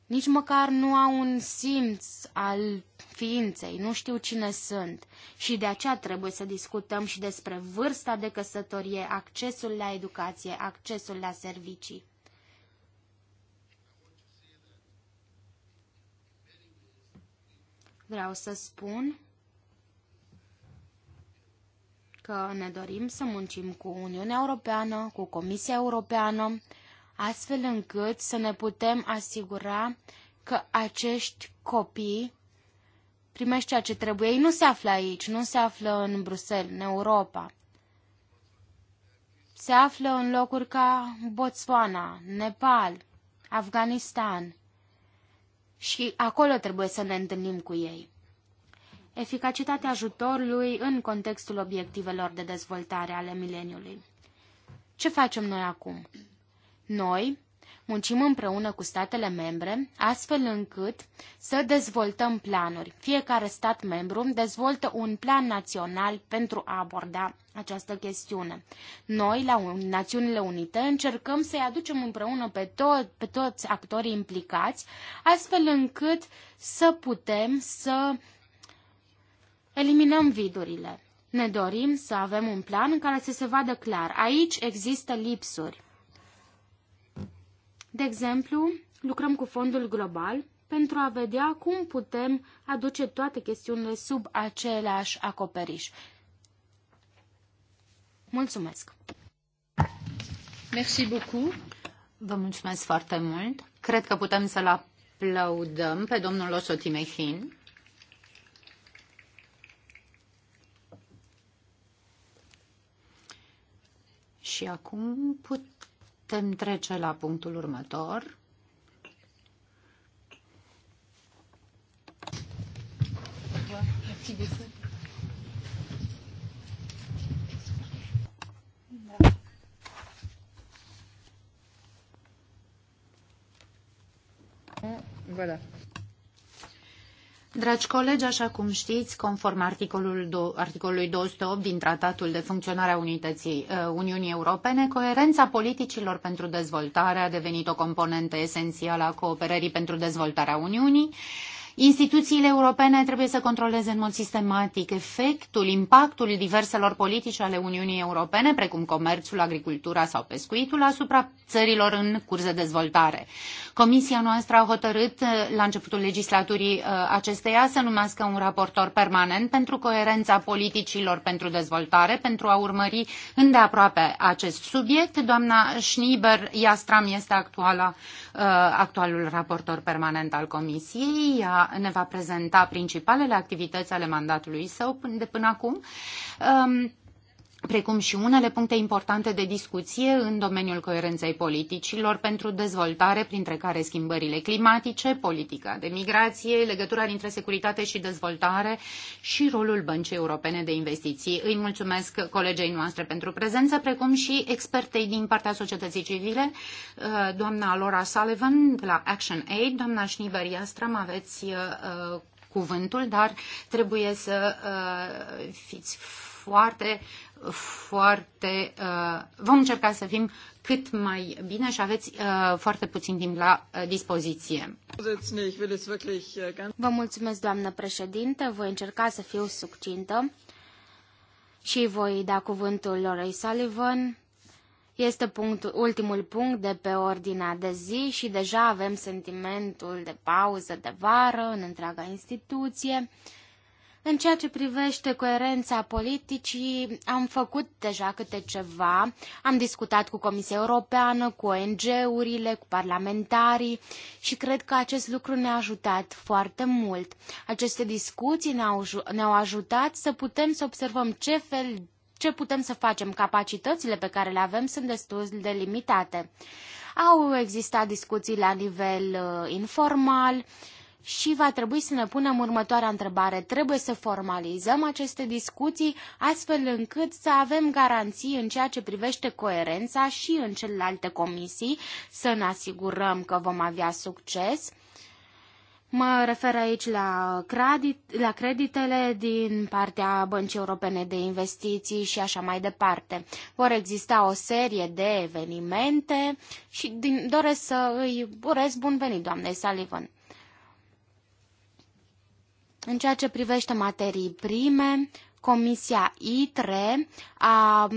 Nici măcar nu au un simț al ființei, nu știu cine sunt. Și de aceea trebuie să discutăm și despre vârsta de căsătorie, accesul la educație, accesul la servicii. Vreau să spun că ne dorim să muncim cu Uniunea Europeană, cu Comisia Europeană, astfel încât să ne putem asigura că acești copii primești ceea ce trebuie. Ei nu se află aici, nu se află în Bruxelles, în Europa. Se află în locuri ca Botswana, Nepal, Afganistan. Și acolo trebuie să ne întâlnim cu ei eficacitatea ajutorului în contextul obiectivelor de dezvoltare ale mileniului. Ce facem noi acum? Noi muncim împreună cu statele membre, astfel încât să dezvoltăm planuri. Fiecare stat membru dezvoltă un plan național pentru a aborda această chestiune. Noi, la Națiunile Unite, încercăm să-i aducem împreună pe, tot, pe toți actorii implicați, astfel încât să putem să uh, Eliminăm vidurile. Ne dorim să avem un plan în care să se vadă clar. Aici există lipsuri. De exemplu, lucrăm cu fondul global pentru a vedea cum putem aduce toate chestiunile sub același acoperiș. Mulțumesc! Merci beaucoup! Vă mulțumesc foarte mult! Cred că putem să-l aplaudăm pe domnul Osotimehin. Și acum putem trece la punctul următor. Voilà. Dragi colegi, așa cum știți, conform articolul, articolului 208 din Tratatul de Funcționare a Unității, uh, Uniunii Europene, coerența politicilor pentru dezvoltare a devenit o componentă esențială a cooperării pentru dezvoltarea Uniunii Instituțiile europene trebuie să controleze în mod sistematic efectul, impactul diverselor politici ale Uniunii Europene, precum comerțul, agricultura sau pescuitul, asupra țărilor în curs de dezvoltare. Comisia noastră a hotărât uh, la începutul legislaturii uh, acesteia să numească un raportor permanent pentru coerența politicilor pentru dezvoltare, pentru a urmări îndeaproape acest subiect. Doamna Schnieber Iastram este actuala Uh, actualul raportor permanent al Comisiei. Ea ne va prezenta principalele activități ale mandatului său de până acum. Um, precum și unele puncte importante de discuție în domeniul coerenței politicilor pentru dezvoltare, printre care schimbările climatice, politica de migrație, legătura dintre securitate și dezvoltare și rolul Băncii Europene de Investiții. Îi mulțumesc colegei noastre pentru prezență, precum și expertei din partea societății civile, uh, doamna Laura Sullivan de la Action Aid, doamna Schnieber Iastram, aveți uh, cuvântul, dar trebuie să uh, fiți foarte foarte... Uh, vom încerca să fim cât mai bine și aveți uh, foarte puțin timp la uh, dispoziție. Vă mulțumesc, doamnă președinte. Voi încerca să fiu succintă și voi da cuvântul Lorei Sullivan. Este punctul, ultimul punct de pe ordinea de zi și deja avem sentimentul de pauză de vară în întreaga instituție. Uh, în ceea ce privește coerența politicii, am făcut deja câte ceva. Am discutat cu Comisia Europeană, cu ONG-urile, cu parlamentarii și cred că acest lucru ne-a ajutat foarte mult. Aceste discuții ne-au, ne ajutat să putem să observăm ce fel ce putem să facem. Capacitățile pe care le avem sunt destul de limitate. Au existat discuții la nivel uh, informal, uh, și va trebui să ne punem următoarea întrebare. Trebuie să formalizăm aceste discuții astfel încât să avem garanții în ceea ce privește coerența și în celelalte comisii, să ne asigurăm că vom avea succes. Mă refer aici la, credit, la creditele din partea Băncii Europene de Investiții și așa mai departe. Vor exista o serie de evenimente și din, doresc să îi urez bun venit, doamnei Sullivan. În ceea ce privește materii prime, Comisia ITRE a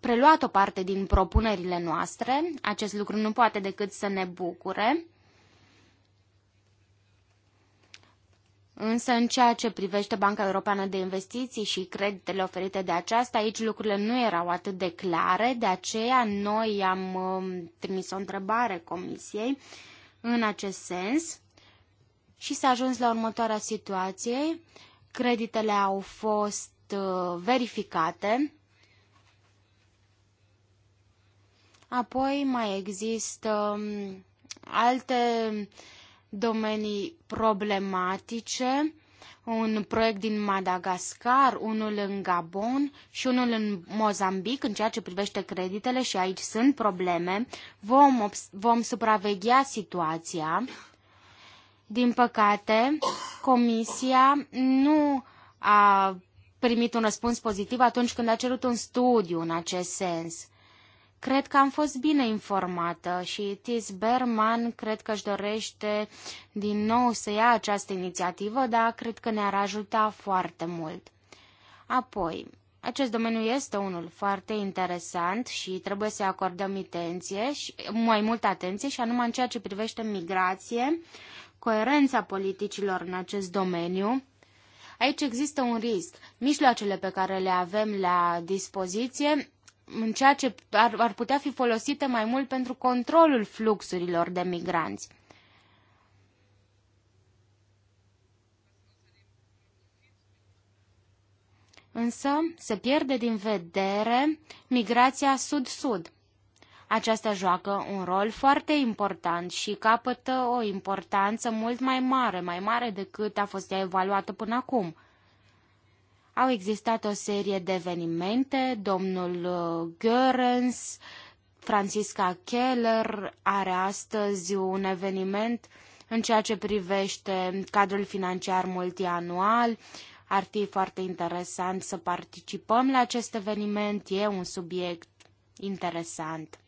preluat o parte din propunerile noastre. Acest lucru nu poate decât să ne bucure. Însă, în ceea ce privește Banca Europeană de Investiții și creditele oferite de aceasta, aici lucrurile nu erau atât de clare, de aceea noi am um, trimis o întrebare Comisiei în acest sens și s-a ajuns la următoarea situație. Creditele au fost uh, verificate. Apoi mai există um, alte domenii problematice, un proiect din Madagascar, unul în Gabon și unul în Mozambic în ceea ce privește creditele și aici sunt probleme. Vom, vom supraveghea situația din păcate, Comisia nu a primit un răspuns pozitiv atunci când a cerut un studiu în acest sens. Cred că am fost bine informată și Tis Berman cred că își dorește din nou să ia această inițiativă, dar cred că ne-ar ajuta foarte mult. Apoi, acest domeniu este unul foarte interesant și trebuie să acordăm atenție și, mai multă atenție și anume în ceea ce privește migrație coerența politicilor în acest domeniu. Aici există un risc. Mijloacele pe care le avem la dispoziție în ceea ce ar, ar putea fi folosite mai mult pentru controlul fluxurilor de migranți. Însă se pierde din vedere migrația sud-sud aceasta joacă un rol foarte important și capătă o importanță mult mai mare, mai mare decât a fost ea evaluată până acum. Au existat o serie de evenimente, domnul uh, Görens, Francisca Keller are astăzi un eveniment în ceea ce privește cadrul financiar multianual. Ar fi foarte interesant să participăm la acest eveniment, e un subiect interesant.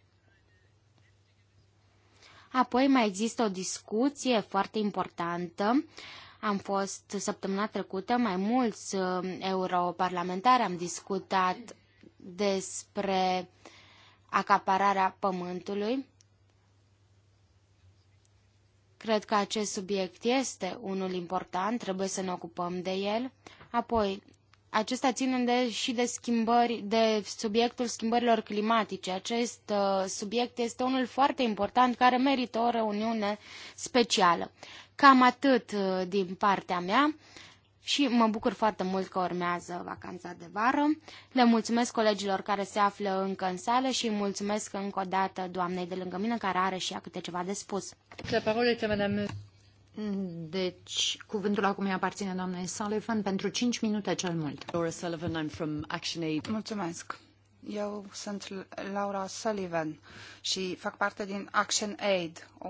Apoi mai există o discuție foarte importantă. Am fost săptămâna trecută mai mulți uh, europarlamentari, am discutat despre acapararea pământului. Cred că acest subiect este unul important, trebuie să ne ocupăm de el. Apoi, acesta ține de, și de schimbări, de subiectul schimbărilor climatice. Acest uh, subiect este unul foarte important care merită o reuniune specială. Cam atât uh, din partea mea și mă bucur foarte mult că urmează vacanța de vară. Le mulțumesc colegilor care se află încă în sală și mulțumesc încă o dată doamnei de lângă mine care are și ea câte ceva de spus. La parole este madame deci, cuvântul acum îi aparține doamnei Sullivan pentru 5 minute cel mult. Laura Sullivan, I'm from ActionAid. Mulțumesc. Eu sunt Laura Sullivan și fac parte din Action Aid, o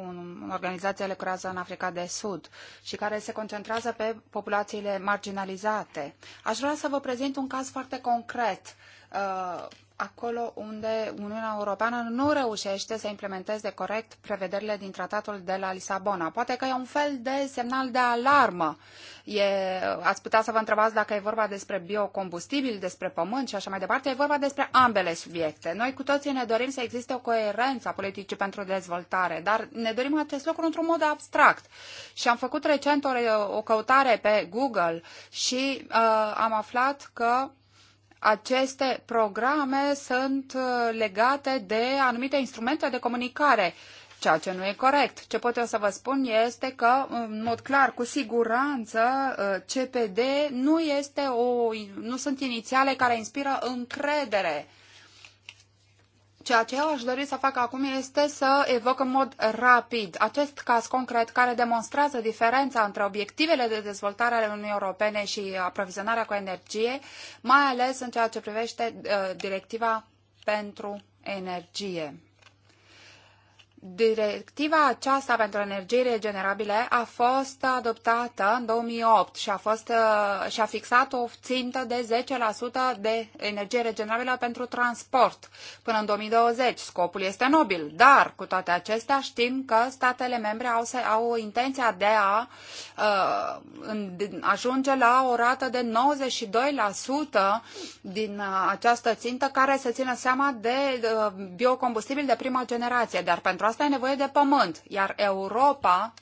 organizație care lucrează în Africa de Sud și care se concentrează pe populațiile marginalizate. Aș vrea să vă prezint un caz foarte concret uh, acolo unde Uniunea Europeană nu reușește să implementeze corect prevederile din tratatul de la Lisabona. Poate că e un fel de semnal de alarmă. E, ați putea să vă întrebați dacă e vorba despre biocombustibil, despre pământ și așa mai departe. E vorba despre ambele subiecte. Noi cu toții ne dorim să existe o coerență a politicii pentru dezvoltare, dar ne dorim acest lucru într-un mod abstract. Și am făcut recent o, o căutare pe Google și uh, am aflat că aceste programe sunt uh, legate de anumite instrumente de comunicare, ceea ce nu e corect. Ce pot eu să vă spun este că, în mod clar, cu siguranță, uh, CPD nu, este o, nu sunt inițiale care inspiră încredere uh, Ceea ce eu aș dori să fac acum este să evoc în mod rapid acest caz concret care demonstrează diferența între obiectivele de dezvoltare ale Uniunii Europene și aprovizionarea cu energie, mai ales în ceea ce privește uh, directiva pentru energie. Directiva aceasta pentru energie regenerabile a fost adoptată în 2008 și a, fost, uh, și a fixat o țintă de 10% de energie regenerabilă pentru transport până în 2020. Scopul este nobil, dar cu toate acestea știm că statele membre au, au intenția de a uh, ajunge la o rată de 92% din uh, această țintă care să țină seama de uh, biocombustibil de prima generație, dar pentru asta e nevoie de pământ, iar Europa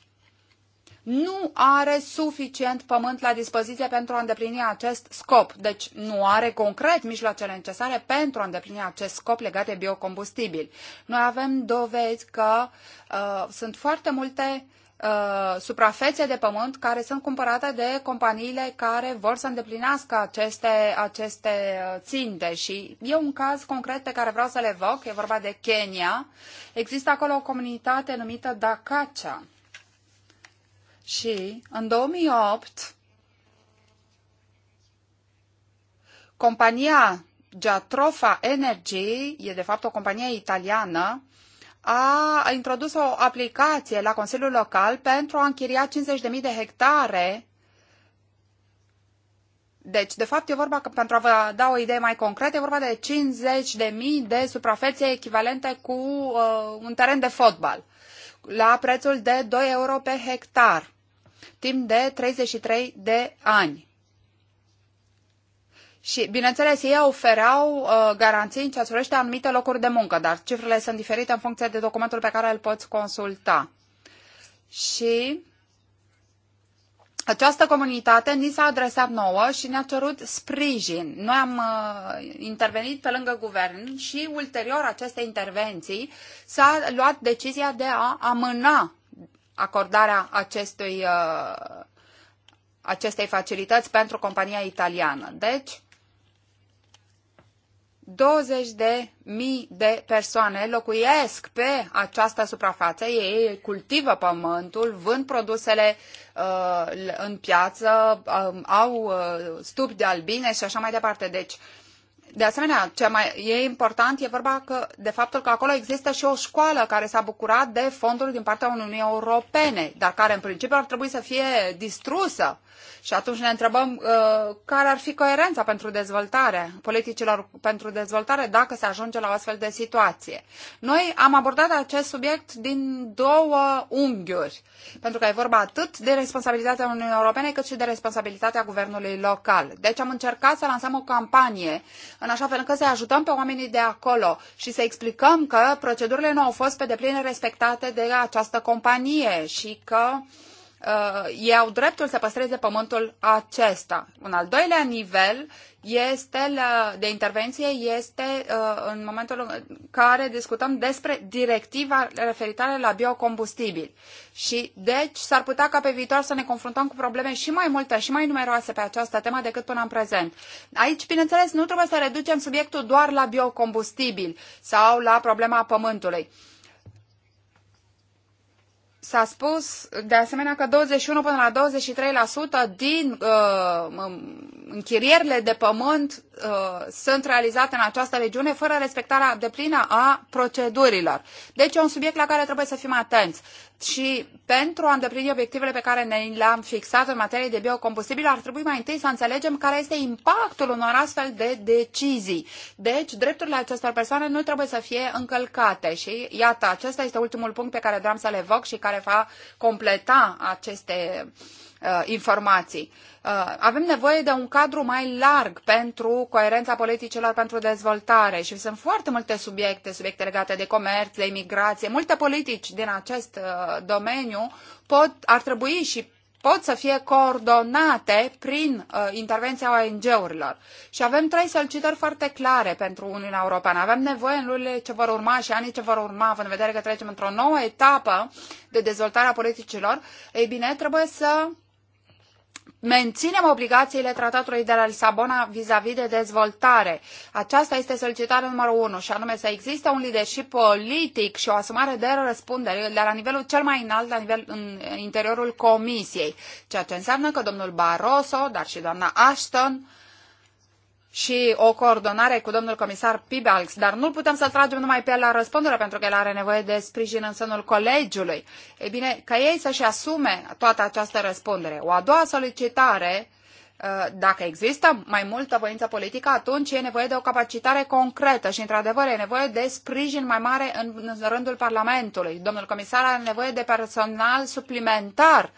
nu are suficient pământ la dispoziție pentru a îndeplini acest scop. Deci nu are concret mijloacele necesare pentru a îndeplini acest scop legat de biocombustibil. Noi avem dovezi că uh, sunt foarte multe Uh, suprafețe de pământ care sunt cumpărate de companiile care vor să îndeplinească aceste, aceste uh, ținte. Și e un caz concret pe care vreau să-l evoc, e vorba de Kenya. Există acolo o comunitate numită Dakacha. Și în 2008, compania Giatrofa Energy, e de fapt o companie italiană, a introdus o aplicație la Consiliul Local pentru a închiria 50.000 de hectare. Deci, de fapt, e vorba, că, pentru a vă da o idee mai concretă, e vorba de 50.000 de suprafețe echivalente cu uh, un teren de fotbal, la prețul de 2 euro pe hectar, timp de 33 de ani. Și, bineînțeles, ei ofereau uh, garanții în ceea ce privește anumite locuri de muncă, dar cifrele sunt diferite în funcție de documentul pe care îl poți consulta. Și această comunitate ni s-a adresat nouă și ne-a cerut sprijin. Noi am uh, intervenit pe lângă guvern și ulterior acestei intervenții s-a luat decizia de a amâna acordarea acestui, uh, acestei facilități pentru compania italiană. Deci, 20 de mii de persoane locuiesc pe această suprafață, ei cultivă pământul, vând produsele uh, în piață, uh, au uh, stup de albine și așa mai departe. Deci, uh, de asemenea, ce mai e important e vorba că, de faptul că acolo există și o școală care s-a bucurat de fonduri din partea Uniunii Europene, dar care în principiu ar trebui să fie distrusă. Și atunci ne întrebăm uh, care ar fi coerența pentru dezvoltare, politicilor pentru dezvoltare, dacă se ajunge la o astfel de situație. Noi am abordat acest subiect din două unghiuri, pentru că e vorba atât de responsabilitatea Uniunii Europene, cât și de responsabilitatea guvernului local. Deci am încercat să lansăm o campanie în așa fel încât să ajutăm pe oamenii de acolo și să explicăm că procedurile nu au fost pe deplin respectate de această companie și că uh, uh, ei au dreptul să păstreze pământul acesta. Un al doilea nivel este la, de intervenție este uh, în momentul în care discutăm despre directiva referitoare la biocombustibili. Și deci s-ar putea ca pe viitor să ne confruntăm cu probleme și mai multe și mai numeroase pe această temă decât până în prezent. Aici, bineînțeles, nu trebuie să reducem subiectul doar la biocombustibili sau la problema pământului. Uh, S-a spus, de asemenea, că 21 până la 23% din uh, închirierile de pământ uh, sunt realizate în această regiune fără respectarea deplină a procedurilor. Deci e un subiect la care trebuie să fim atenți și pentru a îndeplini obiectivele pe care ne le-am fixat în materie de biocombustibil, ar trebui mai întâi să înțelegem care este impactul unor astfel de decizii. Deci, drepturile acestor persoane nu trebuie să fie încălcate și, iată, acesta este ultimul punct pe care vreau să le evoc și care va completa aceste uh, Uh, informații. Uh, avem nevoie de un cadru mai larg pentru coerența politicilor pentru dezvoltare și sunt foarte multe subiecte, subiecte legate de comerț, de imigrație, multe politici din acest uh, domeniu pot, ar trebui și pot să fie coordonate prin uh, intervenția ONG-urilor. Și avem trei solicitări foarte clare pentru Uniunea Europeană. Avem nevoie în lunile ce vor urma și anii ce vor urma, în vedere că trecem într-o nouă etapă de dezvoltare a politicilor, ei bine, trebuie să menținem obligațiile tratatului de la Lisabona vis-a-vis de dezvoltare. Aceasta este solicitarea numărul unu și anume să existe un leadership politic și o asumare de răspundere de la nivelul cel mai înalt, la nivel în interiorul Comisiei, ceea ce înseamnă că domnul Barroso, dar și doamna Ashton, și o coordonare cu domnul comisar Pibalx, dar nu putem să tragem numai pe el la răspundere pentru că el are nevoie de sprijin în sânul colegiului. E bine, ca ei să-și asume toată această răspundere. O a doua solicitare, uh, dacă există mai multă voință politică, atunci e nevoie de o capacitare concretă și, într-adevăr, e nevoie de sprijin mai mare în rândul Parlamentului. Domnul comisar are nevoie de personal suplimentar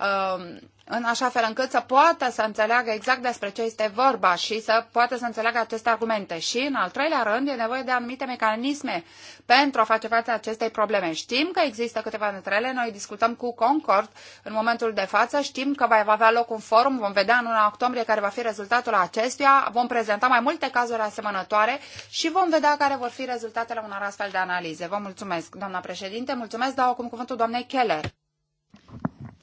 uh, în așa fel încât să poată să înțeleagă exact despre ce este vorba și să poată să înțeleagă aceste argumente. Și, în al treilea rând, e nevoie de anumite mecanisme pentru a face față acestei probleme. Știm că există câteva dintre ele, noi discutăm cu Concord în momentul de față, știm că va avea loc un forum, vom vedea în luna octombrie care va fi rezultatul acestuia, vom prezenta mai multe cazuri asemănătoare și vom vedea care vor fi rezultatele unor astfel de analize. Vă mulțumesc, doamna președinte, mulțumesc, dau acum cuvântul doamnei Keller.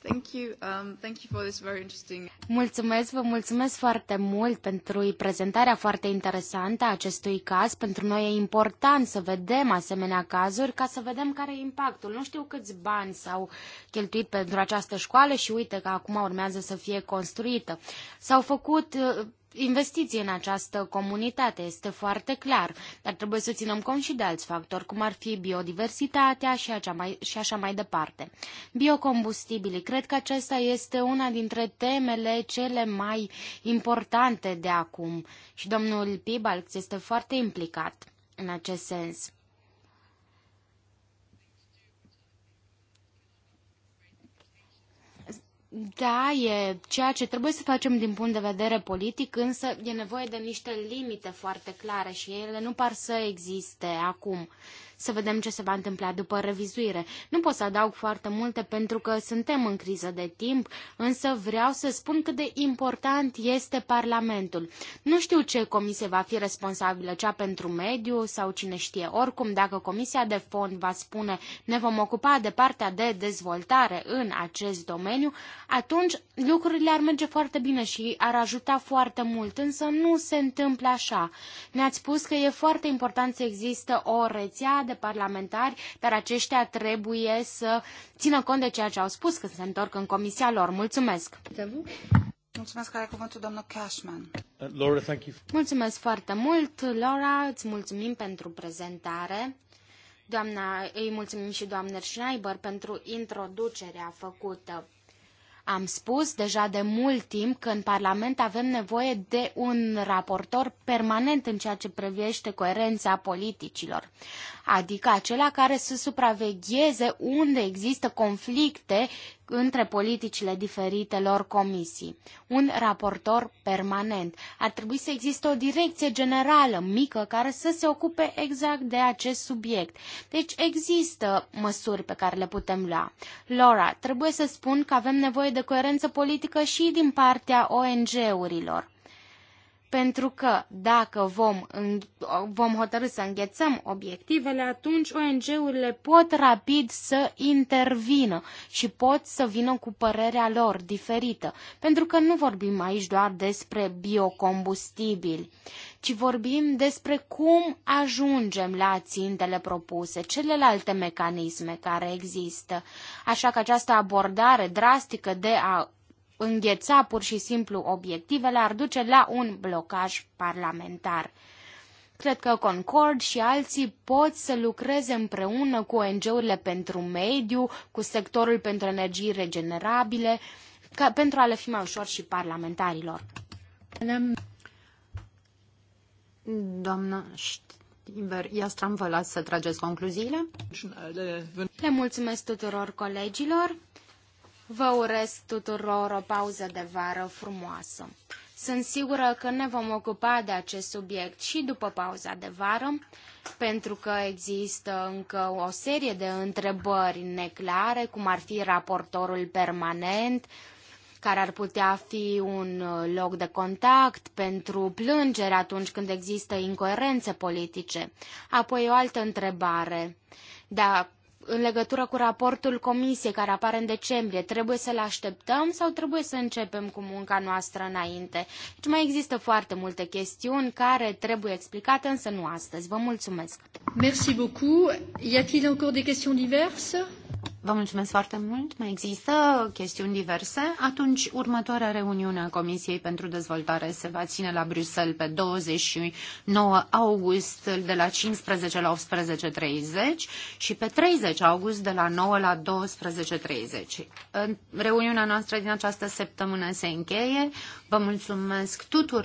Thank you. Um, thank you for this very interesting... Mulțumesc, vă mulțumesc foarte mult pentru prezentarea foarte interesantă a acestui caz. Pentru noi e important să vedem asemenea cazuri ca să vedem care e impactul. Nu știu câți bani s-au cheltuit pentru această școală și uite că acum urmează să fie construită. S-au făcut uh, investiții în această comunitate, este foarte clar, dar trebuie să ținem cont și de alți factori, cum ar fi biodiversitatea și, așa mai, și așa mai departe. Biocombustibilii, cred că acesta este una dintre temele cele mai importante de acum și domnul Pibalx este foarte implicat în acest sens. Da, e ceea ce trebuie să facem din punct de vedere politic, însă e nevoie de niște limite foarte clare și ele nu par să existe acum. Uh, să vedem ce se va întâmpla după revizuire. Nu pot să adaug foarte multe pentru că suntem în criză de timp, însă vreau să spun cât de important este Parlamentul. Nu știu ce comisie va fi responsabilă, cea pentru mediu sau cine știe. Oricum, dacă Comisia de Fond va spune ne vom ocupa de partea de dezvoltare în acest domeniu, atunci lucrurile ar merge foarte bine și ar ajuta foarte mult, însă nu se întâmplă așa. Ne-ați spus că e foarte important să există o rețea de parlamentari, dar aceștia trebuie să țină cont de ceea ce au spus când se întorc în comisia lor. Mulțumesc! Mulțumesc, are cuvântul domnul Cashman. Uh, Laura, thank you. Mulțumesc foarte mult, Laura, îți mulțumim pentru prezentare. Doamna, îi mulțumim și doamnei Schneiber pentru introducerea făcută. Am spus deja de mult timp că în Parlament avem nevoie de un raportor permanent în ceea ce privește coerența politicilor, adică acela care să supravegheze unde există conflicte între politicile diferitelor comisii. Un raportor permanent. Ar trebui să existe o direcție generală mică care să se ocupe exact de acest subiect. Deci există măsuri pe care le putem lua. Laura, trebuie să spun că avem nevoie de coerență politică și din partea ONG-urilor pentru că dacă vom, vom hotărâ să înghețăm obiectivele, atunci ONG-urile pot rapid să intervină și pot să vină cu părerea lor diferită, pentru că nu vorbim aici doar despre biocombustibili, ci vorbim despre cum ajungem la țintele propuse, celelalte mecanisme care există. Așa că această abordare drastică de a îngheța pur și simplu obiectivele ar duce la un blocaj parlamentar. Cred că Concord și alții pot să lucreze împreună cu ONG-urile pentru mediu, cu sectorul pentru energii regenerabile, ca, pentru a le fi mai ușor și parlamentarilor. Doamna Timber, Iastram, vă las să trageți concluziile. Le mulțumesc tuturor colegilor. Vă urez tuturor o pauză de vară frumoasă. Sunt sigură că ne vom ocupa de acest subiect și după pauza de vară, pentru că există încă o serie de întrebări neclare, cum ar fi raportorul permanent, care ar putea fi un loc de contact pentru plângere atunci când există incoerențe politice. Apoi o altă întrebare. Da, în legătură cu raportul comisiei care apare în decembrie, trebuie să-l așteptăm sau trebuie să începem cu munca noastră înainte? Deci mai există foarte multe chestiuni care trebuie explicate, însă nu astăzi. Vă mulțumesc! Merci beaucoup. Y a-t-il encore des questions diverses? Vă mulțumesc foarte mult. Mai există chestiuni diverse? Atunci, următoarea reuniune a Comisiei pentru Dezvoltare se va ține la Bruxelles pe 29 august de la 15 la 18.30 și pe 30 august de la 9 la 12.30. Reuniunea noastră din această săptămână se încheie. Vă mulțumesc tuturor.